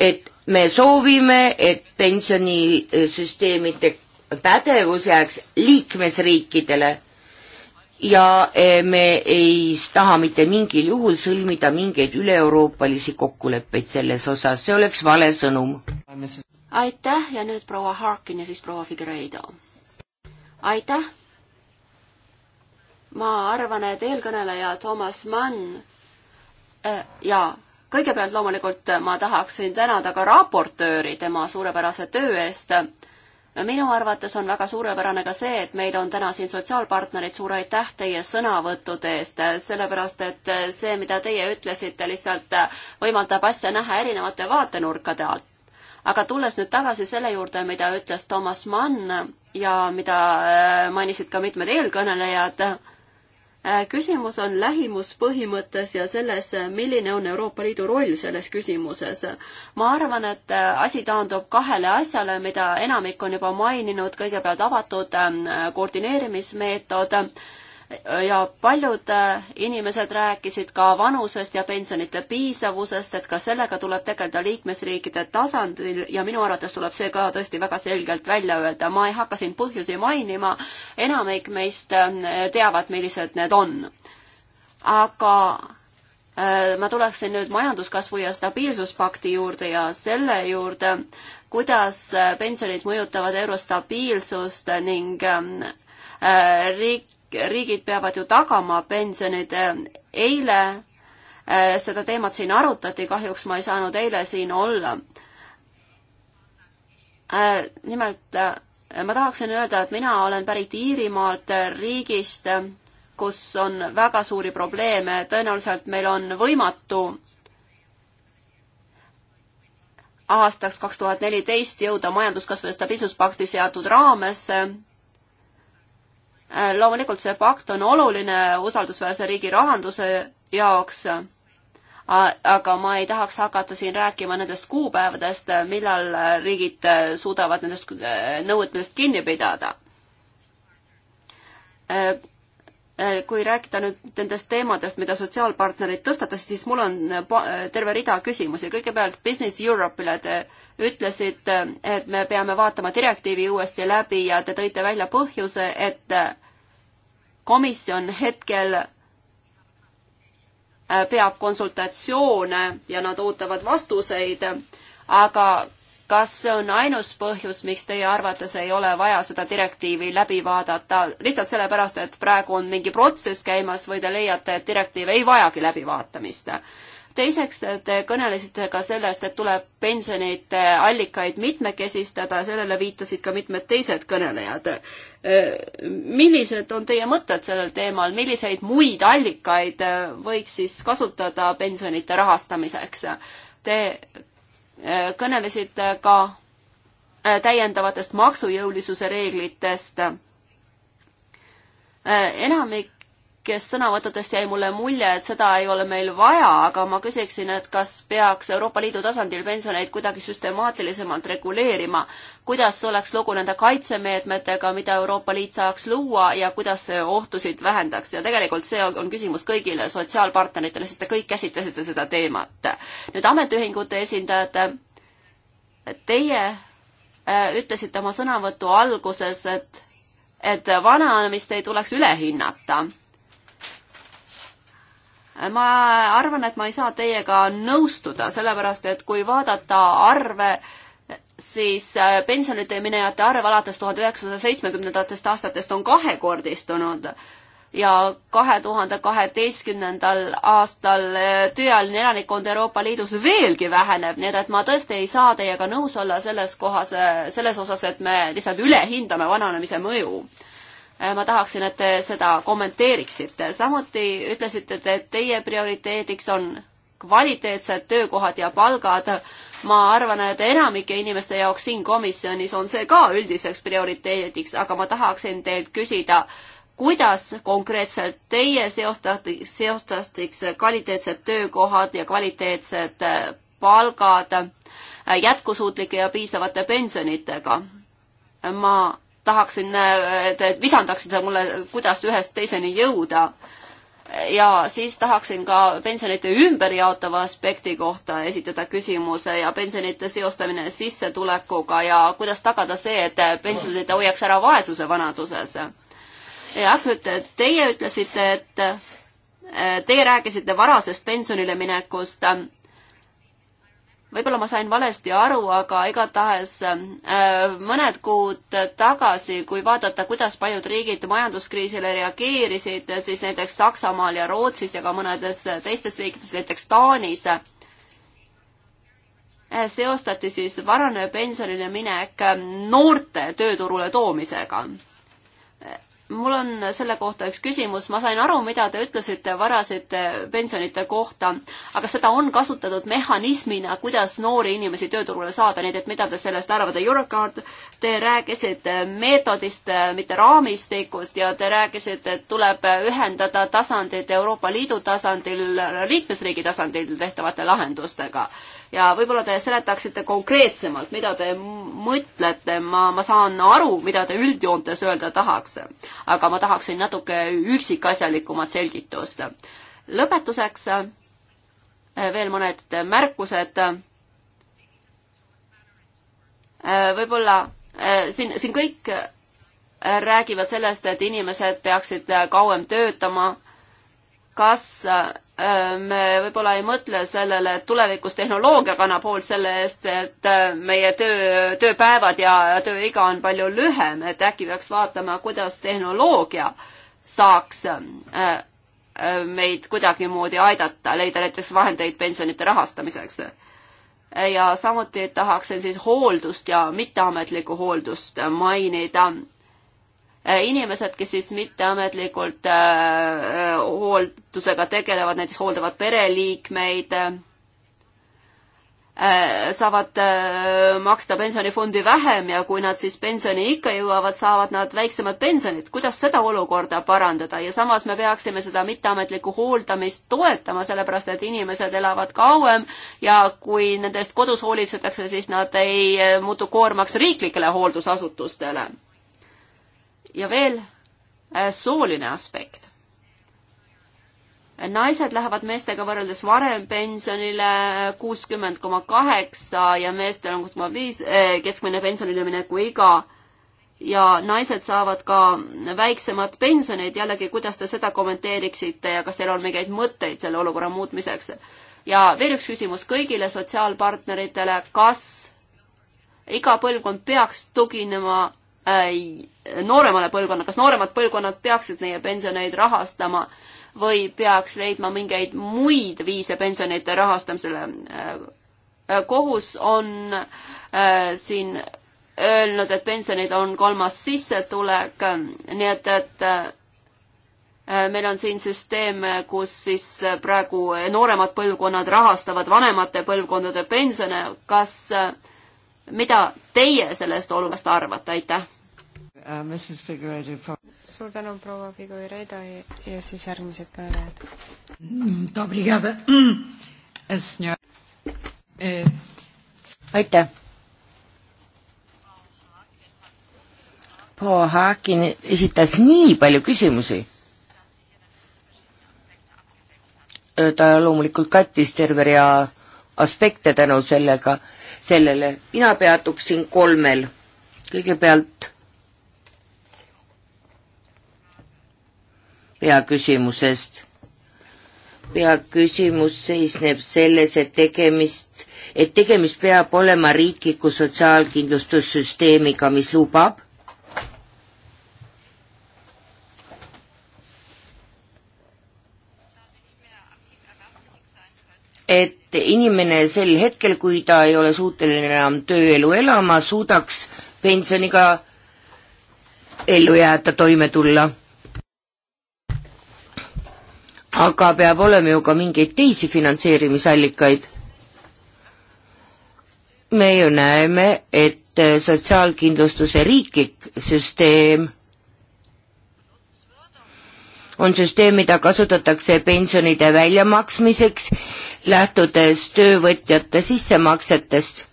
et me soovime, et pensionisüsteemide pädevus jääks liikmesriikidele ja e, me ei taha mitte mingil juhul sõlmida mingeid üle-euroopalisi kokkuleppeid selles osas, see oleks vale sõnum.
aitäh ja nüüd proua Harkin ja siis proua Figueiredo. aitäh. ma arvan, et eelkõneleja Toomas Mann äh, ja kõigepealt loomulikult ma tahaksin tänada ka raportööri tema suurepärase töö eest. minu arvates on väga suurepärane ka see, et meil on täna siin sotsiaalpartnerid, suur aitäh teie sõnavõttude eest, sellepärast et see, mida teie ütlesite, lihtsalt võimaldab asja näha erinevate vaatenurkade alt. aga tulles nüüd tagasi selle juurde, mida ütles Toomas Mann ja mida äh, mainisid ka mitmed eelkõnelejad Äh, küsimus on lähimuspõhimõttes ja selles, äh, milline on Euroopa Liidu roll selles küsimuses. ma arvan, et äh, asi taandub kahele asjale, mida enamik on juba maininud, kõigepealt avatud ähm, koordineerimismeetod äh, ja paljud äh, inimesed rääkisid ka vanusest ja pensionite piisavusest, et ka sellega tuleb tegeleda liikmesriikide tasandil ja minu arvates tuleb see ka tõesti väga selgelt välja öelda. ma ei hakka siin põhjusi mainima, enamik meist äh, teavad, millised need on. aga äh, ma tuleksin nüüd majanduskasvu ja stabiilsuspakti juurde ja selle juurde, kuidas pensionid mõjutavad eurostabiilsust ning ähm, riik riigid peavad ju tagama pensionid. eile äh, seda teemat siin arutati, kahjuks ma ei saanud eile siin olla. Äh, nimelt äh, ma tahaksin öelda, et mina olen pärit Iirimaalt, riigist, kus on väga suuri probleeme, tõenäoliselt meil on võimatu aastaks kaks tuhat neliteist jõuda majanduskasvu ja stabiilsuspakti seatud raamesse Äh, loomulikult see pakt on oluline usaldusväärse riigi rahanduse jaoks, äh, aga ma ei tahaks hakata siin rääkima nendest kuupäevadest, äh, millal riigid suudavad nendest nõuetest kinni pidada Äh, kui rääkida nüüd nendest teemadest, mida sotsiaalpartnerid tõstatasid, siis mul on äh, äh, terve rida küsimusi. kõigepealt Business Europe'ile te ütlesite, et me peame vaatama direktiivi uuesti läbi ja te tõite välja põhjuse, et komisjon hetkel peab konsultatsioone ja nad ootavad vastuseid, aga kas see on ainus põhjus, miks teie arvates ei ole vaja seda direktiivi läbi vaadata, lihtsalt sellepärast, et praegu on mingi protsess käimas või te leiate, et direktiiv ei vajagi läbivaatamist? teiseks, te kõnelesite ka sellest, et tuleb pensionite allikaid mitmekesistada, sellele viitasid ka mitmed teised kõnelejad. millised on teie mõtted sellel teemal, milliseid muid allikaid võiks siis kasutada pensionite rahastamiseks? Te kõnelesid äh, ka äh, täiendavatest maksujõulisuse reeglitest. Äh, enamik kõigist sõnavõttudest jäi mulle mulje, et seda ei ole meil vaja, aga ma küsiksin, et kas peaks Euroopa Liidu tasandil pensioneid kuidagi süstemaatilisemalt reguleerima, kuidas oleks lugu nende kaitsemeetmetega, mida Euroopa Liit saaks luua ja kuidas see ohtusid vähendaks ja tegelikult see on küsimus kõigile sotsiaalpartneritele, sest te kõik käsitlesite seda teemat. nüüd ametiühingute esindajad, teie äh, ütlesite oma sõnavõtu alguses, et et vananemist ei tuleks üle hinnata ma arvan, et ma ei saa teiega nõustuda, sellepärast et kui vaadata arve, siis äh, pensionite minejate arv alates tuhande üheksasaja seitsmekümnendatest aastatest on kahekordistunud ja kahe tuhande kaheteistkümnendal aastal äh, tööealine elanikkond Euroopa Liidus veelgi väheneb, nii et, et ma tõesti ei saa teiega nõus olla selles kohas, äh, selles osas, et me lihtsalt ülehindame vananemise mõju Äh, ma tahaksin, et te seda kommenteeriksite. samuti ütlesite te, et teie prioriteediks on kvaliteetsed töökohad ja palgad. ma arvan, et enamike inimeste jaoks siin komisjonis on see ka üldiseks prioriteediks, aga ma tahaksin teilt küsida, kuidas konkreetselt teie seostate, seostatiks kvaliteetsed töökohad ja kvaliteetsed äh, palgad äh, jätkusuutlike ja piisavate pensionitega? ma tahaksin, et visandaksite mulle, kuidas ühest teiseni jõuda. ja siis tahaksin ka pensionite ümberjaotava aspekti kohta esitada küsimuse ja pensionite seostamine sissetulekuga ja kuidas tagada see, et pensionid hoiaks ära vaesuse vanaduses. jah, nüüd teie ütlesite, et Teie rääkisite varasest pensionile minekust võib-olla ma sain valesti aru, aga igatahes äh, mõned kuud tagasi, kui vaadata, kuidas paljud riigid majanduskriisile reageerisid, siis näiteks Saksamaal ja Rootsis ja ka mõnedes teistes riikides, näiteks Taanis, äh, seostati siis varane pensionile minek äh, noorte tööturule toomisega mul on selle kohta üks küsimus, ma sain aru, mida te ütlesite varasite pensionite kohta, aga seda on kasutatud mehhanismina, kuidas noori inimesi tööturule saada, nii et mida te sellest arvate, Eurocard, te rääkisite meetodist, mitte raamistikust ja te rääkisite, et tuleb ühendada tasandid Euroopa Liidu tasandil, liikmesriigi tasandil tehtavate lahendustega ja võib-olla te seletaksite konkreetsemalt, mida te mõtlete, ma, ma saan aru, mida te üldjoontes öelda tahaks, aga ma tahaksin natuke üksikasjalikumat selgitust. lõpetuseks eh, veel mõned märkused. Eh, võib-olla eh, siin, siin kõik räägivad sellest, et inimesed peaksid kauem töötama. kas Äh, me võib-olla ei mõtle sellele, et tulevikus tehnoloogia kannab hoolt selle eest, et äh, meie töö, tööpäevad ja tööiga on palju lühem, et äkki peaks vaatama, kuidas tehnoloogia saaks äh, meid kuidagimoodi aidata, leida näiteks vahendeid pensionite rahastamiseks. ja samuti tahaksin siis hooldust ja mitteametlikku hooldust mainida Äh, inimesed, kes siis mitteametlikult äh, äh, hooldusega tegelevad, näiteks hooldavad pereliikmeid äh,, saavad äh, maksta pensionifondi vähem ja kui nad siis pensioniikka jõuavad, saavad nad väiksemat pensionit. kuidas seda olukorda parandada ja samas me peaksime seda mitteametlikku hooldamist toetama, sellepärast et inimesed elavad kauem ja kui nende eest kodus hoolitsetakse, siis nad ei äh, muutu koormaks riiklikele hooldusasutustele ja veel äh, sooline aspekt. naised lähevad meestega võrreldes varem pensionile äh, kuuskümmend koma kaheksa ja meestel on kuus koma viis äh, keskmine pensionile mineku iga ja naised saavad ka väiksemat pensioneid, jällegi, kuidas te seda kommenteeriksite ja kas teil on mingeid mõtteid selle olukorra muutmiseks? ja veel üks küsimus kõigile sotsiaalpartneritele, kas iga põlvkond peaks tuginema Äh, nooremale põlvkonnale, kas nooremad põlvkonnad peaksid meie pensioneid rahastama või peaks leidma mingeid muid viise pensionite rahastamisele. Äh, äh, kohus on siin öelnud, et pensionid on kolmas sissetulek, nii et, et meil on siin süsteem, kus siis praegu nooremad põlvkonnad rahastavad vanemate põlvkondade pensione, kas äh, mida teie sellest olukorrast arvate, aitäh!
Uh, suur tänu, proua Figueiredo ja siis järgmised kõnelejad.
Mm,
eh, aitäh! proua Haakin esitas nii palju küsimusi äh, ta loomulikult kattis terve rea aspekte tänu sellega, sellele. mina peatuksin kolmel. kõigepealt peaküsimusest. peaküsimus seisneb selles, et tegemist, et tegemist peab olema riikliku sotsiaalkindlustussüsteemiga, mis lubab et inimene sel hetkel, kui ta ei ole suuteline enam tööelu elama, suudaks pensioniga ellu jääda, toime tulla. aga peab olema ju ka mingeid teisi finantseerimisallikaid. me ju näeme, et sotsiaalkindlustuse riiklik süsteem on süsteem, mida kasutatakse pensionide väljamaksmiseks, lähtudes töövõtjate sissemaksetest.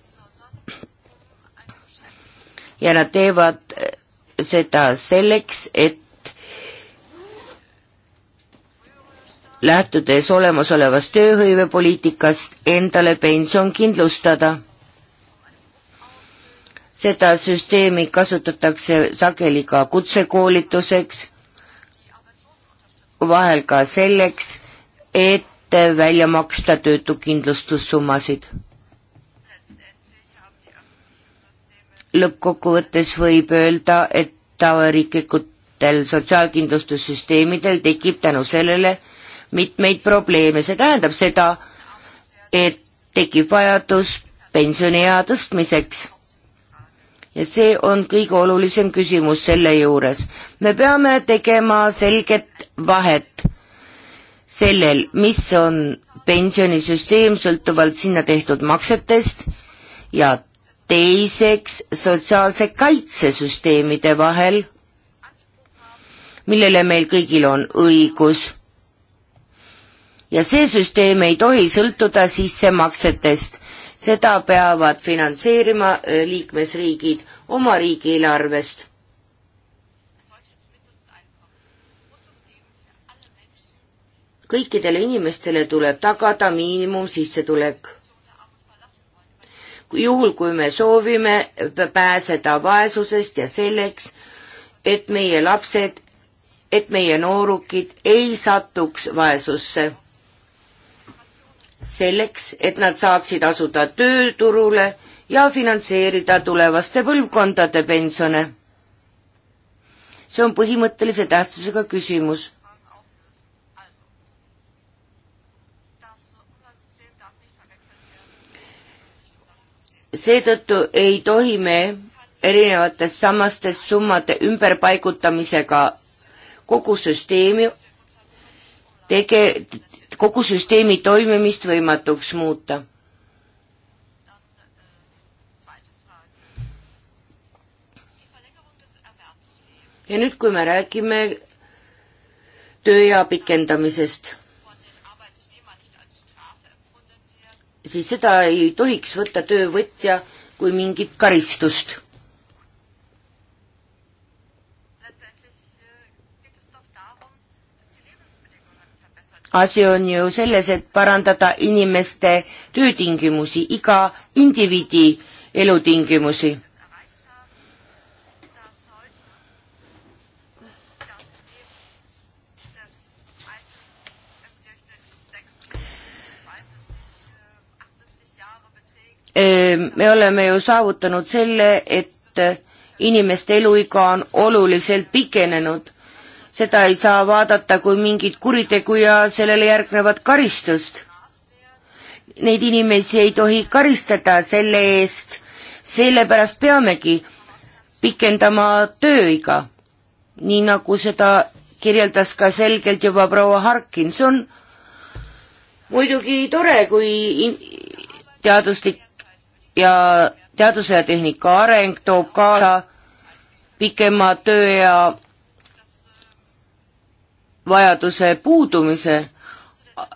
ja nad teevad eh, seda selleks, et lähtudes olemasolevast tööhõivepoliitikast endale pension kindlustada. seda süsteemi kasutatakse sageli ka kutsekoolituseks vahel ka selleks, et välja maksta töötukindlustussummasid. lõppkokkuvõttes võib öelda, et tavariiklikutel sotsiaalkindlustussüsteemidel tekib tänu sellele mitmeid probleeme, see tähendab seda, et tekib vajadus pensioniea tõstmiseks ja see on kõige olulisem küsimus selle juures. me peame tegema selget vahet sellel, mis on pensionisüsteem sõltuvalt sinna tehtud maksetest ja teiseks sotsiaalse kaitsesüsteemide vahel, millele meil kõigil on õigus. ja see süsteem ei tohi sõltuda sissemaksetest seda peavad finantseerima äh, liikmesriigid oma riigieelarvest. kõikidele inimestele tuleb tagada miinimumsissetulek. juhul, kui me soovime pääseda vaesusest ja selleks, et meie lapsed, et meie noorukid ei satuks vaesusse selleks, et nad saaksid asuda tööturule ja finantseerida tulevaste põlvkondade pensione. see on põhimõttelise tähtsusega küsimus. seetõttu ei tohi me erinevatest sammastest summade ümberpaigutamisega kogu süsteemi tege-, kogu süsteemi toimimist võimatuks muuta. ja nüüd, kui me räägime tööea pikendamisest, siis seda ei tohiks võtta töövõtja kui mingit karistust asi on ju selles, et parandada inimeste töötingimusi, iga indiviidi elutingimusi. Ehm, me oleme ju saavutanud selle, et inimeste eluiga on oluliselt pikenenud seda ei saa vaadata kui mingit kuritegu ja sellele järgnevat karistust. Neid inimesi ei tohi karistada selle eest, sellepärast peamegi pikendama tööiga, nii nagu seda kirjeldas ka selgelt juba proua Harkin, see on muidugi tore, kui teaduslik ja teaduse ja tehnika areng toob kaasa pikema tööea vajaduse puudumise,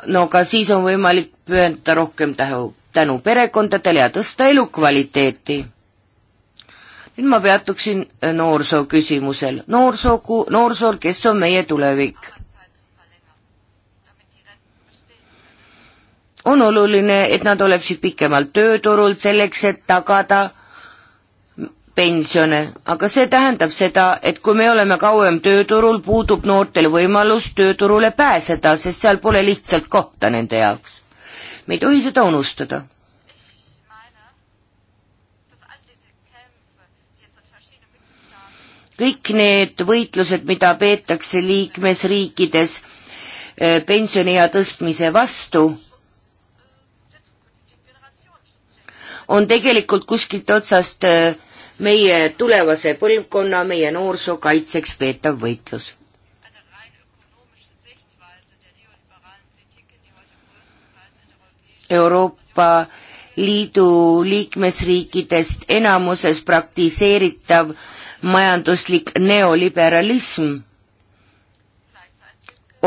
no ka siis on võimalik pühendada rohkem tähu, tänu perekondadele ja tõsta elukvaliteeti. nüüd ma peatuksin äh, noorsoo küsimusel. noorsoo, noorsool, kes on meie tulevik? on oluline, et nad oleksid pikemalt tööturul selleks, et tagada pensione, aga see tähendab seda, et kui me oleme kauem tööturul, puudub noortel võimalus tööturule pääseda, sest seal pole lihtsalt kohta nende jaoks. me ei tohi seda unustada. kõik need võitlused, mida peetakse liikmesriikides e, pensioniea tõstmise vastu, on tegelikult kuskilt otsast äh, meie tulevase põlvkonna, meie noorsoo kaitseks peetav võitlus. Euroopa Liidu liikmesriikidest enamuses praktiseeritav majanduslik neoliberalism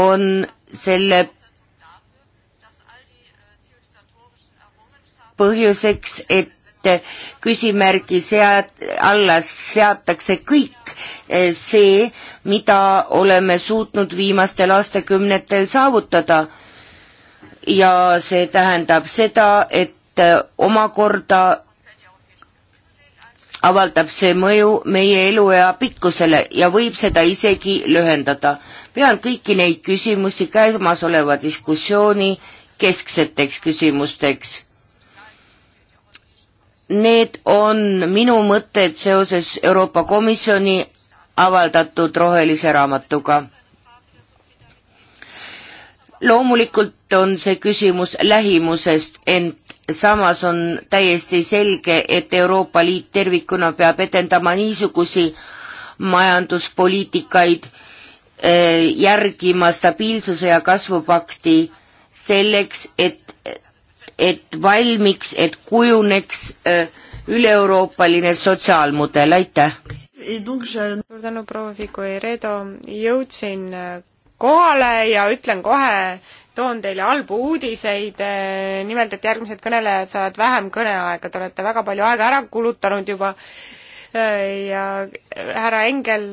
on selle põhjuseks, et küsimärgi sead, alla seatakse kõik eh, see, mida oleme suutnud viimastel aastakümnetel saavutada. ja see tähendab seda, et eh, omakorda avaldab see mõju meie eluea pikkusele ja võib seda isegi lühendada. pean kõiki neid küsimusi käimasoleva diskussiooni keskseteks küsimusteks Need on minu mõtted seoses Euroopa Komisjoni avaldatud rohelise raamatuga. loomulikult on see küsimus lähimusest, ent samas on täiesti selge, et Euroopa Liit tervikuna peab edendama niisugusi majanduspoliitikaid, eh, järgima stabiilsuse ja kasvupakti selleks, et et valmiks, et kujuneks äh, üle-euroopaline sotsiaalmudel, aitäh!
suur tänu, proua Figueredo, jõudsin äh, kohale ja ütlen kohe, toon teile halbu uudiseid, äh, nimelt et järgmised kõnelejad saavad vähem kõneaega, te olete väga palju aega ära kulutanud juba ja härra Engel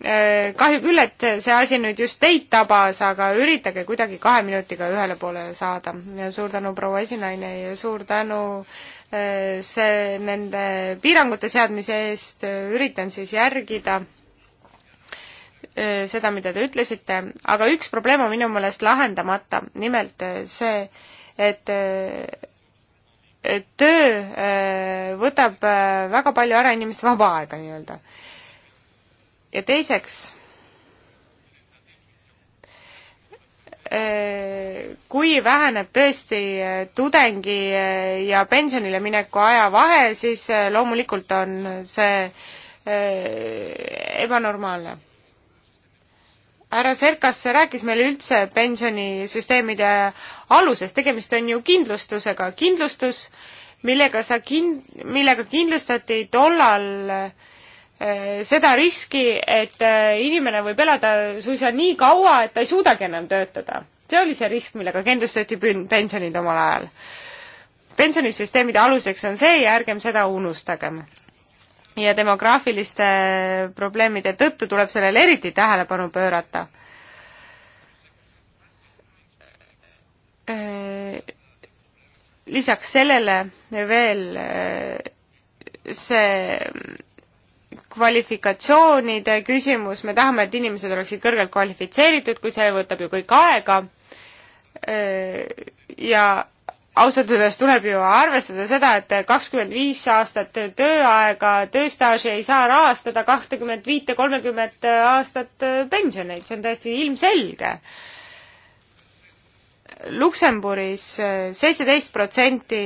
Äh, kahju küll, et see asi nüüd just teid tabas, aga üritage kuidagi kahe minutiga ühele poole saada. suur tänu, proua esinaine ja suur tänu äh, see, nende piirangute seadmise eest, üritan siis järgida äh, seda, mida te ütlesite, aga üks probleem on minu meelest lahendamata, nimelt see, et töö võtab väga palju ära inimeste vaba aega nii-öelda ja teiseks, äh, kui väheneb tõesti äh, tudengi äh, ja pensionile mineku aja vahe, siis loomulikult on see ebanormaalne. härra Serkas rääkis meile üldse pensionisüsteemide alusest, tegemist on ju kindlustusega, kindlustus, millega sa kin-, millega kindlustati tollal äh, Eh, seda riski, et eh, inimene võib elada suisa nii kaua, et ta ei suudagi enam töötada. see oli see risk, millega kindlustati pensionid omal ajal. pensionisüsteemide aluseks on see ja ärgem seda unustagem. ja demograafiliste probleemide tõttu tuleb sellele eriti tähelepanu pöörata. Eh, lisaks sellele veel see kvalifikatsioonide küsimus, me tahame, et inimesed oleksid kõrgelt kvalifitseeritud, kuid see võtab ju kõik aega. ja ausalt öeldes tuleb ju arvestada seda, et kakskümmend viis aastat tööaega tööstaaži ei saa rahastada kahtekümmet viite, kolmekümmet aastat pensioneid, see on täiesti ilmselge Luksemburis äh, seitseteist protsenti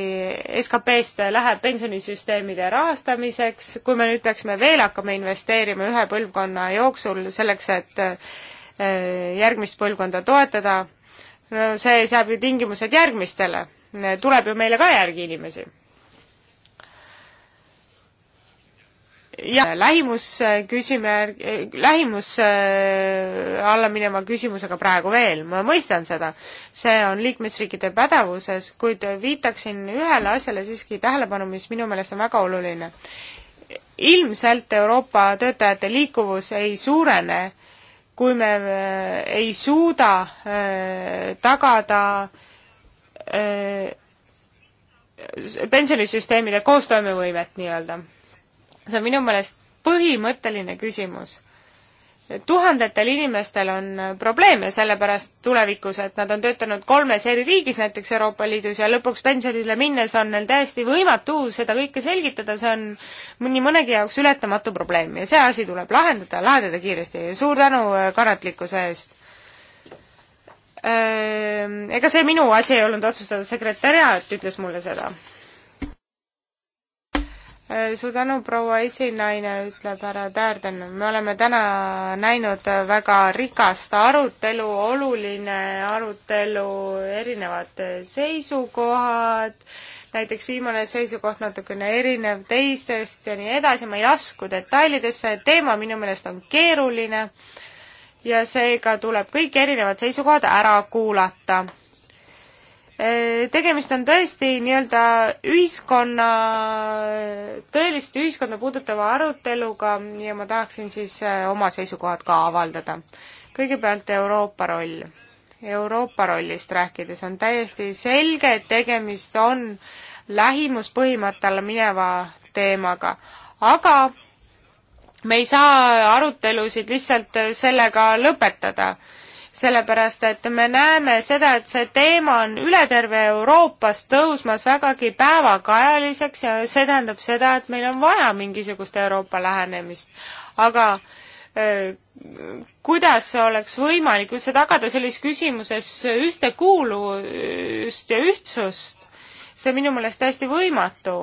SKP-st läheb pensionisüsteemide rahastamiseks, kui me nüüd peaksime veel hakkama investeerima ühe põlvkonna jooksul selleks, et äh, järgmist põlvkonda toetada, see seab ju tingimused järgmistele, äh, tuleb ju meile ka järgi inimesi jah, lähimus äh, küsime, äh, lähimus äh, alla mineva küsimusega praegu veel, ma mõistan seda. see on liikmesriikide pädevuses, kuid viitaksin ühele asjale siiski tähelepanu, mis minu meelest on väga oluline. ilmselt Euroopa töötajate liikuvus ei suurene, kui me ei suuda tagada pensionisüsteemide koostoimevõimet nii-öelda see on minu meelest põhimõtteline küsimus. tuhandetel inimestel on äh, probleeme sellepärast tulevikus, et nad on töötanud kolmes eri riigis, näiteks Euroopa Liidus, ja lõpuks pensionile minnes on neil täiesti võimatu seda kõike selgitada, see on nii mõnegi jaoks ületamatu probleem ja see asi tuleb lahendada, lahendada kiiresti. suur tänu äh, kannatlikkuse eest! Äh, ega see minu asi ei olnud otsustada, sekretäriaat ütles mulle seda Äh, suur tänu, proua esinaine, ütleb härra Täärden. me oleme täna näinud väga rikast arutelu, oluline arutelu, erinevad seisukohad, näiteks viimane seisukoht natukene erinev teistest ja nii edasi, ma ei lasku detailidesse, teema minu meelest on keeruline ja seega tuleb kõik erinevad seisukohad ära kuulata Äh, tegemist on tõesti nii-öelda ühiskonna, tõelist ühiskonda puudutava aruteluga ja ma tahaksin siis äh, oma seisukohad ka avaldada. kõigepealt Euroopa roll. Euroopa rollist rääkides on täiesti selge, et tegemist on lähimuspõhimõtte alla mineva teemaga, aga me ei saa arutelusid lihtsalt sellega lõpetada sellepärast et me näeme seda, et see teema on üle terve Euroopas tõusmas vägagi päevakajaliseks ja see tähendab seda, et meil on vaja mingisugust Euroopa lähenemist. aga kuidas oleks võimalik üldse tagada selles küsimuses ühtekuuluvust ja ühtsust, see on minu meelest täiesti võimatu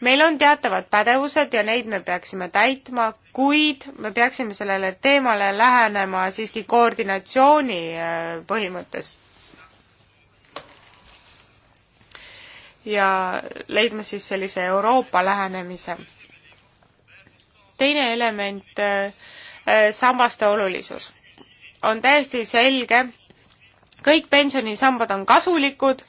meil on teatavad pädevused ja neid me peaksime täitma, kuid me peaksime sellele teemale lähenema siiski koordinatsiooni äh, põhimõttest. ja leidma siis sellise Euroopa lähenemise. teine element, äh, äh, sammaste olulisus. on täiesti selge, kõik pensionisambad on kasulikud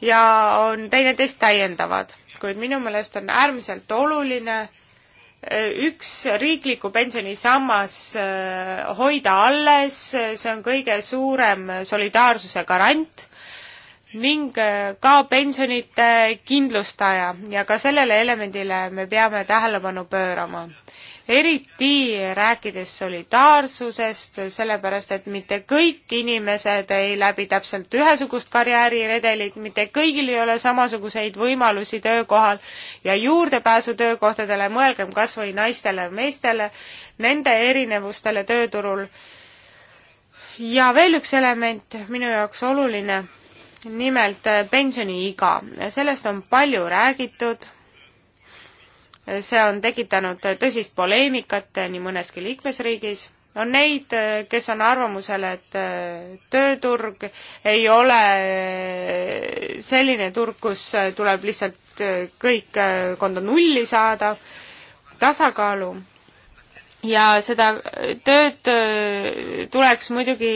ja on teineteist täiendavad kuid minu meelest on äärmiselt oluline eh, üks riikliku pensionisammas eh, hoida alles, eh, see on kõige suurem solidaarsuse garant ning ka pensionite kindlustaja ja ka sellele elemendile me peame tähelepanu pöörama eriti rääkides solidaarsusest, sellepärast et mitte kõik inimesed ei läbi täpselt ühesugust karjääriredelit, mitte kõigil ei ole samasuguseid võimalusi töökohal ja juurdepääsu töökohtadele, mõelgem kas või naistele ja meestele, nende erinevustele tööturul. ja veel üks element minu jaoks oluline, nimelt pensioniiga. sellest on palju räägitud see on tekitanud tõsist poleemikat nii mõneski liikmesriigis on neid, kes on arvamusel, et äh, tööturg ei ole äh, selline turg, kus äh, tuleb lihtsalt kõik konto nulli saada, tasakaalu ja seda tööd äh, tuleks muidugi,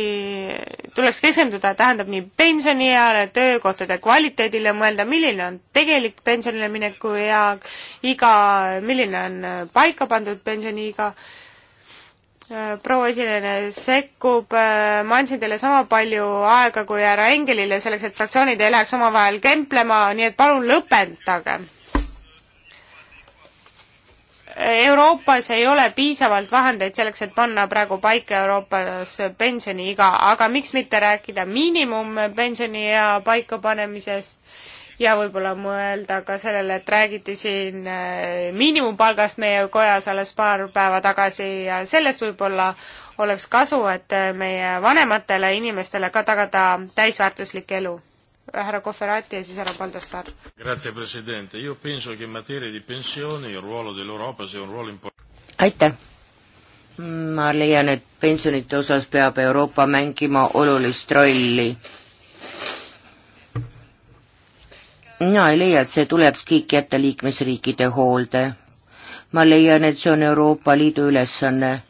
tuleks keskenduda, tähendab nii pensionieale, töökohtade kvaliteedile mõelda, milline on tegelik pensionile mineku ja iga, milline on äh, paika pandud pensioniiga. Äh, proua esineja sekkub, ma andsin teile sama palju aega kui härra Engelile selleks, et fraktsioonid ei läheks omavahel kemplema, nii et palun lõpetage Euroopas ei ole piisavalt vahendeid selleks, et panna praegu paika Euroopas pensioniiga, aga miks mitte rääkida miinimumpensioniea paikapanemisest ja võib-olla mõelda ka sellele, et räägiti siin äh, miinimumpalgast meie kojas alles paar päeva tagasi ja sellest võib-olla oleks kasu, et äh, meie vanematele inimestele ka tagada täisväärtuslik elu härra Cofferati ja siis härra Baldassar.
aitäh! ma leian, et pensionite osas peab Euroopa mängima olulist rolli. mina ei leia, et see tuleks kõik jätta liikmesriikide hoolde. ma leian, et see on Euroopa Liidu ülesanne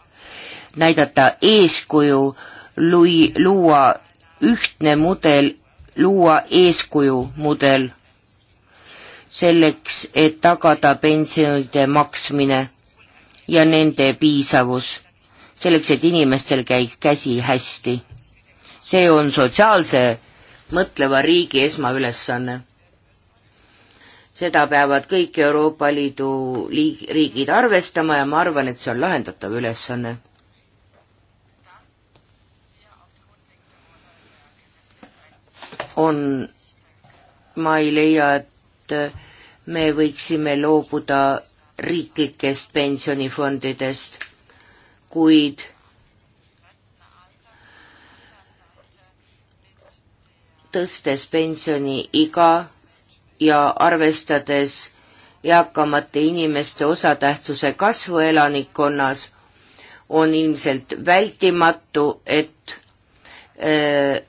näidata eeskuju, lui-, luua ühtne mudel luua eeskuju mudel selleks, et tagada pensionide maksmine ja nende piisavus, selleks, et inimestel käib käsi hästi. see on sotsiaalse mõtleva riigi esmaülesanne. seda peavad kõik Euroopa Liidu liig-, riigid arvestama ja ma arvan, et see on lahendatav ülesanne on, ma ei leia, et me võiksime loobuda riiklikest pensionifondidest, kuid tõstes pensioniiga ja arvestades eakamate inimeste osatähtsuse kasvu elanikkonnas, on ilmselt vältimatu, et äh,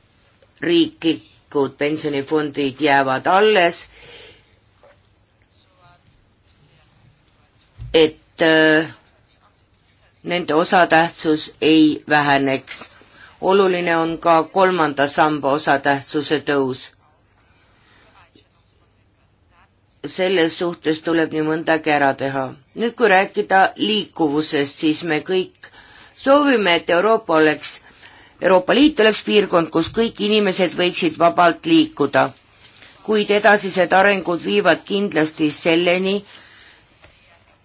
riiklik riiklikud pensionifondid jäävad alles, et äh, nende osatähtsus ei väheneks. oluline on ka kolmanda samba osatähtsuse tõus. selles suhtes tuleb nii mõndagi ära teha. nüüd, kui rääkida liikuvusest, siis me kõik soovime, et Euroopa oleks Euroopa Liit oleks piirkond, kus kõik inimesed võiksid vabalt liikuda, kuid edasised arengud viivad kindlasti selleni,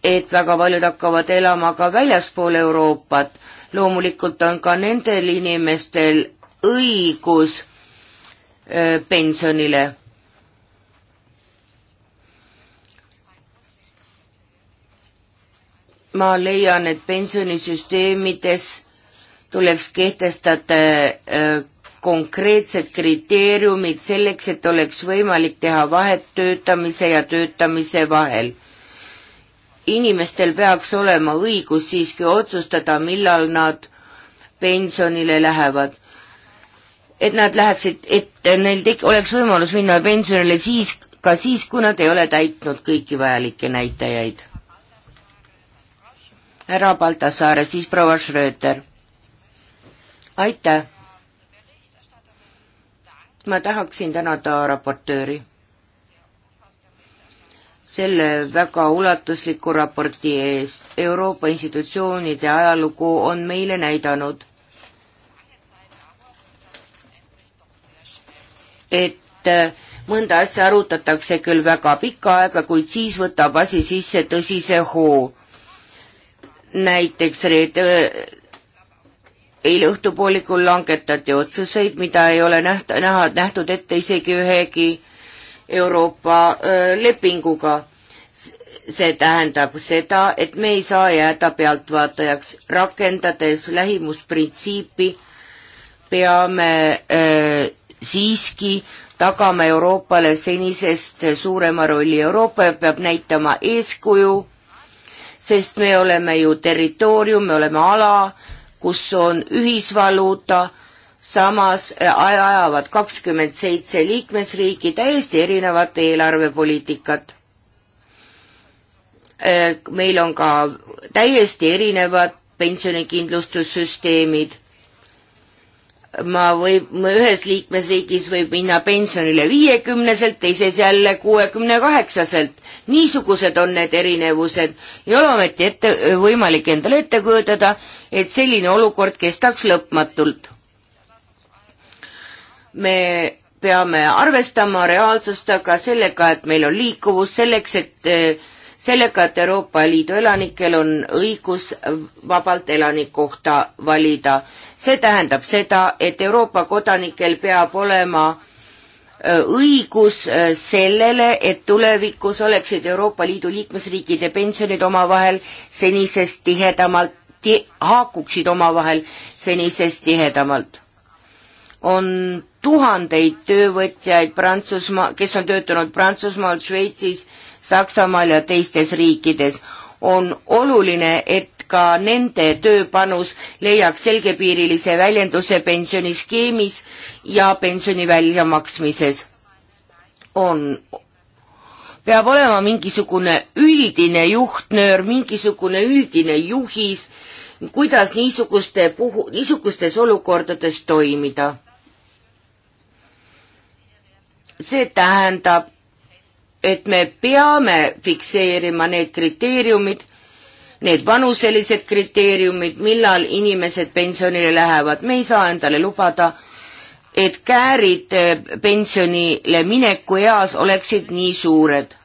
et väga paljud hakkavad elama ka väljaspool Euroopat. loomulikult on ka nendel inimestel õigus öö, pensionile. ma leian, et pensionisüsteemides tuleks kehtestada äh, konkreetsed kriteeriumid selleks, et oleks võimalik teha vahet töötamise ja töötamise vahel. inimestel peaks olema õigus siiski otsustada, millal nad pensionile lähevad. et nad läheksid, et neil tek-, oleks võimalus minna pensionile siis, ka siis, kui nad ei ole täitnud kõiki vajalikke näitajaid. härra Baltasaare, siis proua Schröter aitäh! ma tahaksin tänada raportööri selle väga ulatusliku raporti eest. Euroopa institutsioonide ajalugu on meile näidanud, et mõnda asja arutatakse küll väga pikka aega, kuid siis võtab asi sisse tõsise hoo. näiteks reede eile õhtupoolikul langetati otsuseid, mida ei ole näht-, näha, nähtud ette isegi ühegi Euroopa öö, lepinguga. see tähendab seda, et me ei saa jääda pealtvaatajaks, rakendades lähimusprintsiipi peame öö, siiski tagama Euroopale senisest suurema rolli. Euroopa peab näitama eeskuju, sest me oleme ju territoorium, me oleme ala, kus on ühisvaluuta, samas äh, ajavad kakskümmend seitse liikmesriiki täiesti erinevat eelarvepoliitikat. Äh, meil on ka täiesti erinevad pensionikindlustussüsteemid ma või, ühes liikmesriigis võib minna pensionile viiekümneselt, teises jälle kuuekümne kaheksaselt. niisugused on need erinevused. ei ole ometi ette, võimalik endale ette kujutada, et selline olukord kestaks lõpmatult. me peame arvestama reaalsust, aga sellega, et meil on liikuvus selleks, et eh, sellega, et Euroopa Liidu elanikel on õigus vabalt elanikukohta valida. see tähendab seda, et Euroopa kodanikel peab olema äh, õigus äh, sellele, et tulevikus oleksid Euroopa Liidu liikmesriikide pensionid omavahel senisest tihedamalt ti, haakuksid omavahel senisest tihedamalt. on tuhandeid töövõtjaid Prantsusmaa, kes on töötanud Prantsusmaal, Šveitsis, Saksamaal ja teistes riikides. on oluline, et ka nende tööpanus leiaks selgepiirilise väljenduse pensioniskeemis ja pensioni väljamaksmises. on peab olema mingisugune üldine juhtnöör, mingisugune üldine juhis, kuidas niisuguste puhu, niisugustes olukordades toimida. see tähendab, et me peame fikseerima need kriteeriumid, need vanuselised kriteeriumid, millal inimesed pensionile lähevad, me ei saa endale lubada, et käärid eh, pensionile mineku eas oleksid nii suured.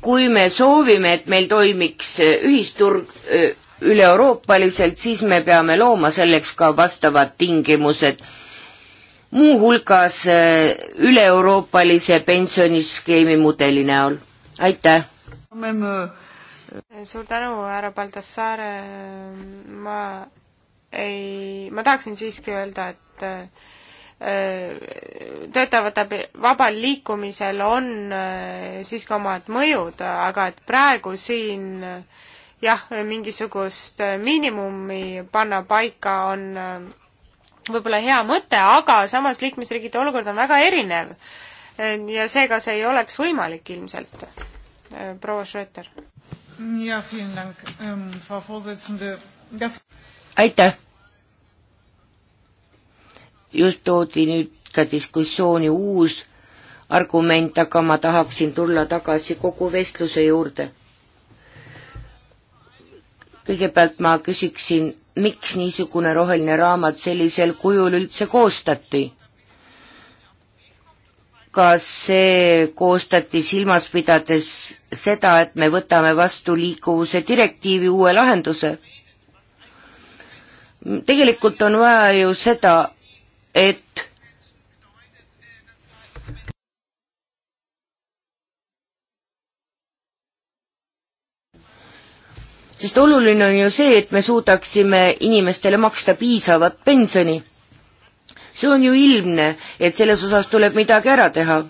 kui me soovime, et meil toimiks eh, ühisturg, eh, üle-euroopaliselt, siis me peame looma selleks ka vastavad tingimused, muuhulgas äh, üle-euroopalise pensioniskeemi mudeli näol. aitäh!
suur tänu, härra Baltasaar, ma ei, ma tahaksin siiski öelda, et äh, töötavate vabal liikumisel on äh, siiski omad mõjud, aga et praegu siin äh, jah, mingisugust miinimumi panna paika on äh, võib-olla hea mõte, aga samas liikmesriigide olukord on väga erinev. ja seega see ei oleks võimalik ilmselt. Äh, proua Schröter.
Ähm, aitäh. just toodi nüüd ka diskussiooni uus argument, aga ma tahaksin tulla tagasi kogu vestluse juurde kõigepealt ma küsiksin, miks niisugune roheline raamat sellisel kujul üldse koostati? kas see koostati silmas pidades seda, et me võtame vastu liikuvuse direktiivi uue lahenduse? tegelikult on vaja ju seda, et sest oluline on ju see, et me suudaksime inimestele maksta piisavat pensioni. see on ju ilmne, et selles osas tuleb midagi ära teha.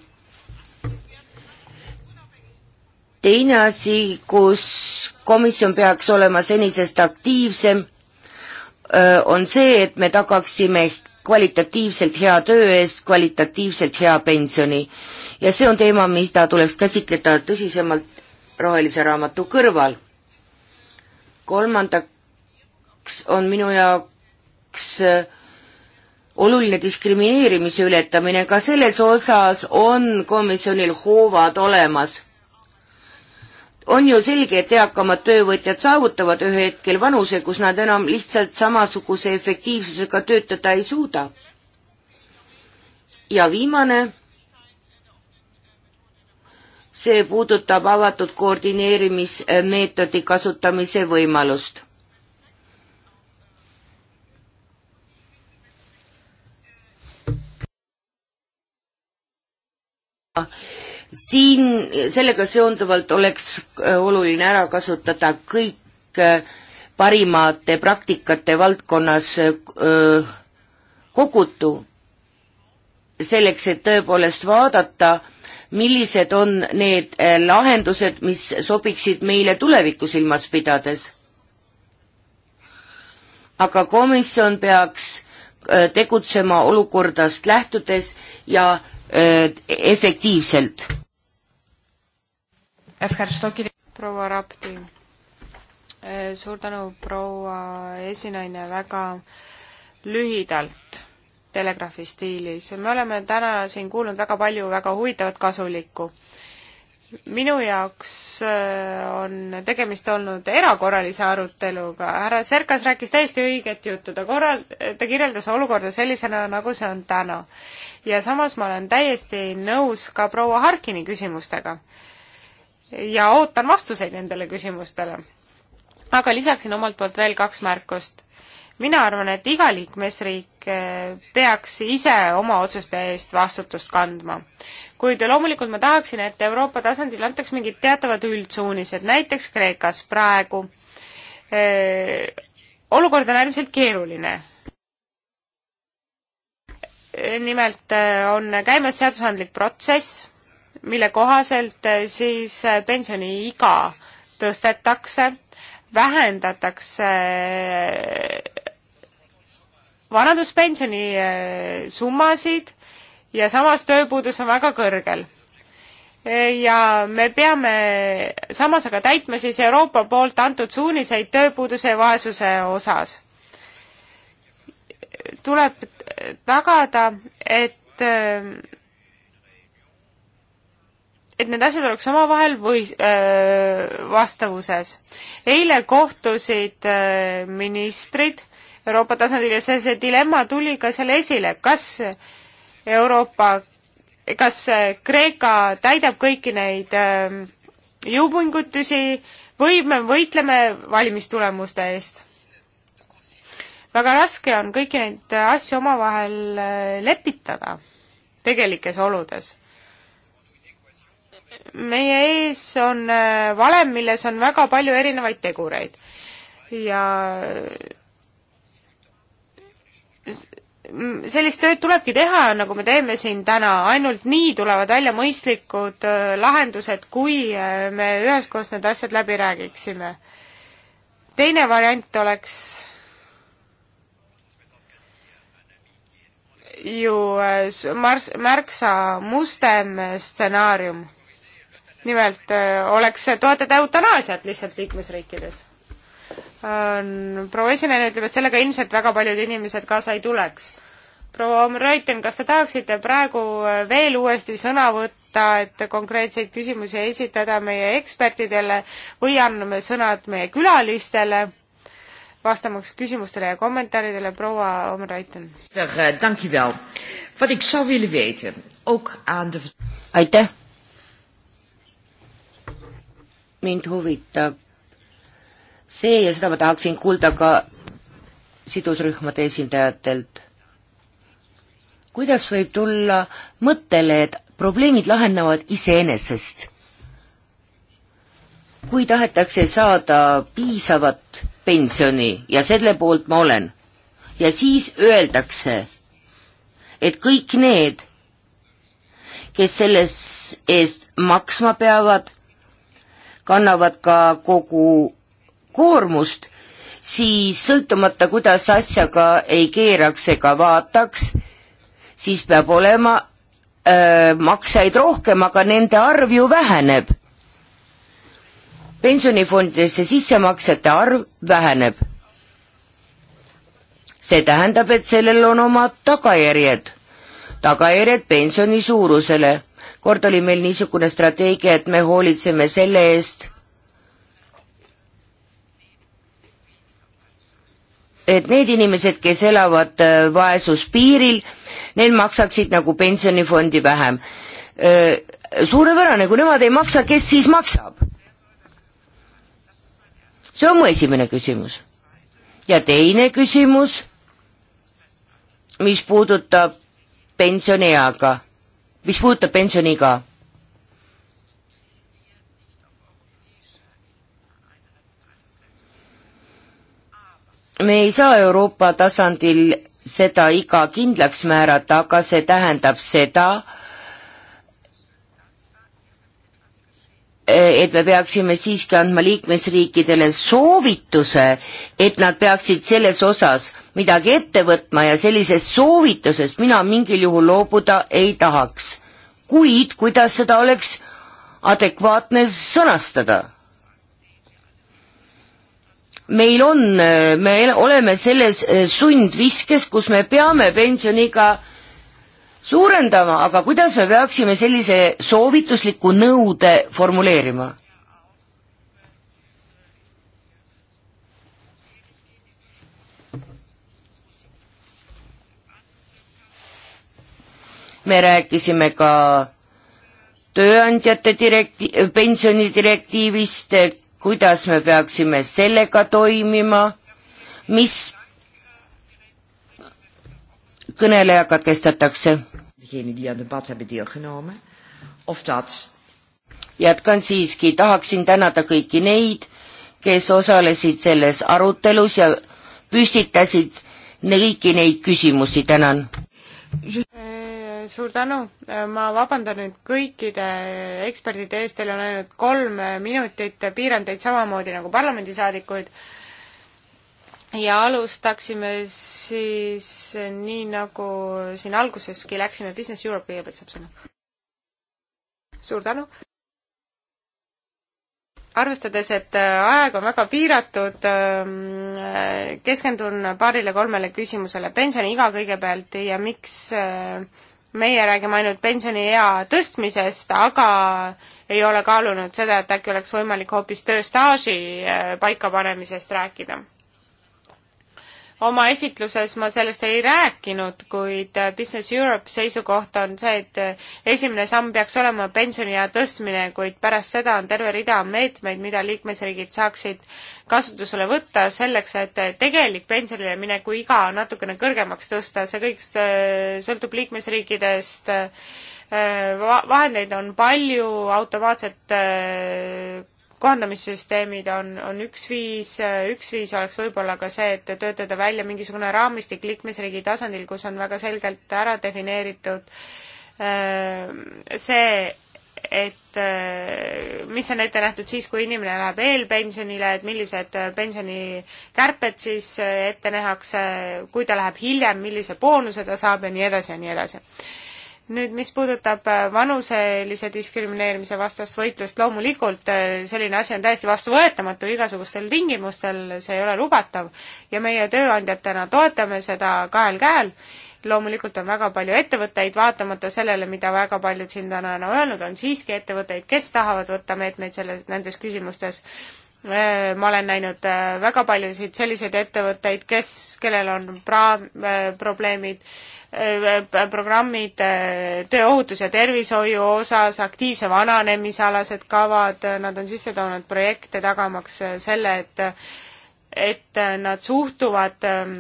teine asi, kus komisjon peaks olema senisest aktiivsem, on see, et me tagaksime kvalitatiivselt hea töö eest kvalitatiivselt hea pensioni. ja see on teema, mida tuleks käsitleda tõsisemalt rohelise raamatu kõrval kolmandaks on minu jaoks äh, oluline diskrimineerimise ületamine, ka selles osas on komisjonil hoovad olemas. on ju selge, et eakamad töövõtjad saavutavad ühel hetkel vanuse, kus nad enam lihtsalt samasuguse efektiivsusega töötada ei suuda. ja viimane see puudutab avatud koordineerimismeetodi kasutamise võimalust. siin sellega seonduvalt oleks äh, oluline ära kasutada kõik äh, parimate praktikate valdkonnas öö, äh, kogutu, selleks et tõepoolest vaadata, millised on need eh, lahendused, mis sobiksid meile tulevikku silmas pidades. aga komisjon peaks eh, tegutsema olukordast lähtudes ja eh, efektiivselt.
proua Rapti, suur tänu, proua esinaine, väga lühidalt telegraafi stiilis. me oleme täna siin kuulnud väga palju väga huvitavat kasulikku. minu jaoks äh, on tegemist olnud erakorralise aruteluga, härra Serkas rääkis täiesti õiget juttu, ta korral-, ta kirjeldas olukorda sellisena, nagu see on täna. ja samas ma olen täiesti nõus ka proua Harkini küsimustega. ja ootan vastuseid nendele küsimustele. aga lisaksin omalt poolt veel kaks märkust mina arvan, et iga liikmesriik eh, peaks ise oma otsuste eest vastutust kandma. kuid loomulikult ma tahaksin, et Euroopa tasandil antaks mingid teatavad üldsuunised, näiteks Kreekas praegu. Eh, olukord on äärmiselt keeruline. Eh, nimelt on käimas seadusandlik protsess, mille kohaselt siis pensioniiga tõstetakse vähendatakse vanaduspensioni äh, summasid ja samas tööpuudus on väga kõrgel. Äh, ja me peame samas aga täitma siis Euroopa poolt antud suuniseid tööpuuduse ja vaesuse osas. tuleb tagada, et äh, et need asjad oleks omavahel või öö, vastavuses. eile kohtusid öö, ministrid Euroopa tasandil ja see, see dilemma tuli ka seal esile, kas Euroopa, kas Kreeka täidab kõiki neid ähm, jõupingutusi või me võitleme valimistulemuste eest? väga raske on kõiki neid asju omavahel äh, lepitada tegelikes oludes meie ees on äh, valem, milles on väga palju erinevaid tegureid. ja sellist tööd tulebki teha, nagu me teeme siin täna, ainult nii tulevad välja mõistlikud äh, lahendused, kui äh, me üheskoos need asjad läbi räägiksime. teine variant oleks ju äh, mars-, märksa mustem stsenaarium. nimelt oleks see toetada eutanaasiat lihtsalt liikmesriikides proua esineja ütleb, et sellega ilmselt väga paljud inimesed kaasa ei tuleks. proua Omreuten, kas te tahaksite praegu veel uuesti sõna võtta, et konkreetseid küsimusi esitada meie ekspertidele või anname sõnad meie külalistele? vastamaks küsimustele ja kommentaaridele, proua Omreiten.
Eh, aitäh. mind huvitab see ja seda ma tahaksin kuulda ka sidusrühmade esindajatelt. kuidas võib tulla mõttele, et probleemid lahenevad iseenesest? kui tahetakse saada piisavat pensioni ja selle poolt ma olen, ja siis öeldakse, et kõik need, kes selles eest maksma peavad, kannavad ka kogu koormust, siis sõltumata, kuidas asjaga ei keeraks ega vaataks, siis peab olema öö, äh, maksaid rohkem, aga nende arv ju väheneb. pensionifondidesse sissemaksete arv väheneb. see tähendab, et sellel on omad tagajärjed, tagajärjed pensioni suurusele. kord oli meil niisugune strateegia, et me hoolitseme selle eest et need inimesed, kes elavad äh, vaesuspiiril, need maksaksid nagu pensionifondi vähem. Äh, suurepärane, kui nemad ei maksa, kes siis maksab? see on mu esimene küsimus. ja teine küsimus, mis puudutab pensionieaga, mis puudutab pensioniiga me ei saa Euroopa tasandil seda iga kindlaks määrata, aga see tähendab seda, et me peaksime siiski andma liikmesriikidele soovituse, et nad peaksid selles osas midagi ette võtma ja sellisest soovitusest mina mingil juhul loobuda ei tahaks. kuid kuidas seda oleks adekvaatne sõnastada? meil on, me oleme selles eh, sundviskes, kus me peame pensioniga suurendama, aga kuidas me peaksime sellise soovitusliku nõude formuleerima? me rääkisime ka tööandjate direkti-, pensionidirektiivist, kuidas me peaksime sellega toimima, mis kõneleja katkestatakse. jätkan siiski, tahaksin tänada kõiki neid, kes osalesid selles arutelus ja püstitasid kõiki neid küsimusi, tänan.
Äh, suur tänu, ma vabandan nüüd kõikide ekspertide ees, teil on ainult kolm minutit, piiran teid samamoodi nagu parlamendisaadikuid. ja alustaksime siis nii, nagu siin alguseski läksime, Business Europe kõigepealt saab sõna. suur tänu! arvestades, et aeg on väga piiratud, keskendun paarile-kolmele küsimusele. pensioniiga kõigepealt ja miks meie räägime ainult pensioniea tõstmisest, aga ei ole kaalunud seda, et äkki oleks võimalik hoopis tööstaaži eh, paikapanemisest rääkida oma esitluses ma sellest ei rääkinud, kuid äh, Business Europe seisukoht on see, et äh, esimene samm peaks olema pensioniea tõstmine, kuid pärast seda on terve rida meetmeid, mida liikmesriigid saaksid kasutusele võtta selleks, et äh, tegelik pensionile mineku iga natukene kõrgemaks tõsta, see kõik sõltub liikmesriikidest, vahendeid on palju, automaatset kohandamissüsteemid on, on üks viis, üks viis oleks võib-olla ka see, et töötada välja mingisugune raamistik liikmesriigi tasandil, kus on väga selgelt ära defineeritud äh, see, et äh, mis on ette nähtud siis, kui inimene läheb eelpensionile, et millised äh, pensionikärped siis ette nähakse, kui ta läheb hiljem, millise boonuse ta saab ja nii edasi ja nii edasi nüüd, mis puudutab äh, vanuselise diskrimineerimise vastast võitlust, loomulikult äh, selline asi on täiesti vastuvõetamatu igasugustel tingimustel, see ei ole lubatav ja meie tööandjatena toetame seda kahel käel. loomulikult on väga palju ettevõtteid, vaatamata sellele, mida väga paljud siin täna on öelnud, on siiski ettevõtteid, kes tahavad võtta meetmeid selles, nendes küsimustes äh, ma olen näinud väga paljusid selliseid ettevõtteid, kes, kellel on pra-, probleemid äh, Äh, programmid äh, tööohutus ja tervishoiu osas, aktiivse vananemise alased kavad, äh, nad on sisse toonud projekte tagamaks selle, et et nad suhtuvad ähm,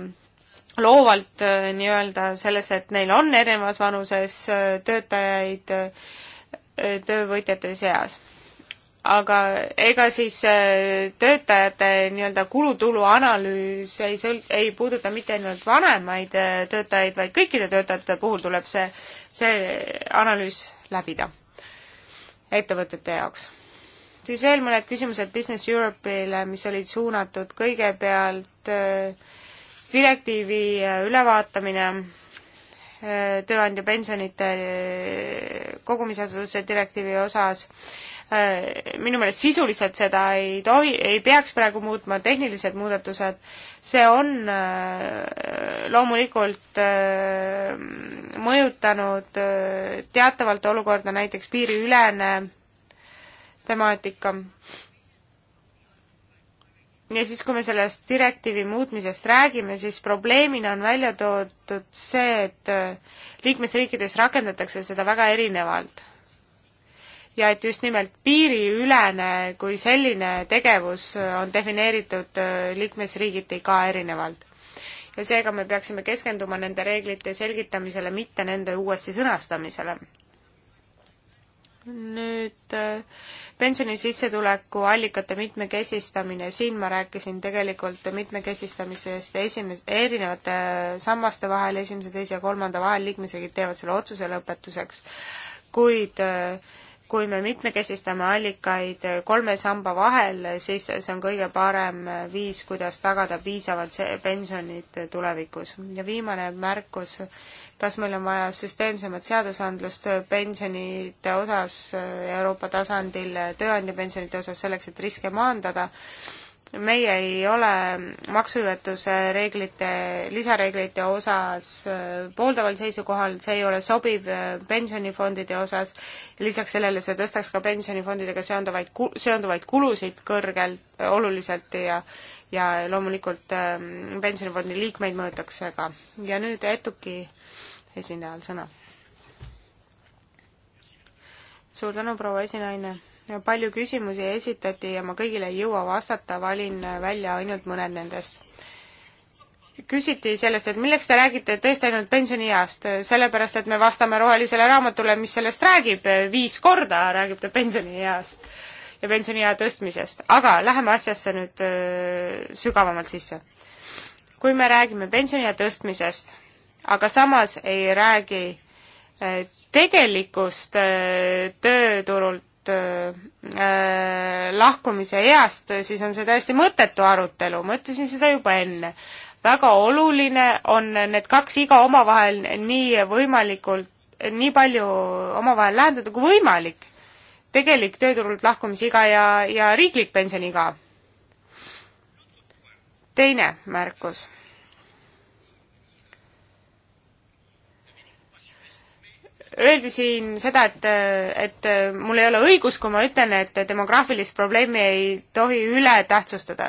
loovalt nii-öelda selles, et neil on erinevas vanuses töötajaid töövõtjate seas aga ega siis äh, töötajate nii-öelda kulutulu analüüs ei sõl-, ei puuduta mitte ainult vanemaid äh, töötajaid, vaid kõikide töötajate puhul tuleb see, see analüüs läbida ettevõtete jaoks. siis veel mõned küsimused Business Europe'ile, mis olid suunatud kõigepealt äh, direktiivi ülevaatamine, tööandja pensionite kogumisasutuse direktiivi osas, Äh, minu meelest sisuliselt seda ei tohi, ei peaks praegu muutma, tehnilised muudatused, see on äh, loomulikult äh, mõjutanud teatavalt olukorda, näiteks piiriülene temaatika. ja siis, kui me sellest direktiivi muutmisest räägime, siis probleemina on välja toodud see, et liikmesriikides rakendatakse seda väga erinevalt ja et just nimelt piiriülene kui selline tegevus äh, on defineeritud äh, liikmesriigiti ka erinevalt. ja seega me peaksime keskenduma nende reeglite selgitamisele, mitte nende uuesti sõnastamisele nüüd äh, pensioni sissetuleku allikate mitmekesistamine, siin ma rääkisin tegelikult mitmekesistamisest esimes-, erinevate sammaste vahel, esimese, teise ja kolmanda vahel, liikmesriigid teevad selle otsuse lõpetuseks, kuid äh, kui me mitmekesistame allikaid kolme samba vahel, siis see on kõige parem viis, kuidas tagada piisavalt pensionid tulevikus. ja viimane märkus, kas meil on vaja süsteemsemat seadusandlust pensionite osas Euroopa tasandil, tööandjapensionite osas, selleks et riske maandada meie ei ole maksujõuetuse reeglite, lisareeglite osas äh, pooldaval seisukohal, see ei ole sobiv äh, pensionifondide osas, lisaks sellele see tõstaks ka pensionifondidega seonduvaid, seonduvaid kulusid kõrgelt, äh, oluliselt ja ja loomulikult ähm, pensionifondi liikmeid mõjutaks see ka. ja nüüd Etuki esindajal sõna. suur tänu, proua esinaine palju küsimusi esitati ja ma kõigile ei jõua vastata, valin välja ainult mõned nendest. küsiti sellest, et milleks te räägite tõesti ainult pensionieast, sellepärast et me vastame rohelisele raamatule, mis sellest räägib, viis korda räägib ta pensionieast ja pensioniea tõstmisest, aga läheme asjasse nüüd äh, sügavamalt sisse. kui me räägime pensioniea tõstmisest, aga samas ei räägi äh, tegelikust äh, tööturult sellest äh, äh, lahkumise east, siis on see täiesti mõttetu arutelu, ma ütlesin seda juba enne. väga oluline on need kaks iga omavahel nii võimalikult, nii palju omavahel lähendada kui võimalik. tegelik tööturult lahkumisiga ja, ja riiklik pensioniiga. teine märkus Öeldi siin seda, et, et mul ei ole õigus, kui ma ütlen, et demograafilist probleemi ei tohi üle tähtsustada.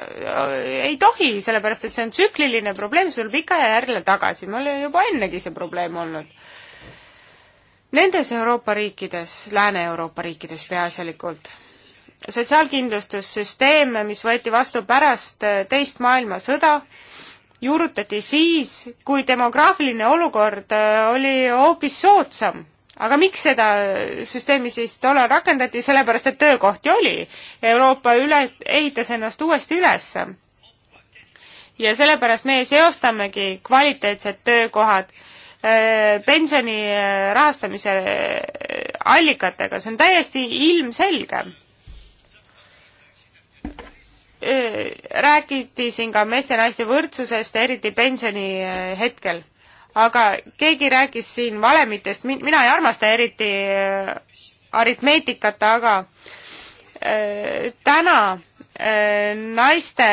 ei tohi, sellepärast et see on tsükliline probleem, see tuleb ikka ja järele tagasi, mul oli juba ennegi see probleem olnud. Nendes Euroopa riikides, Lääne-Euroopa riikides peaasjalikult sotsiaalkindlustussüsteem, mis võeti vastu pärast teist maailmasõda, juurutati siis, kui demograafiline olukord oli hoopis soodsam aga miks seda süsteemi siis tollal rakendati, sellepärast et töökohti oli. Euroopa üle, ehitas ennast uuesti üles. ja sellepärast meie seostamegi kvaliteetsed töökohad äh, pensioni äh, rahastamise äh, allikatega, see on täiesti ilmselge. räägiti siin ka meeste ja naiste võrdsusest, eriti pensioni hetkel aga keegi rääkis siin valemitest, mina ei armasta eriti äh, aritmeetikat, aga äh, täna äh, naiste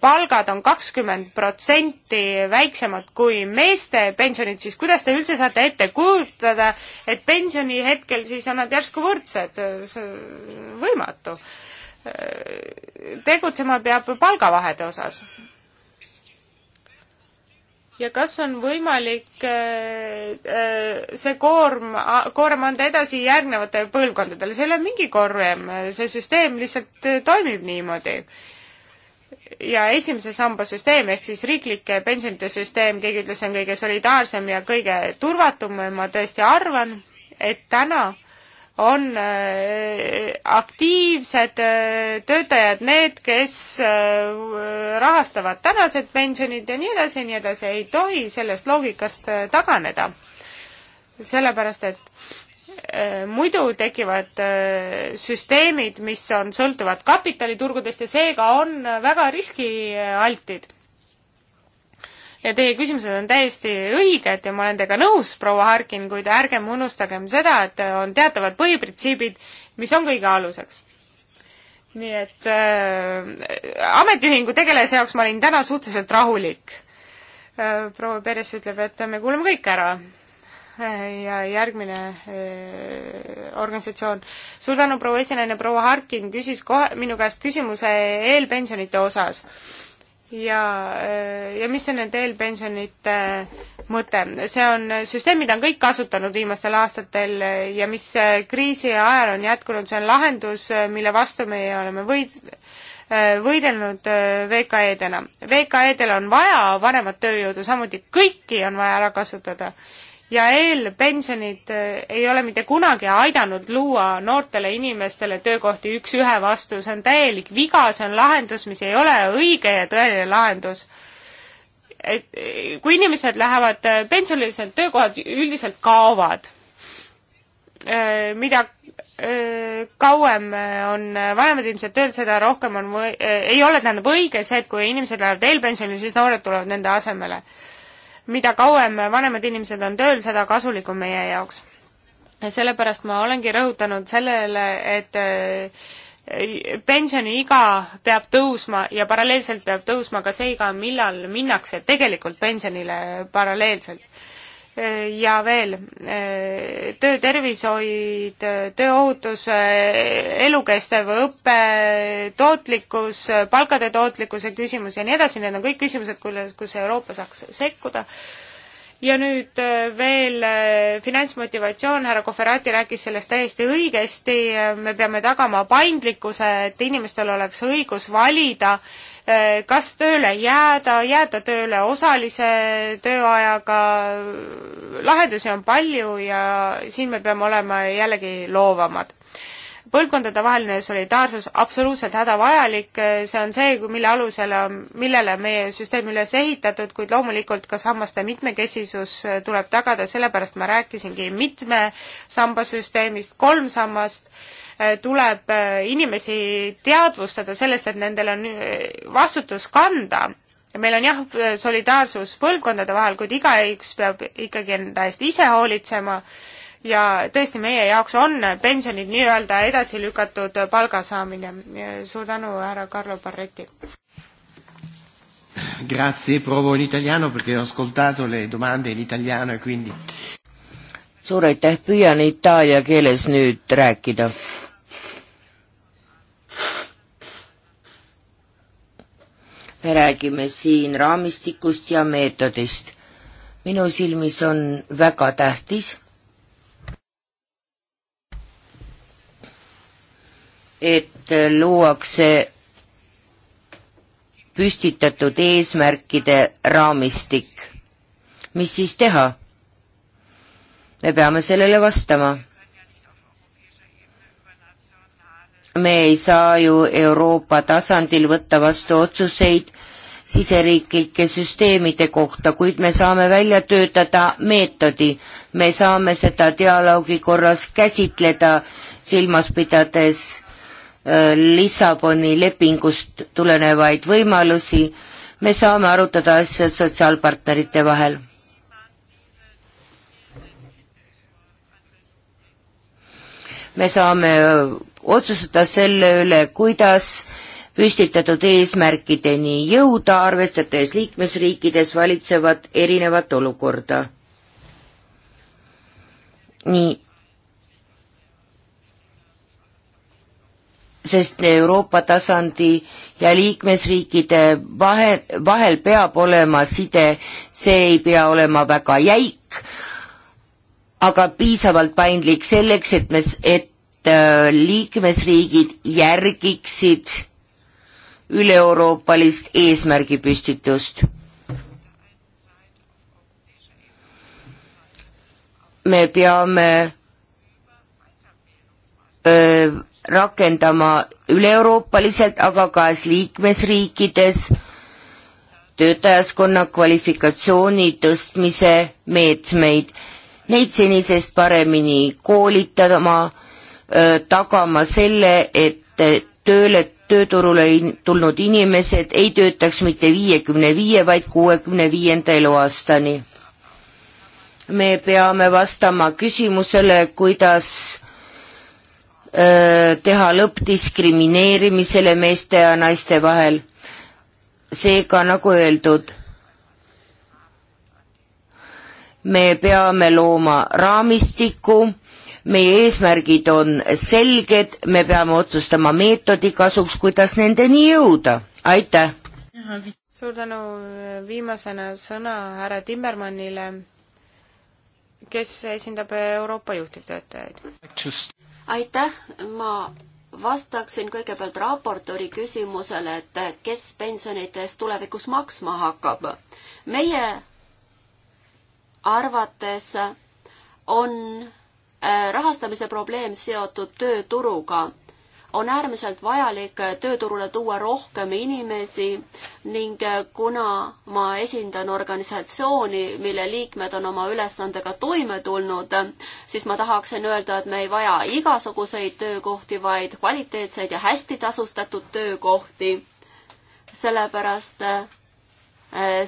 palgad on kakskümmend protsenti väiksemad kui meeste pensionid, siis kuidas te üldse saate ette kujutada, et pensioni hetkel siis on nad järsku võrdsed, see on võimatu äh,. tegutsema peab palgavahede osas ja kas on võimalik äh, äh, see koorm, koorem anda edasi järgnevatele põlvkondadele, see ei ole mingi koorem, see süsteem lihtsalt äh, toimib niimoodi. ja esimese samba süsteem ehk siis riiklike pensionite süsteem, keegi ütles, see on kõige solidaarsem ja kõige turvatum, ma tõesti arvan, et täna äh, on äh, aktiivsed äh, töötajad need, kes äh, rahastavad tänased pensionid ja nii edasi ja nii edasi, ei tohi sellest loogikast taganeda. sellepärast, et muidu tekivad süsteemid, mis on, sõltuvad kapitaliturgudest ja seega on väga riskialtid ja teie küsimused on täiesti õiged ja ma olen teiega nõus, proua Harkin, kuid ärgem unustagem seda, et on teatavad põhiprintsiibid, mis on kõige aluseks. nii et äh, ametiühingu tegelase jaoks ma olin täna suhteliselt rahulik äh,. proua Peres ütleb, et me kuulame kõik ära äh, ja järgmine äh, organisatsioon. suur tänu, proua esinaine, proua Harkin küsis kohe minu käest küsimuse eelpensionite osas ja, äh, ja mis on nende eelpensionite mõte? see on süsteem, mida on kõik kasutanud viimastel aastatel ja mis äh, kriisi ajal on jätkunud, see on lahendus, äh, mille vastu meie oleme võid-, võidelnud VKE-dena. VKE-del on vaja vanemat tööjõudu, samuti kõiki on vaja ära kasutada ja eelpensionid äh, ei ole mitte kunagi aidanud luua noortele inimestele töökohti üks-ühe vastu, see on täielik viga, see on lahendus, mis ei ole õige ja tõeline lahendus. et äh, kui inimesed lähevad äh, pensionile, siis need töökohad üldiselt kaovad. mida kauem on vanemad inimesed tööl, seda rohkem on või-, ei ole tähendab õige see, et kui inimesed lähevad eelpensionile, siis noored tulevad nende asemele mida kauem vanemad inimesed on tööl, seda kasulikum meie jaoks. ja sellepärast ma olengi rõhutanud sellele, et äh, pensioniiga peab tõusma ja paralleelselt peab tõusma ka see iga, millal minnakse tegelikult pensionile paralleelselt ja veel töötervishoid, tööohutus, elukestev õpe, tootlikkus, palkade tootlikkuse küsimus ja nii edasi, need on kõik küsimused, kuidas, kus Euroopa saaks sekkuda. ja nüüd äh, veel äh, finantsmotivatsioon, härra Koferati rääkis sellest täiesti õigesti, äh, me peame tagama paindlikkuse, et inimestel oleks õigus valida Äh, kas tööle jääda, jääda tööle osalise tööajaga, lahendusi on palju ja siin me peame olema jällegi loovamad põlvkondadevaheline solidaarsus absoluutselt hädavajalik, äh, see on see, mille alusel, millele meie süsteem üles ehitatud, kuid loomulikult ka sammaste mitmekesisus äh, tuleb tagada, sellepärast ma rääkisingi mitme samba süsteemist, kolm sammast, äh, tuleb inimesi teadvustada sellest, et nendel on vastutus kanda meil on jah, solidaarsus põlvkondade vahel, kuid igaüks peab ikkagi enda eest ise hoolitsema ja tõesti, meie jaoks on pensionid nii-öelda edasi lükatud palga saamine. suur tänu, härra Carlo Barretti. Grazie, provo in italiano perché ho ascoltato le domande in italiano e quindi.
suur aitäh, püüan itaalia keeles nüüd rääkida. me räägime siin raamistikust ja meetodist. minu silmis on väga tähtis et luuakse püstitatud eesmärkide raamistik. mis siis teha? me peame sellele vastama. me ei saa ju Euroopa tasandil võtta vastu otsuseid siseriiklike süsteemide kohta, kuid me saame välja töötada meetodi. me saame seda dialoogi korras käsitleda, silmas pidades Lissaboni lepingust tulenevaid võimalusi, me saame arutada asja sotsiaalpartnerite vahel. me saame otsustada selle üle, kuidas püstitatud eesmärkideni jõuda, arvestades liikmesriikides valitsevat erinevat olukorda. nii sest Euroopa tasandi ja liikmesriikide vahel, vahel peab olema side, see ei pea olema väga jäik, aga piisavalt paindlik selleks, et me, et äh, liikmesriigid järgiksid üle-euroopalist eesmärgipüstitust. me peame öö, äh, rakendama üleeuroopaliselt, aga ka liikmesriikides töötajaskonna kvalifikatsiooni tõstmise meetmeid. Neid senisest paremini koolitama, tagama selle, et tööle, tööturule tulnud inimesed ei töötaks mitte viiekümne viie, vaid kuuekümne viienda eluaastani. me peame vastama küsimusele, kuidas teha lõpp diskrimineerimisele meeste ja naiste vahel. seega, nagu öeldud, me peame looma raamistiku, meie eesmärgid on selged, me peame otsustama meetodi kasuks, kuidas nendeni jõuda, aitäh!
suur tänu, viimasena sõna härra Timmermannile, kes esindab Euroopa juhtivtöötajaid aitäh,
ma vastaksin kõigepealt raportööri küsimusele, et kes pensionite eest tulevikus maksma hakkab. meie arvates on äh, rahastamise probleem seotud tööturuga on äärmiselt vajalik tööturule tuua rohkem inimesi ning äh, kuna ma esindan organisatsiooni, mille liikmed on oma ülesandega toime tulnud, siis ma tahaksin öelda, et me ei vaja igasuguseid töökohti, vaid kvaliteetseid ja hästi tasustatud töökohti, sellepärast äh,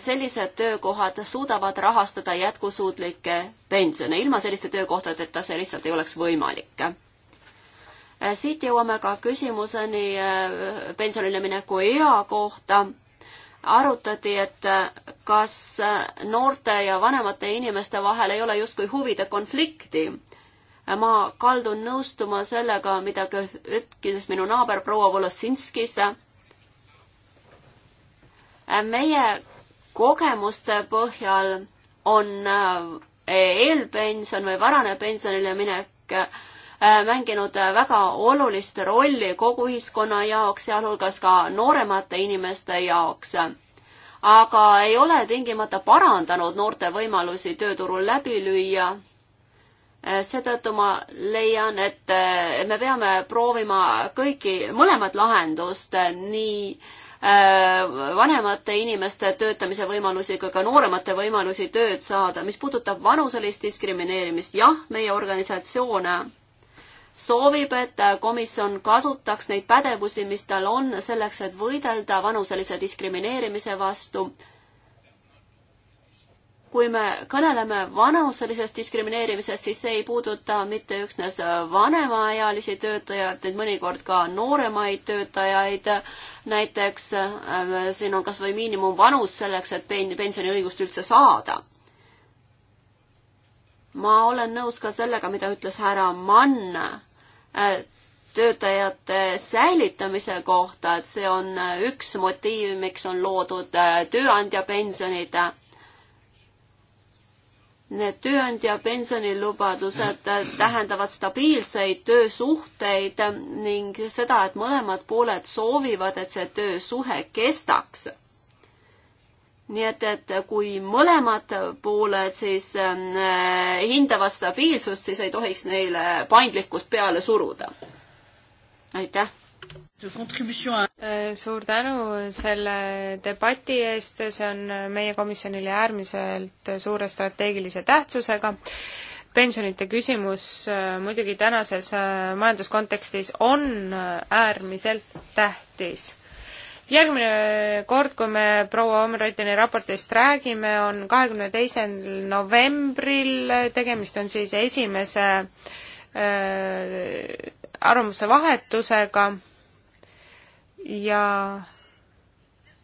sellised töökohad suudavad rahastada jätkusuutlikke pensione. ilma selliste töökohtadeta see lihtsalt ei oleks võimalik Äh, siit jõuame ka küsimuseni äh, pensionile mineku ea kohta. arutati, et äh, kas noorte ja vanemate inimeste vahel ei ole justkui huvide konflikti. ma kaldun nõustuma sellega, mida ütles minu naaber proua Volosinskis. meie kogemuste põhjal on eelpension või varane pensionile minek Äh, mänginud äh, väga olulist rolli kogu ühiskonna jaoks, sealhulgas ka nooremate inimeste jaoks. aga ei ole tingimata parandanud noorte võimalusi tööturul läbi lüüa. Äh, seetõttu ma leian, et me peame proovima kõiki, mõlemat lahendust, nii vanemate inimeste töötamise võimalusi kui ka nooremate võimalusi tööd saada. mis puudutab vanuselist diskrimineerimist, jah, meie organisatsioon soovib, et komisjon kasutaks neid pädevusi, mis tal on, selleks, et võidelda vanuselise diskrimineerimise vastu. kui me kõneleme vanuselisest diskrimineerimisest, siis see ei puuduta mitte üksnes vanemaealisi töötajaid, vaid mõnikord ka nooremaid töötajaid. näiteks äh, siin on kas või miinimumvanus selleks, et pensioniõigust üldse saada ma olen nõus ka sellega, mida ütles härra Mann äh, töötajate säilitamise kohta, et see on äh, üks motiiv, miks on loodud äh, tööandjapensionid. Need tööandjapensionilubadused tähendavad stabiilseid töösuhteid ning seda, et mõlemad pooled soovivad, et see töösuhe kestaks nii et, et kui mõlemad pooled siis ähm, hindavad stabiilsust, siis ei tohiks neile paindlikkust peale suruda.
aitäh! Äh, suur tänu selle debati eest, see on meie komisjonile äärmiselt suure strateegilise tähtsusega pensionite küsimus äh, muidugi tänases äh, majanduskontekstis on äärmiselt tähtis järgmine kord, kui me proua Omretini raportist räägime, on kahekümne teisel novembril, tegemist on siis esimese äh, arvamuste vahetusega ja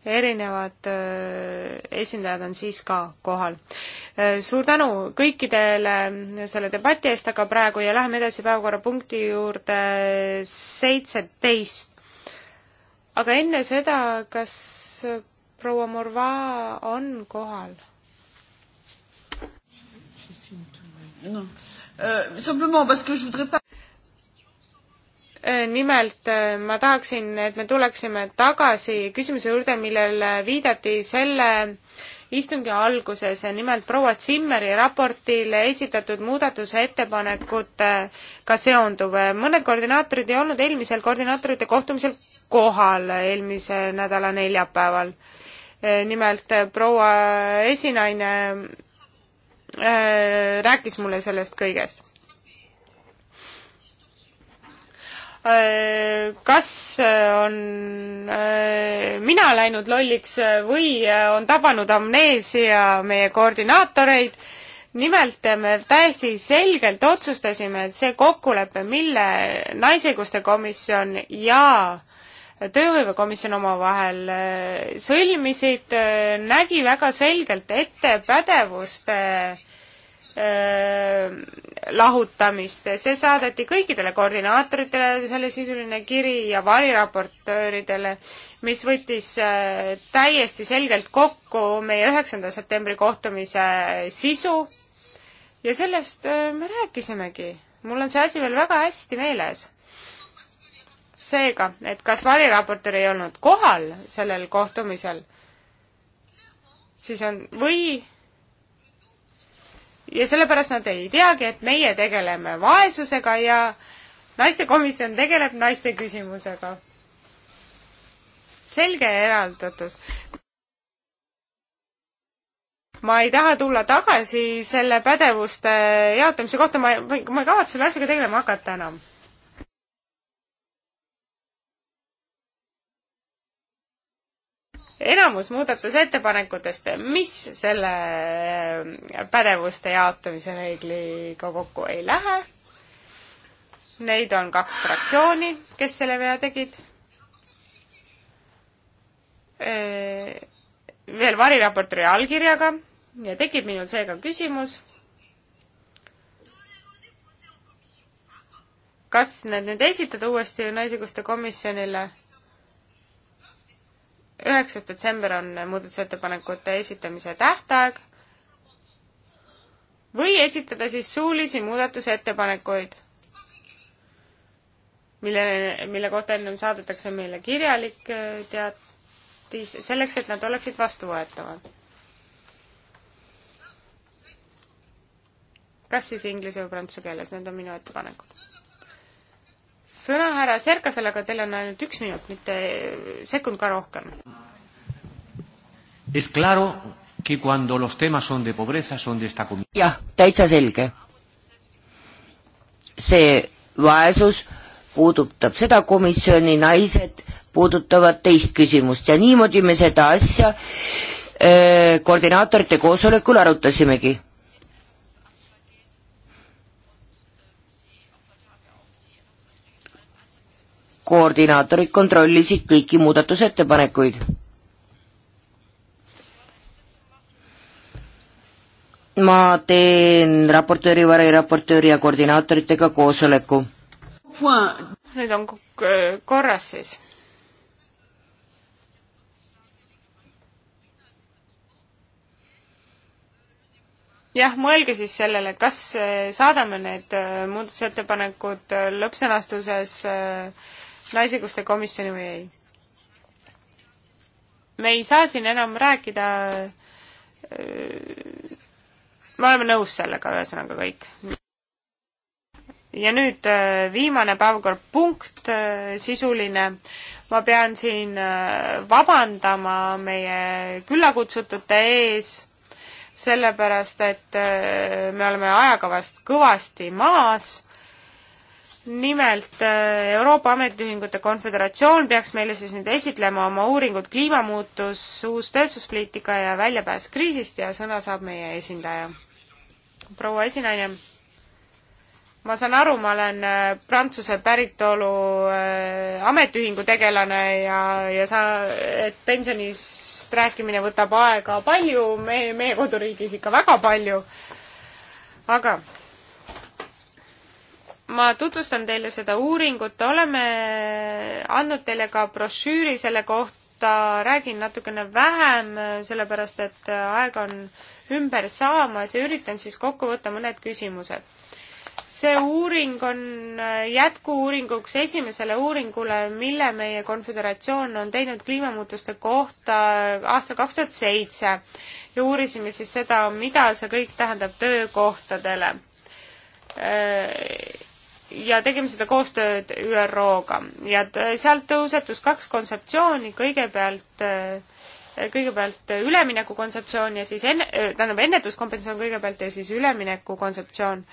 erinevad äh, esindajad on siis ka kohal. Äh, suur tänu kõikidele selle debati eest, aga praegu ja läheme edasi päevakorrapunkti juurde seitseteist aga enne seda, kas proua Morva on kohal? Euh, äh, nimelt äh, ma tahaksin, et me tuleksime tagasi küsimuse juurde, millele viidati selle istungi alguses, nimelt proua Zimmeri raportile esitatud muudatusettepanekutega seonduv. mõned koordinaatorid ei olnud eelmisel koordinaatorite kohtumisel kohal eelmise nädala neljapäeval. Eh, nimelt eh, proua esinaine eh, rääkis mulle sellest kõigest. kas on mina läinud lolliks või on tabanud amneesia meie koordinaatoreid? nimelt me täiesti selgelt otsustasime, et see kokkulepe, mille Naisõiguste Komisjon ja äh, tööhõivekomisjon omavahel äh, sõlmisid, äh, nägi väga selgelt ette pädevuste äh, lahutamist, see saadeti kõikidele koordinaatoritele, sellesisuline kiri ja variraportööridele, mis võttis äh, täiesti selgelt kokku meie üheksanda septembri kohtumise äh, sisu ja sellest äh, me rääkisimegi. mul on see asi veel väga hästi meeles seega, et kas variraportöör ei olnud kohal sellel kohtumisel, siis on või ja sellepärast nad ei teagi, et meie tegeleme vaesusega ja naistekomisjon tegeleb naiste küsimusega. selge eraldatus. ma ei taha tulla tagasi selle pädevuste jaotamise kohta, ma, ma ei kavatse selle asjaga tegelema hakata enam enamus muudatusettepanekutest, mis selle pädevuste jaotamise reegliga kokku ei lähe. Neid on kaks fraktsiooni, kes selle vea tegid. veel variraportööri allkirjaga ja tekib minul seega küsimus kas need nüüd esitada uuesti naisõiguste komisjonile? üheksas detsember on muudatusettepanekute esitamise tähtaeg või esitada siis suulisi muudatusettepanekuid, mille, mille kohta ennem saadetakse meile kirjalik äh, teatis, selleks, et nad oleksid vastuvõetavad. kas siis inglise või prantsuse keeles, need on minu ettepanekud sõna härra Serkasele, aga teil on ainult üks minut, mitte sekund ka rohkem. jah,
täitsa selge. see vaesus puudutab seda komisjoni, naised puudutavad teist küsimust ja niimoodi me seda asja öö, äh, koordinaatorite koosolekul arutasimegi koordinaatorid kontrollisid kõiki muudatusettepanekuid. ma teen raportööri, variraportööri ja koordinaatoritega koosoleku.
nüüd on korras siis jah, mõelge siis sellele, kas eh, saadame need eh, muudatusettepanekud eh, lõppsõnastuses äh, naisõiguste komisjoni või ei. me ei saa siin enam rääkida äh, me oleme nõus sellega, ühesõnaga kõik. ja nüüd äh, viimane päevakorrapunkt, äh, sisuline. ma pean siin vabandama meie küllakutsutute ees, sellepärast et me oleme ajakavast kõvasti maas nimelt äh, Euroopa Ametiühingute Konföderatsioon peaks meile siis nüüd esitlema oma uuringut Kliimamuutus, uus tööstuspoliitika ja väljapääs kriisist ja sõna saab meie esindaja. proua esinaine, ma saan aru, ma olen äh, Prantsuse päritolu äh, ametiühingu tegelane ja, ja sa, et pensionist rääkimine võtab aega palju, meie, meie koduriigis ikka väga palju, aga ma tutvustan teile seda uuringut, oleme andnud teile ka brošüüri selle kohta, räägin natukene vähem, sellepärast et aeg on ümber saamas ja üritan siis kokku võtta mõned küsimused. see uuring on jätku-uuringuks esimesele uuringule, mille meie konföderatsioon on teinud kliimamuutuste kohta aastal kaks tuhat seitse ja uurisime siis seda, mida see kõik tähendab töökohtadele äh, ja tegime seda koostööd ÜRO-ga ja sealt tõusetus kaks kontseptsiooni, kõigepealt äh, kõigepealt ülemineku kontseptsioon ja siis enne, äh, tähendab ennetuskompensatsioon kõigepealt ja siis ülemineku kontseptsioon.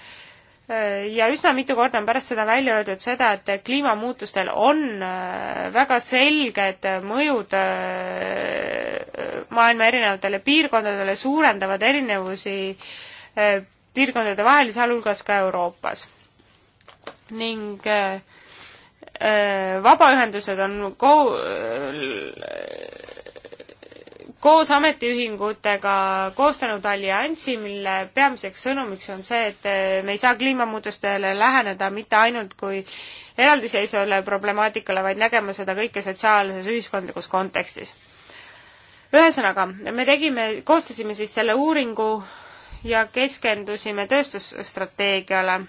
Äh, ja üsna mitu korda on pärast seda välja öeldud seda, et kliimamuutustel on väga selged mõjud maailma erinevatele piirkondadele, suurendavad erinevusi piirkondade vahel, sealhulgas ka Euroopas ning äh, äh, vabaühendused on ko-, koos ametiühingutega koostanud alliansi, mille peamiseks sõnumiks on see, et äh, me ei saa kliimamuutustele läheneda mitte ainult kui eraldiseisvale problemaatikale, vaid nägema seda kõike sotsiaalses ühiskondlikus kontekstis. ühesõnaga, me tegime, koostasime siis selle uuringu ja keskendusime tööstusstrateegiale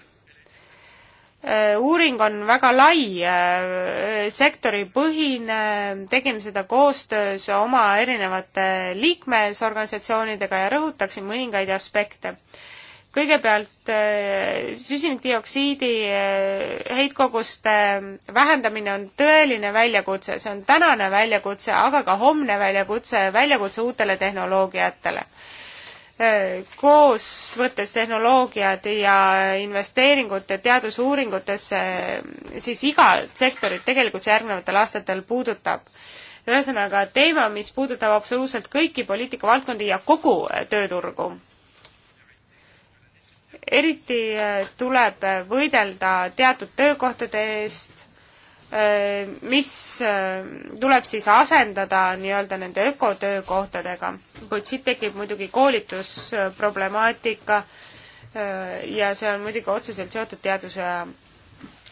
Äh, uuring on väga lai, äh, sektoripõhine, tegime seda koostöös oma erinevate liikmesorganisatsioonidega ja rõhutaksin mõningaid aspekte. kõigepealt äh, süsinikdioksiidi heitkoguste vähendamine on tõeline väljakutse, see on tänane väljakutse, aga ka homne väljakutse, väljakutse uutele tehnoloogiatele koos võttes tehnoloogiad ja investeeringud teadusuuringutesse, siis iga sektorit tegelikult see järgnevatel aastatel puudutab. ühesõnaga teema, mis puudutab absoluutselt kõiki poliitikavaldkondi ja kogu tööturgu. eriti tuleb võidelda teatud töökohtade eest Äh, mis äh, tuleb siis asendada nii-öelda nende ökotöökohtadega. kuid siit tekib muidugi koolitusproblemaatika äh, ja see on muidugi otseselt seotud teaduse ja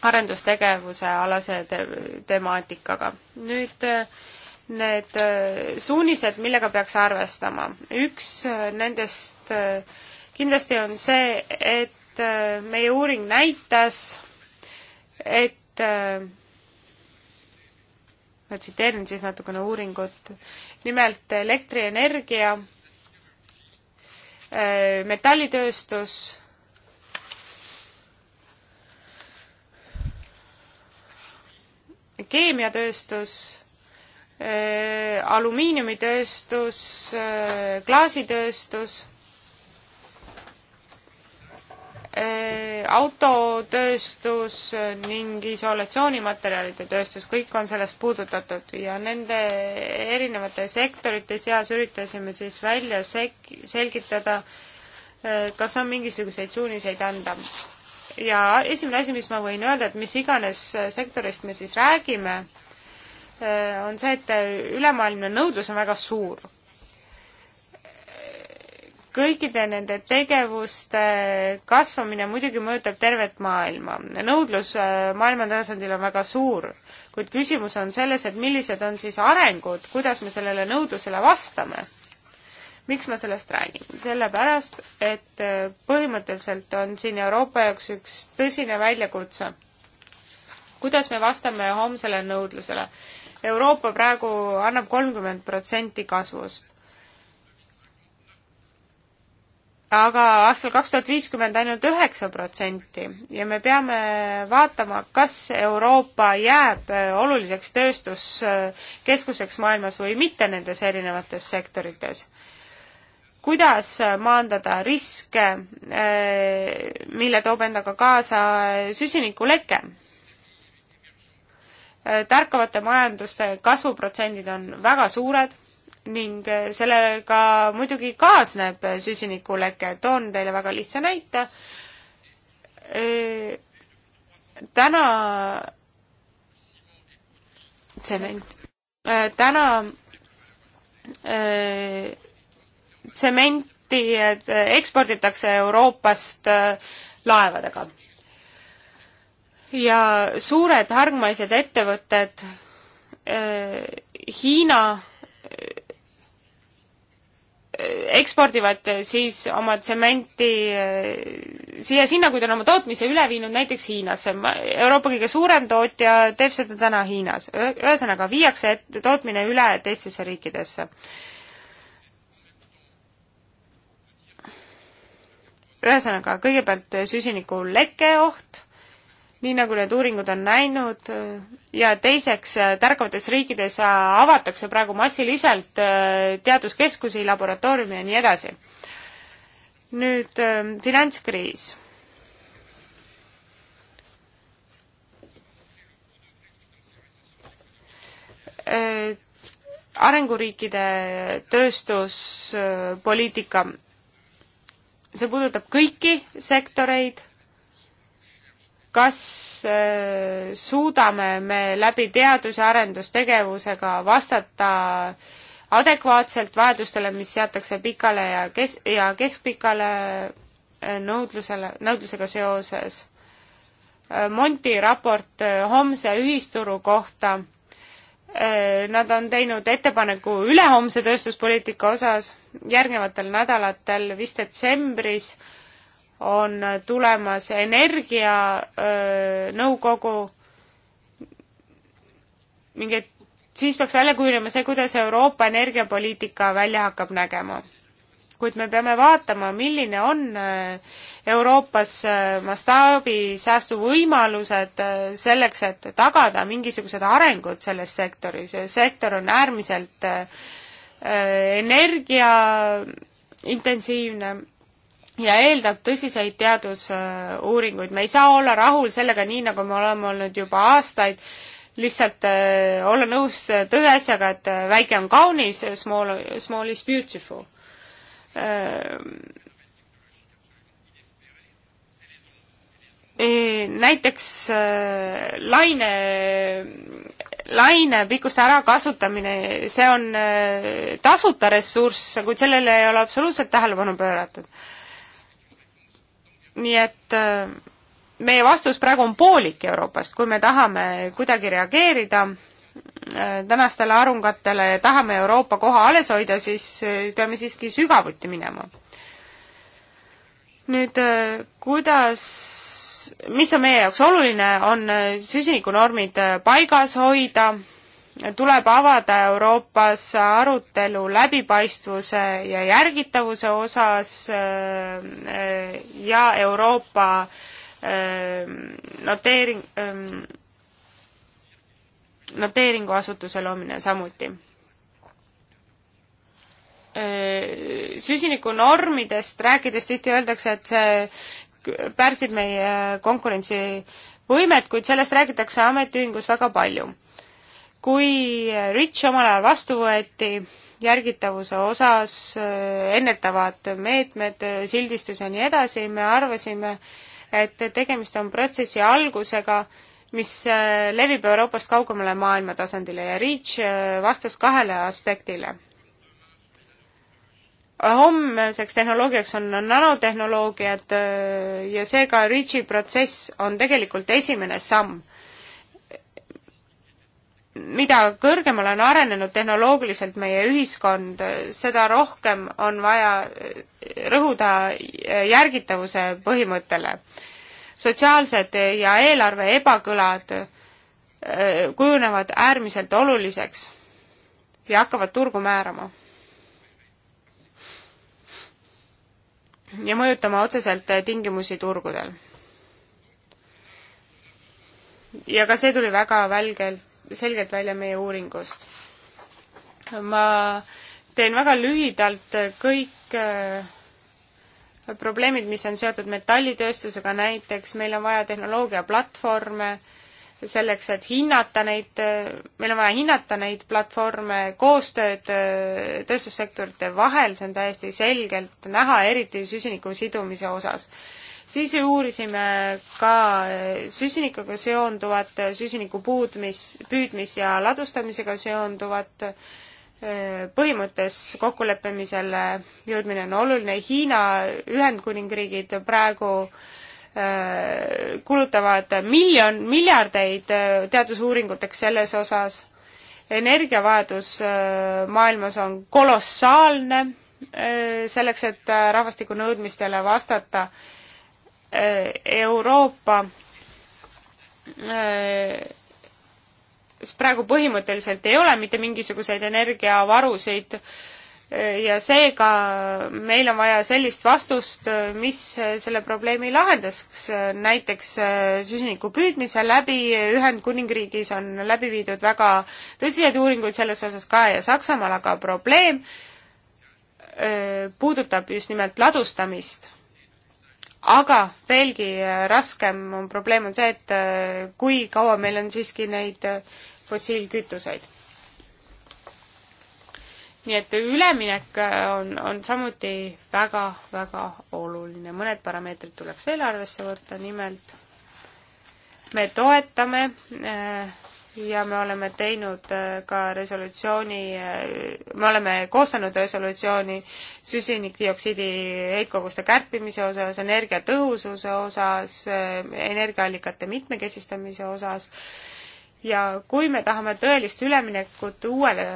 arendustegevuse alase te temaatikaga. nüüd need suunised, millega peaks arvestama. üks nendest kindlasti on see, et meie uuring näitas, et ma tsiteerin siis natukene uuringut, nimelt elektrienergia, äh, metallitööstus, keemiatööstus, äh, alumiiniumitööstus, äh, klaasitööstus Äh, autotööstus ning isolatsioonimaterjalide tööstus, kõik on sellest puudutatud ja nende erinevate sektorite seas üritasime siis välja sek-, selgitada, äh, kas on mingisuguseid suuniseid anda. ja esimene asi, mis ma võin öelda, et mis iganes äh, sektorist me siis räägime, on see, et ülemaailmne nõudlus on väga suur kõikide nende tegevuste kasvamine muidugi mõjutab tervet maailma. nõudlus äh, maailma tasandil on väga suur, kuid küsimus on selles, et millised on siis arengud, kuidas me sellele nõudlusele vastame. miks ma sellest räägin? sellepärast, et äh, põhimõtteliselt on siin Euroopa jaoks üks tõsine väljakutse. kuidas me vastame homsele nõudlusele? Euroopa praegu annab kolmkümmend protsenti kasvust aga aastal kaks tuhat viiskümmend ainult üheksa protsenti ja me peame vaatama, kas Euroopa jääb äh, oluliseks tööstuskeskuseks maailmas või mitte nendes erinevates sektorites. kuidas äh, maandada riske, äh, mille toob endaga kaasa süsinikuleke? tärkavate majanduste kasvuprotsendid on väga suured ning eh, sellega muidugi kaasneb eh, süsinikuleke, toon teile väga lihtsa näite. Eh, täna tsement, täna tsementi eksporditakse Euroopast laevadega. ja suured hargmaised ettevõtted, Hiina ekspordivad siis oma tsementi eh, siia-sinna, kui ta on oma tootmise üle viinud näiteks Hiinasse. Euroopa kõige suurem tootja teeb seda täna Hiinas. ühesõnaga, viiakse tootmine üle teistesse riikidesse. ühesõnaga, kõigepealt süsiniku lekke oht nii nagu need uuringud on näinud ja teiseks, tärkavates riikides avatakse praegu massiliselt äh, teaduskeskusi, laboratooriume ja nii edasi. nüüd äh, finantskriis äh, arenguriikide tööstuspoliitika, see puudutab kõiki sektoreid kas äh, suudame me läbi teadus- ja arendustegevusega vastata adekvaatselt vajadustele, mis seatakse pikale ja kes-, ja keskpikale äh, nõudlusele, nõudlusega seoses. Äh, Monti raport homse ühisturu kohta, nad on teinud ettepaneku ülehomse tööstuspoliitika osas järgnevatel nädalatel, vist detsembris, on tulemas energianõukogu, mingi, siis peaks välja kujunema see, kuidas Euroopa energiapoliitika välja hakkab nägema. kuid me peame vaatama, milline on Euroopas mastaabisäästu võimalused selleks, et tagada mingisugused arengud selles sektoris ja sektor on äärmiselt energia intensiivne ja eeldab tõsiseid teadusuuringuid. me ei saa olla rahul sellega, nii nagu me oleme olnud juba aastaid, lihtsalt äh, olla nõus äh, tõdeasjaga, et äh, väike on kaunis, small, small is beautiful äh,. äh näiteks äh, laine, lainepikkuste ärakasutamine, see on äh, tasuta ressurss, kuid sellele ei ole absoluutselt tähelepanu pööratud äh, nii et äh, meie vastus praegu on poolik Euroopast, kui me tahame kuidagi reageerida äh, tänastele arungatele ja tahame Euroopa koha alles hoida, siis äh, peame siiski sügavuti minema. nüüd kuidas, mis on meie jaoks oluline, on süsinikunormid paigas hoida tuleb avada Euroopas arutelu läbipaistvuse ja järgitavuse osas äh, äh, ja Euroopa äh, noteering, ähm, noteeringuasutuse loomine samuti süsinikunormidest rääkides tihti öeldakse, et see pärsib meie konkurentsivõimet, kuid sellest räägitakse ametiühingus väga palju kui Rich omal ajal vastu võeti, järgitavuse osas ennetavad meetmed, sildistus ja nii edasi, me arvasime, et tegemist on protsessi algusega, mis levib Euroopast kaugemale maailma tasandile ja Reach vastas kahele aspektile. homseks tehnoloogiaks on nanotehnoloogiad ja seega Reachi protsess on tegelikult esimene samm mida kõrgemale on arenenud tehnoloogiliselt meie ühiskond, seda rohkem on vaja rõhuda järgitavuse põhimõttele. sotsiaalsed ja eelarve ebakõlad äh, kujunevad äärmiselt oluliseks ja hakkavad turgu määrama. ja mõjutama otseselt tingimusi turgudel. ja ka see tuli väga välgelt selgelt välja meie uuringust. ma teen väga lühidalt kõik äh, probleemid, mis on seotud metallitööstusega näiteks, meil on vaja tehnoloogiaplatvorme selleks, et hinnata neid, äh, meil on vaja hinnata neid platvorme, koostööd äh, tööstussektorite vahel, see on täiesti selgelt näha, eriti süsiniku sidumise osas siis uurisime ka eh, süsinikuga seonduvat, eh, süsiniku puudmis, püüdmis- ja ladustamisega seonduvat eh, põhimõttes kokkuleppemisele jõudmine on oluline. Hiina Ühendkuningriigid praegu kulutavad miljon, miljardeid teadusuuringuteks selles osas. energiavajadus maailmas on kolossaalne selleks, et rahvastiku nõudmistele vastata Äh, Euroopa äh, praegu põhimõtteliselt ei ole mitte mingisuguseid energiavarusid äh, ja seega meil on vaja sellist vastust, mis selle probleemi lahendaks, näiteks süsiniku püüdmise läbi, Ühendkuningriigis on läbi viidud väga tõsiseid uuringuid selles osas ka ja Saksamaal, aga probleem puudutab just nimelt ladustamist aga veelgi äh, raskem on probleem on see, et äh, kui kaua meil on siiski neid äh, fossiilkütuseid. nii et üleminek on, on samuti väga-väga oluline, mõned parameetrid tuleks veel arvesse võtta, nimelt me toetame äh, ja me oleme teinud äh, ka resolutsiooni, äh, me oleme koostanud resolutsiooni süsinikdioksiidi heitkoguste kärpimise osas, energiatõhususe osas, äh, energiaallikate mitmekesistamise osas ja kui me tahame tõelist üleminekut uuele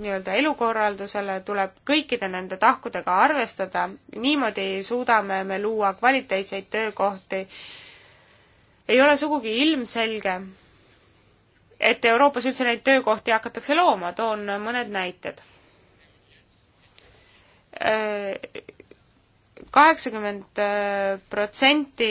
nii-öelda elukorraldusele, tuleb kõikide nende tahkudega arvestada, niimoodi suudame me luua kvaliteetseid töökohti. ei ole sugugi ilmselge, et Euroopas üldse neid töökohti hakatakse looma, toon mõned näited. kaheksakümmend äh, protsenti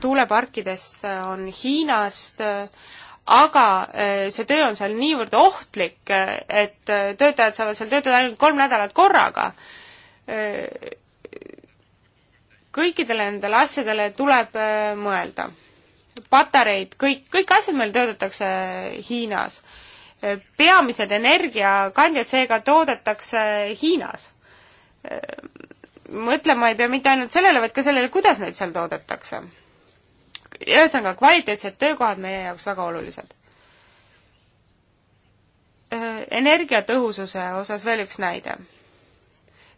tuuleparkidest äh, on Hiinast, äh, aga see töö on seal niivõrd ohtlik, et töötajad saavad seal töötada ainult kolm nädalat korraga kõikidele nendele asjadele tuleb äh, mõelda. patareid, kõik, kõik asjad meil töödetakse äh, Hiinas. Äh, peamised energiakandjad seega toodetakse Hiinas. mõtlema ei pea mitte ainult sellele, vaid ka sellele, kuidas neid seal toodetakse. ühesõnaga, kvaliteetsed töökohad meie jaoks väga olulised. energiatõhususe osas veel üks näide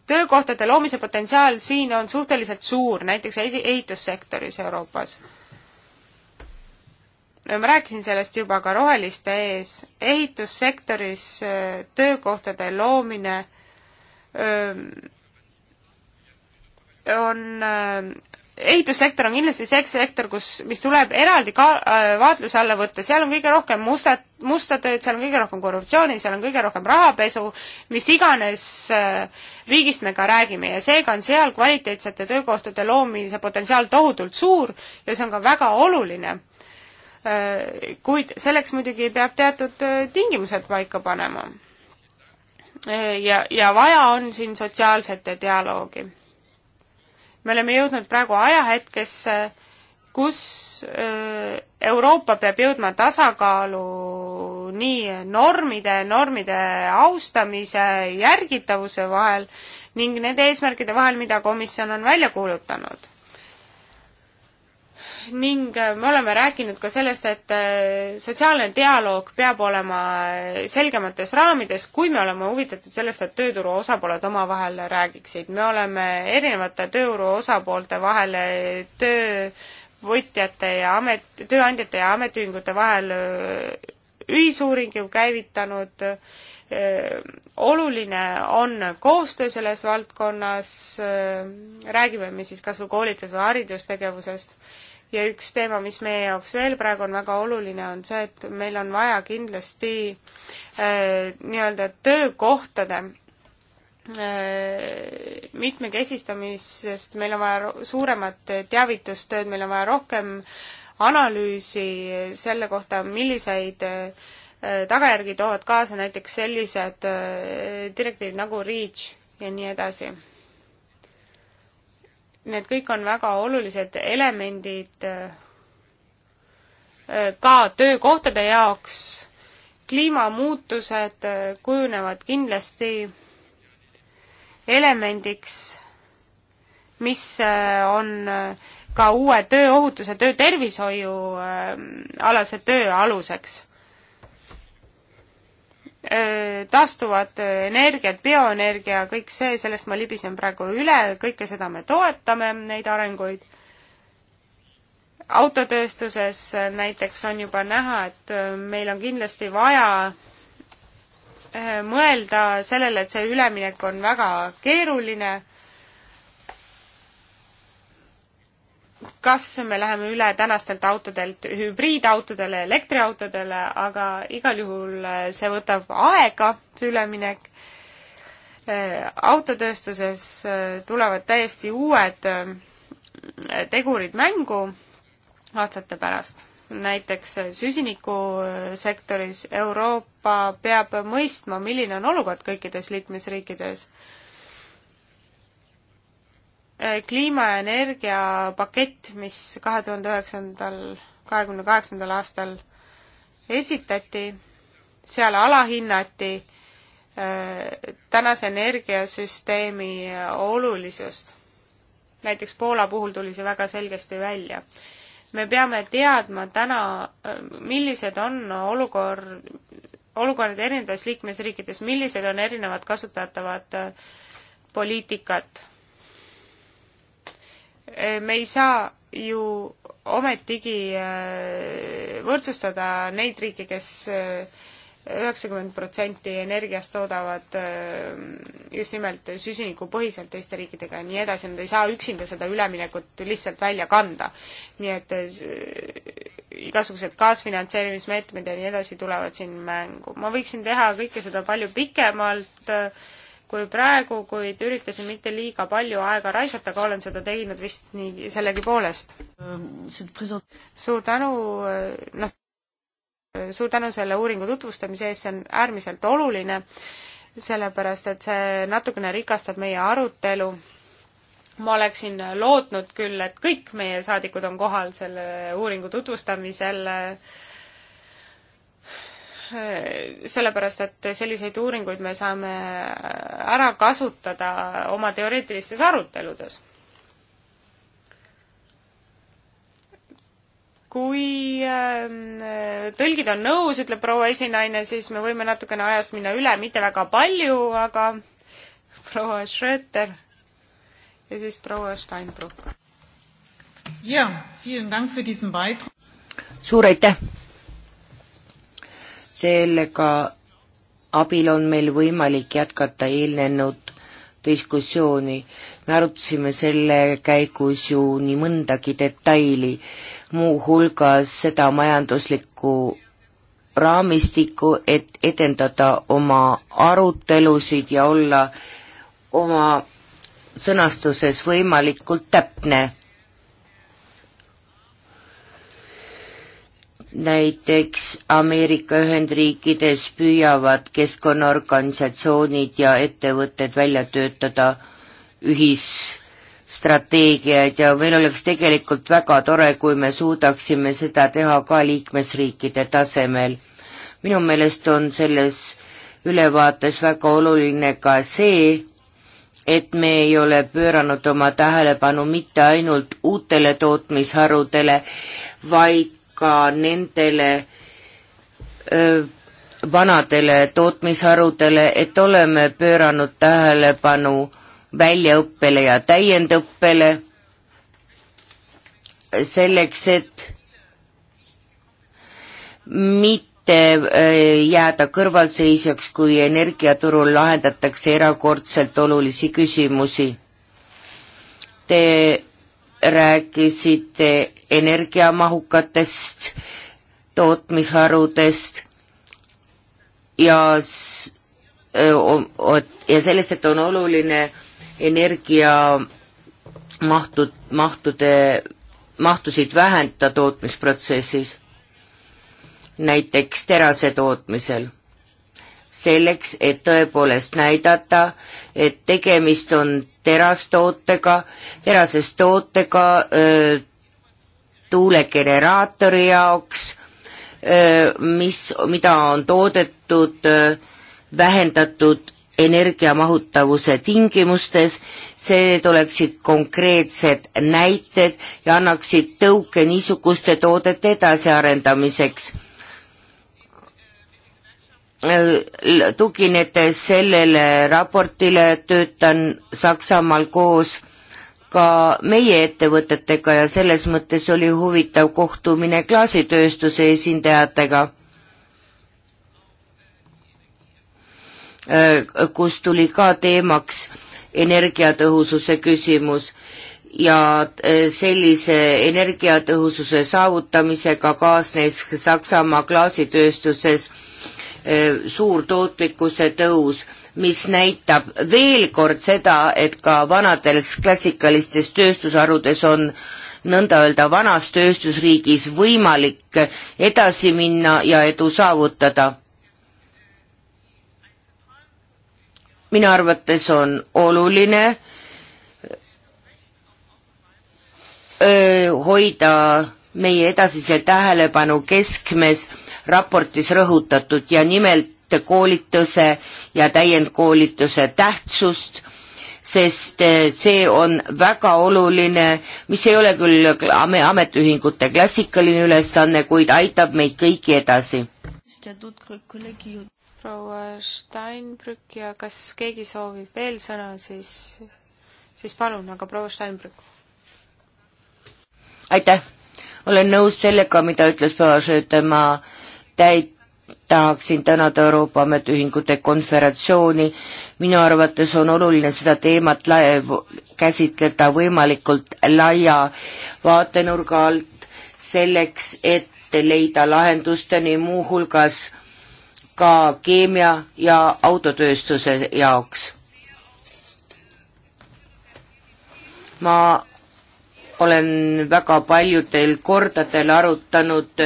töökohtade loomise potentsiaal siin on suhteliselt suur, näiteks ehitussektoris Euroopas. ma rääkisin sellest juba ka roheliste ees, ehitussektoris äh, töökohtade loomine öö, ähm, on äh, ehitussektor on kindlasti see sektor, kus, mis tuleb eraldi ka-, äh, vaatluse alla võtta, seal on kõige rohkem musta, musta tööd, seal on kõige rohkem korruptsiooni, seal on kõige rohkem rahapesu, mis iganes äh, riigist me ka räägime ja seega on seal kvaliteetsete töökohtade loomise potentsiaal tohutult suur ja see on ka väga oluline äh,. Kuid selleks muidugi peab teatud äh, tingimused paika panema. Äh, ja, ja vaja on siin sotsiaalsete dialoogi me oleme jõudnud praegu ajahetkesse, kus äh, Euroopa peab jõudma tasakaalu nii normide, normide austamise, järgitavuse vahel ning nende eesmärkide vahel, mida komisjon on välja kuulutanud ning äh, me oleme rääkinud ka sellest, et äh, sotsiaalne dialoog peab olema selgemates raamides, kui me oleme huvitatud sellest, et tööturu osapooled omavahel räägiksid. me oleme erinevate tööturu osapoolte vahel, töövõtjate ja amet, tööandjate ja ametiühingute vahel äh, ühisuuringu käivitanud, oluline on koostöö selles valdkonnas, räägime me siis kas või koolitus- või haridustegevusest ja üks teema, mis meie jaoks veel praegu on väga oluline, on see, et meil on vaja kindlasti äh, nii-öelda töökohtade äh, mitmekesistamisest, meil on vaja suuremat teavitustööd, meil on vaja rohkem analüüsi selle kohta, milliseid äh, tagajärgi toovad kaasa näiteks sellised äh, direktiivid nagu REACH ja nii edasi need kõik on väga olulised elemendid äh, äh, ka töökohtade jaoks. kliimamuutused äh, kujunevad kindlasti elemendiks, mis on ka uue tööohutuse, töötervishoiu alase töö aluseks Äh, taastuvad äh, energiat, bioenergia, kõik see, sellest ma libisen praegu üle, kõike seda me toetame, neid arenguid. autotööstuses äh, näiteks on juba näha, et meil on kindlasti vaja mõelda sellele, et see üleminek on väga keeruline kas me läheme üle tänastelt autodelt hübriidautodele, elektriautodele, aga igal juhul äh, see võtab aega, see üleminek. Äh, autotööstuses äh, tulevad täiesti uued tegurid mängu aastate pärast. näiteks süsinikusektoris Euroopa peab mõistma, milline on olukord kõikides liikmesriikides Äh, kliima- ja energiapakett, mis kahe tuhande üheksandal, kahekümne kaheksandal aastal esitati, seal alahinnati äh, tänase energiasüsteemi olulisust. näiteks Poola puhul tuli see väga selgesti välja. me peame teadma täna, äh, millised on olukord, olukord erinevates liikmesriikides, millised on erinevad kasutatavad poliitikat Eh, me ei saa ju ometigi eh, võrdsustada neid riike, kes eh, üheksakümmend protsenti energiast toodavad just nimelt süsinikupõhiselt teiste riikidega ja nii edasi, nad ei saa üksinda seda üleminekut lihtsalt välja kanda. nii et igasugused kaasfinantseerimismeetmed ja nii edasi tulevad siin mängu. ma võiksin teha kõike seda palju pikemalt äh,, kui praegu, kuid üritasin mitte liiga palju aega raisata, aga olen seda teinud vist nii sellegipoolest. suur tänu, noh, suur tänu selle uuringu tutvustamise eest, see on äärmiselt oluline, sellepärast et see natukene rikastab meie arutelu. ma oleksin lootnud küll, et kõik meie saadikud on kohal selle uuringu tutvustamisel äh, Eh, sellepärast et selliseid uuringuid me saame ära kasutada oma teoreetilistes aruteludes. kui ehm, tõlgid on nõus, ütleb proua esinaine, siis me võime natukene ajast minna üle, mitte väga palju, aga proua Schröter ja siis proua Steinbrück. jaa,
suur aitäh sellega abil on meil võimalik jätkata eelnenud diskussiooni. me arutasime selle käigus ju nii mõndagi detaili, muuhulgas seda majanduslikku raamistikku, et edendada oma arutelusid ja olla oma sõnastuses võimalikult täpne. näiteks Ameerika Ühendriikides püüavad keskkonnaorganisatsioonid ja ettevõtted välja töötada ühisstrateegiaid ja meil oleks tegelikult väga tore, kui me suudaksime seda teha ka liikmesriikide tasemel. minu meelest on selles ülevaates väga oluline ka see, et me ei ole pööranud oma tähelepanu mitte ainult uutele tootmisharudele, vaid ka nendele öö, vanadele tootmisharudele, et oleme pööranud tähelepanu väljaõppele ja täiendõppele selleks, et mitte jääda kõrvalseisjaks, kui energiaturul lahendatakse erakordselt olulisi küsimusi. Te rääkisite energiamahukatest tootmisharudest ja, ja sellest, et on oluline energiamahtud, mahtude, mahtusid vähendada tootmisprotsessis, näiteks terase tootmisel selleks, et tõepoolest näidata, et tegemist on terastootega, terasest tootega äh, tuulegeneraatori jaoks, äh, mis, mida on toodetud öö, äh, vähendatud energiamahutavuse tingimustes, see oleksid konkreetsed näited ja annaksid tõuke niisuguste toodete edasiarendamiseks tuginedes sellele raportile töötan Saksamaal koos ka meie ettevõtetega ja selles mõttes oli huvitav kohtumine klaasitööstuse esindajatega, äh, kus tuli ka teemaks energiatõhususe küsimus ja äh, sellise energiatõhususe saavutamisega kaasnes Saksamaa klaasitööstuses äh, Äh, suur tootlikkuse tõus, mis näitab veel kord seda, et ka vanades klassikalistes tööstusharudes on nõnda öelda vanas tööstusriigis võimalik edasi minna ja edu saavutada. minu arvates on oluline öö, äh, hoida meie edasise tähelepanu keskmes raportis rõhutatud ja nimelt koolituse ja täiendkoolituse tähtsust, sest eh, see on väga oluline, mis ei ole küll ametiühingute klassikaline ülesanne, kuid aitab meid kõiki edasi.
proua Steinbrück ja kas keegi soovib veel sõna, siis, siis palun, aga proua Steinbrück.
aitäh olen nõus sellega, mida ütles Pašet, ma täit-, tahaksin tänada Euroopa Ametiühingute konverentsiooni, minu arvates on oluline seda teemat laev, käsitleda võimalikult laia vaatenurga alt, selleks et leida lahendusteni muuhulgas ka keemia ja autotööstuse jaoks. ma olen väga paljudel kordadel arutanud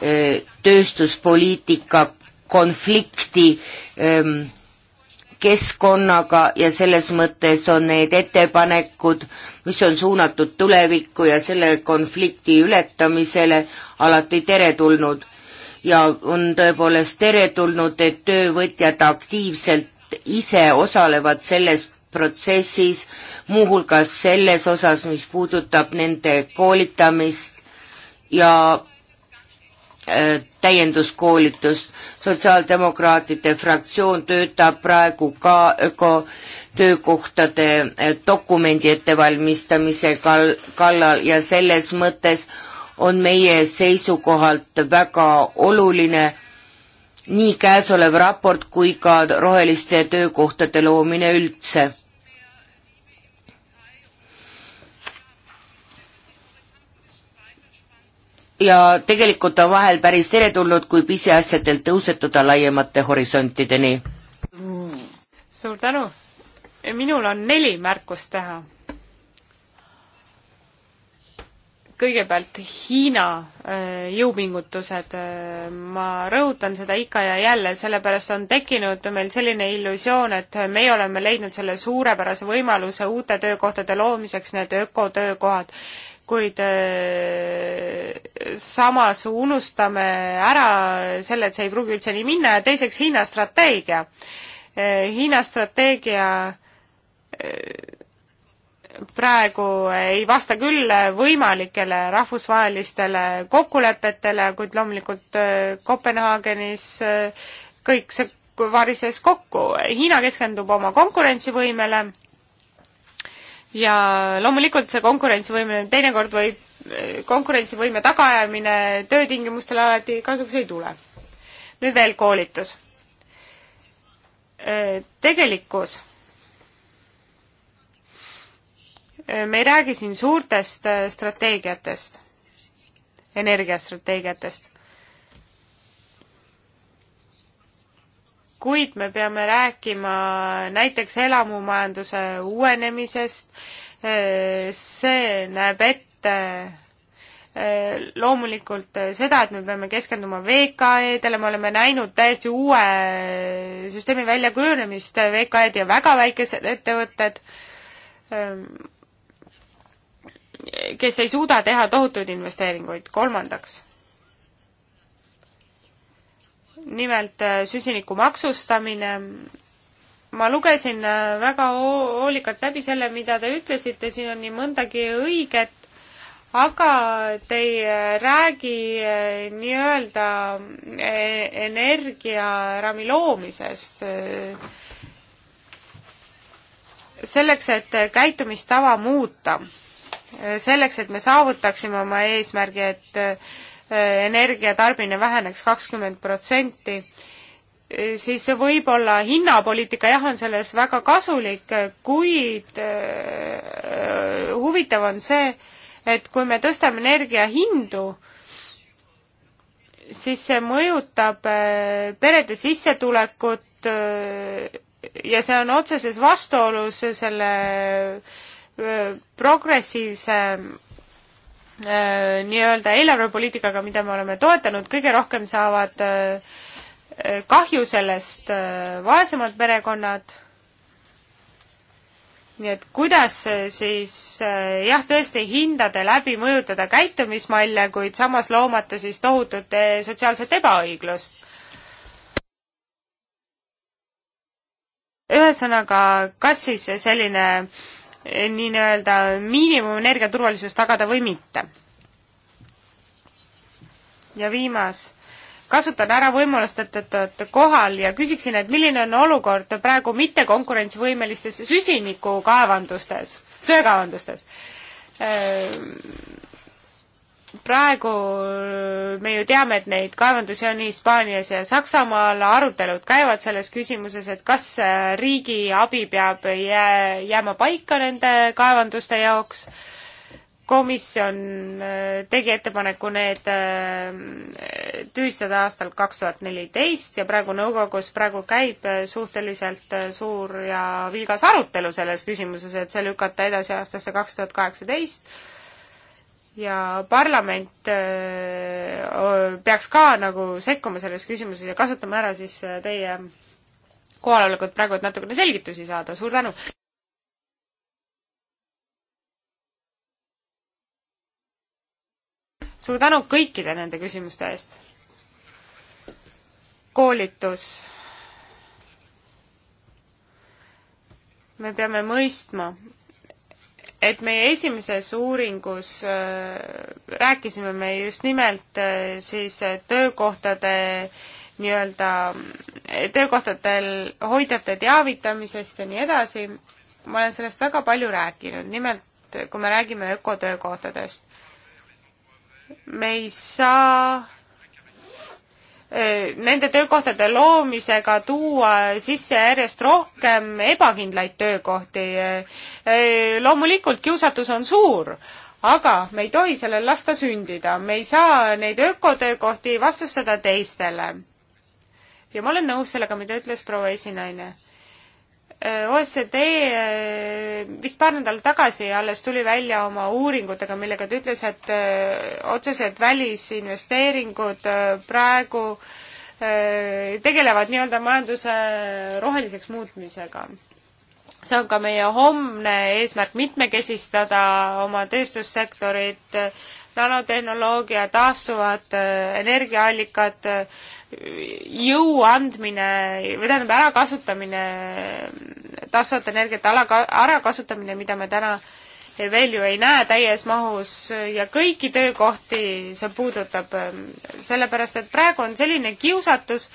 eh, tööstuspoliitika konflikti ehm, keskkonnaga ja selles mõttes on need ettepanekud, mis on suunatud tulevikku ja selle konflikti ületamisele alati teretulnud. ja on tõepoolest teretulnud, et töövõtjad aktiivselt ise osalevad selles protsessis, muuhulgas selles osas, mis puudutab nende koolitamist ja äh, täienduskoolitust. sotsiaaldemokraatide fraktsioon töötab praegu ka ökotöökohtade äh, dokumendi ettevalmistamise kal kallal ja selles mõttes on meie seisukohalt väga oluline nii käesolev raport kui ka roheliste töökohtade loomine üldse ja tegelikult on vahel päris teretulnud, kui pisiasjadelt tõusetuda laiemate horisontideni.
suur tänu! minul on neli märkust teha. kõigepealt Hiina äh, jõupingutused, äh, ma rõhutan seda ikka ja jälle, sellepärast on tekkinud meil selline illusioon, et meie oleme leidnud selle suurepärase võimaluse uute töökohtade loomiseks, need ökotöökohad kuid äh, samas unustame ära selle, et see ei pruugi üldse nii minna ja teiseks Hiina strateegia. Äh, Hiina strateegia äh, praegu ei vasta küll võimalikele rahvusvahelistele kokkulepetele, kuid loomulikult Kopenhaagenis kõik see varises kokku. Hiina keskendub oma konkurentsivõimele ja loomulikult see konkurentsivõime, teinekord võib konkurentsivõime tagaajamine töötingimustele alati kasuks ei tule. nüüd veel koolitus. tegelikkus. me ei räägi siin suurtest äh, strateegiatest, energiastrateegiatest kuid me peame rääkima näiteks elamumajanduse uuenemisest, see näeb ette eh, loomulikult seda, et me peame keskenduma VKE-dele, me oleme näinud täiesti uue süsteemi väljakujunemist, VKE-d ja väga väikesed ettevõtted, ehm, kes ei suuda teha tohutuid investeeringuid. kolmandaks nimelt äh, süsiniku maksustamine. ma lugesin äh, väga hoolikalt läbi selle, mida te ütlesite, siin on nii mõndagi õiget, aga te ei äh, räägi nii-öelda energiarami loomisest selleks, et käitumistava muuta, selleks, et me saavutaksime oma eesmärgi, et energiatarbimine väheneks kakskümmend protsenti, siis võib-olla hinnapoliitika jah, on selles väga kasulik, kuid äh, huvitav on see, et kui me tõstame energia hindu, siis see mõjutab äh, perede sissetulekut äh, ja see on otseses vastuolus selle progressiivse Äh, nii-öelda eelarvepoliitikaga, mida me oleme toetanud, kõige rohkem saavad äh, äh, kahju sellest vaesemad perekonnad. nii et kuidas siis jah, tõesti hindade läbi mõjutada käitumismalle, kuid samas loomata siis tohutut sotsiaalset ebaõiglust ühesõnaga, kas siis selline nii-öelda miinimumenergia turvalisus tagada või mitte. ja viimas, kasutan ära võimalust, et, et olete kohal ja küsiksin, et milline on olukord praegu mittekonkurentsivõimelistes süsinikukaevandustes, söekaevandustes? Ehm, praegu äh, me ju teame, et neid kaevandusi on Hispaanias ja Saksamaal, arutelud käivad selles küsimuses, et kas äh, riigi abi peab jää, jääma paika nende kaevanduste jaoks. komisjon äh, tegi ettepaneku need tühistada aastal kaks tuhat neliteist ja praegu nõukogus praegu käib suhteliselt suur ja vilgas arutelu selles küsimuses, et see lükata edasi aastasse kaks tuhat kaheksateist ja parlament äh, peaks ka nagu sekkuma selles küsimuses ja kasutama ära siis äh, teie kohalolekut praegu, et natukene selgitusi saada, suur tänu! suur tänu kõikide nende küsimuste eest! koolitus. me peame mõistma, et meie esimeses uuringus äh, rääkisime me just nimelt äh, siis äh, töökohtade nii-öelda, töökohtadel hoidjate teavitamisest ja nii edasi. ma olen sellest väga palju rääkinud, nimelt kui me räägime ökotöökohtadest. me ei saa Äh, nende töökohtade loomisega tuua sisse järjest rohkem ebakindlaid töökohti. Äh, loomulikult kiusatus on suur, aga me ei tohi sellel lasta sündida, me ei saa neid ökotöökohti vastustada teistele. ja ma olen nõus sellega, mida ütles proua esinaine OSCD eh, vist paar nädalat tagasi alles tuli välja oma uuringutega, millega ta ütles, et eh, otseselt välisinvesteeringud eh, praegu tegelevad nii-öelda majanduse roheliseks muutmisega. see on ka meie homne eesmärk mitmekesistada oma tööstussektorit, nanotehnoloogia, taastuvad energiaallikad, jõu andmine või tähendab ärakasutamine, taastuvat energiat ala, ärakasutamine, mida me täna veel ju ei näe täies mahus ja kõiki töökohti see puudutab, sellepärast et praegu on selline kiusatus,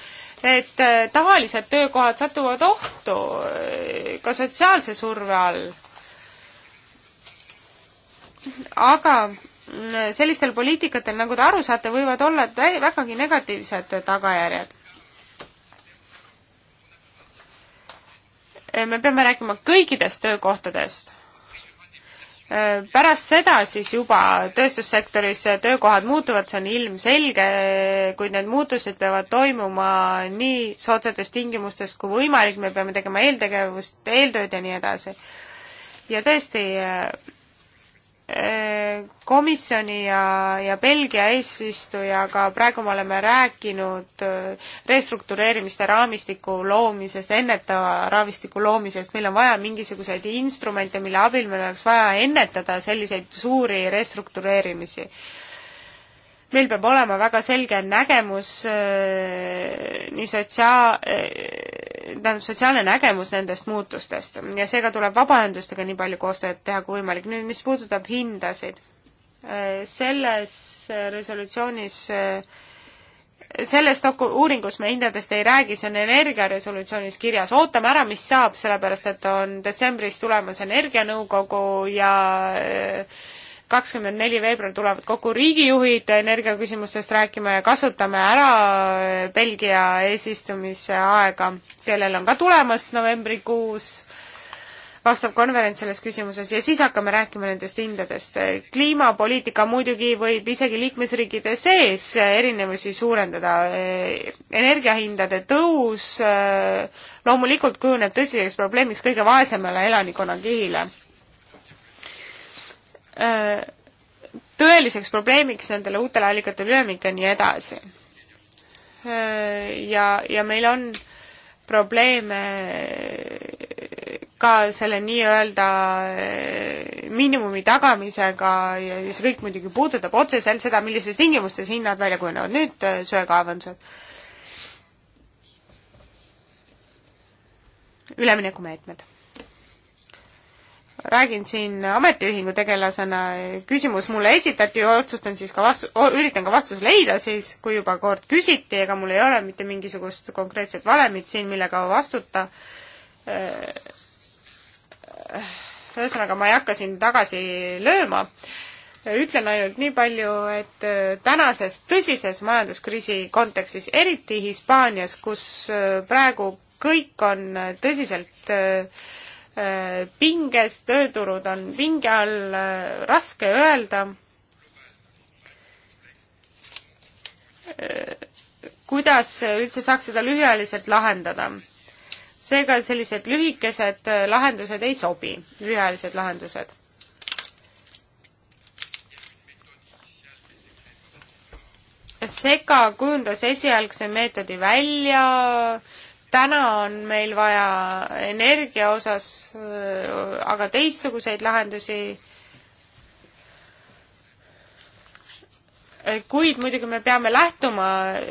et äh, tavalised töökohad satuvad ohtu äh, ka sotsiaalse surve all. aga sellistel poliitikatel, nagu te aru saate, võivad olla vägagi negatiivsed tagajärjed. me peame rääkima kõikidest töökohtadest. pärast seda siis juba tööstussektoris töökohad muutuvad, see on ilmselge, kuid need muutused peavad toimuma nii soodsates tingimustes kui võimalik, me peame tegema eeltegevust, eeltööd ja nii edasi. ja tõesti, komisjoni ja, ja Belgia eesistujaga praegu me oleme rääkinud äh, restruktureerimiste raamistiku loomisest, ennetava raamistiku loomisest, meil on vaja mingisuguseid instrumente, mille abil meil oleks vaja ennetada selliseid suuri restruktureerimisi. meil peab olema väga selge nägemus äh, nii sotsiaal, äh, tähendab, sotsiaalne nägemus nendest muutustest ja seega tuleb vabaühendustega nii palju koostööd teha kui võimalik. nüüd, mis puudutab hindasid, äh, selles äh, resolutsioonis, äh, selles doku-, uuringus me hindadest ei räägi, see on energiaresolutsioonis kirjas, ootame ära, mis saab, sellepärast et on detsembris tulemas energianõukogu ja äh, kakskümmend neli veebruar tulevad kokku riigijuhid energiaküsimustest rääkima ja kasutame ära Belgia eesistumise aega, kellel on ka tulemas novembrikuus vastav konverents selles küsimuses ja siis hakkame rääkima nendest hindadest. kliimapoliitika muidugi võib isegi liikmesriikide sees erinevusi suurendada. energiahindade tõus loomulikult kujuneb tõsiseks probleemiks kõige vaesemale elanikkonnakihile Äh, tõeliseks probleemiks nendele uutele allikatele üleminek ja nii edasi. Äh, ja, ja meil on probleeme ka selle nii-öelda äh, miinimumi tagamisega ja see kõik muidugi puudutab otseselt seda, millistes tingimustes hinnad välja kujunevad. nüüd söekaevandused. üleminekumeetmed räägin siin ametiühingu tegelasena, küsimus mulle esitati, otsustan siis ka vastu, üritan ka vastuse leida siis, kui juba kord küsiti, ega mul ei ole mitte mingisugust konkreetset valemit siin, millega vastuta. ühesõnaga, ma ei hakka siin tagasi lööma. ütlen ainult nii palju, et tänases tõsises majanduskriisi kontekstis, eriti Hispaanias, kus praegu kõik on tõsiselt äh, pinges, tööturud on pinge all, raske öelda, kuidas üldse saaks seda lühiajaliselt lahendada. seega sellised lühikesed lahendused ei sobi, lühiajalised lahendused. sega kujundas esialgse meetodi välja, täna on meil vaja energia osas äh, aga teistsuguseid lahendusi. Äh, kuid muidugi me peame lähtuma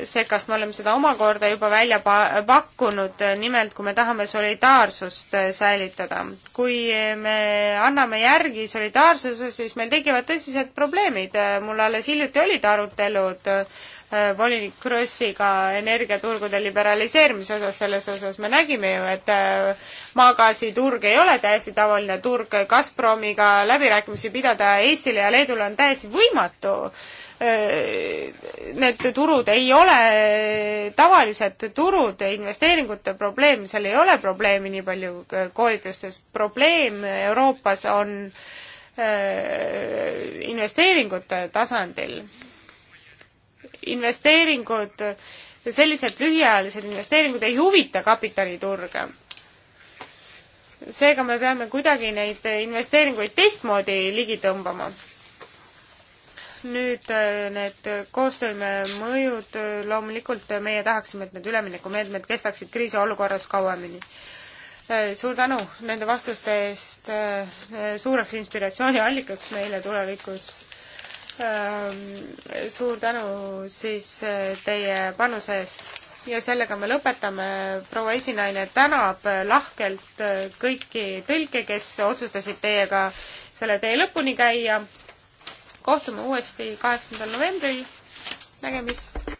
sekast, me oleme seda omakorda juba välja pa-, pakkunud, äh, nimelt kui me tahame solidaarsust säilitada. kui me anname järgi solidaarsuse, siis meil tekivad tõsised probleemid. mul alles hiljuti olid arutelud äh, Äh, volinik Krossiga energiaturgude liberaliseerimise osas, selles osas me nägime ju, et äh, maagaasiturg ei ole täiesti tavaline turg, Gazpromiga läbirääkimisi pidada Eestile ja Leedule on täiesti võimatu. Äh, need turud ei ole tavalised turud, investeeringute probleem, seal ei ole probleemi nii palju koolitustes, probleem Euroopas on investeeringute tasandil investeeringud, sellised lühiajalised investeeringud ei huvita kapitaliturge. seega me peame kuidagi neid investeeringuid teistmoodi ligi tõmbama. nüüd äh, need koostööme mõjud, äh, loomulikult äh, meie tahaksime, et need üleminekumeetmed kestaksid kriisiolukorras kauemini suur tänu nende vastuste eest, suureks inspiratsiooniallikaks meile tulevikus Ähm, suur tänu siis äh, teie panuse eest ja sellega me lõpetame. proua esinaine tänab lahkelt äh, kõiki tõlke, kes otsustasid teiega selle tee lõpuni käia. kohtume uuesti kaheksandal novembril. nägemist!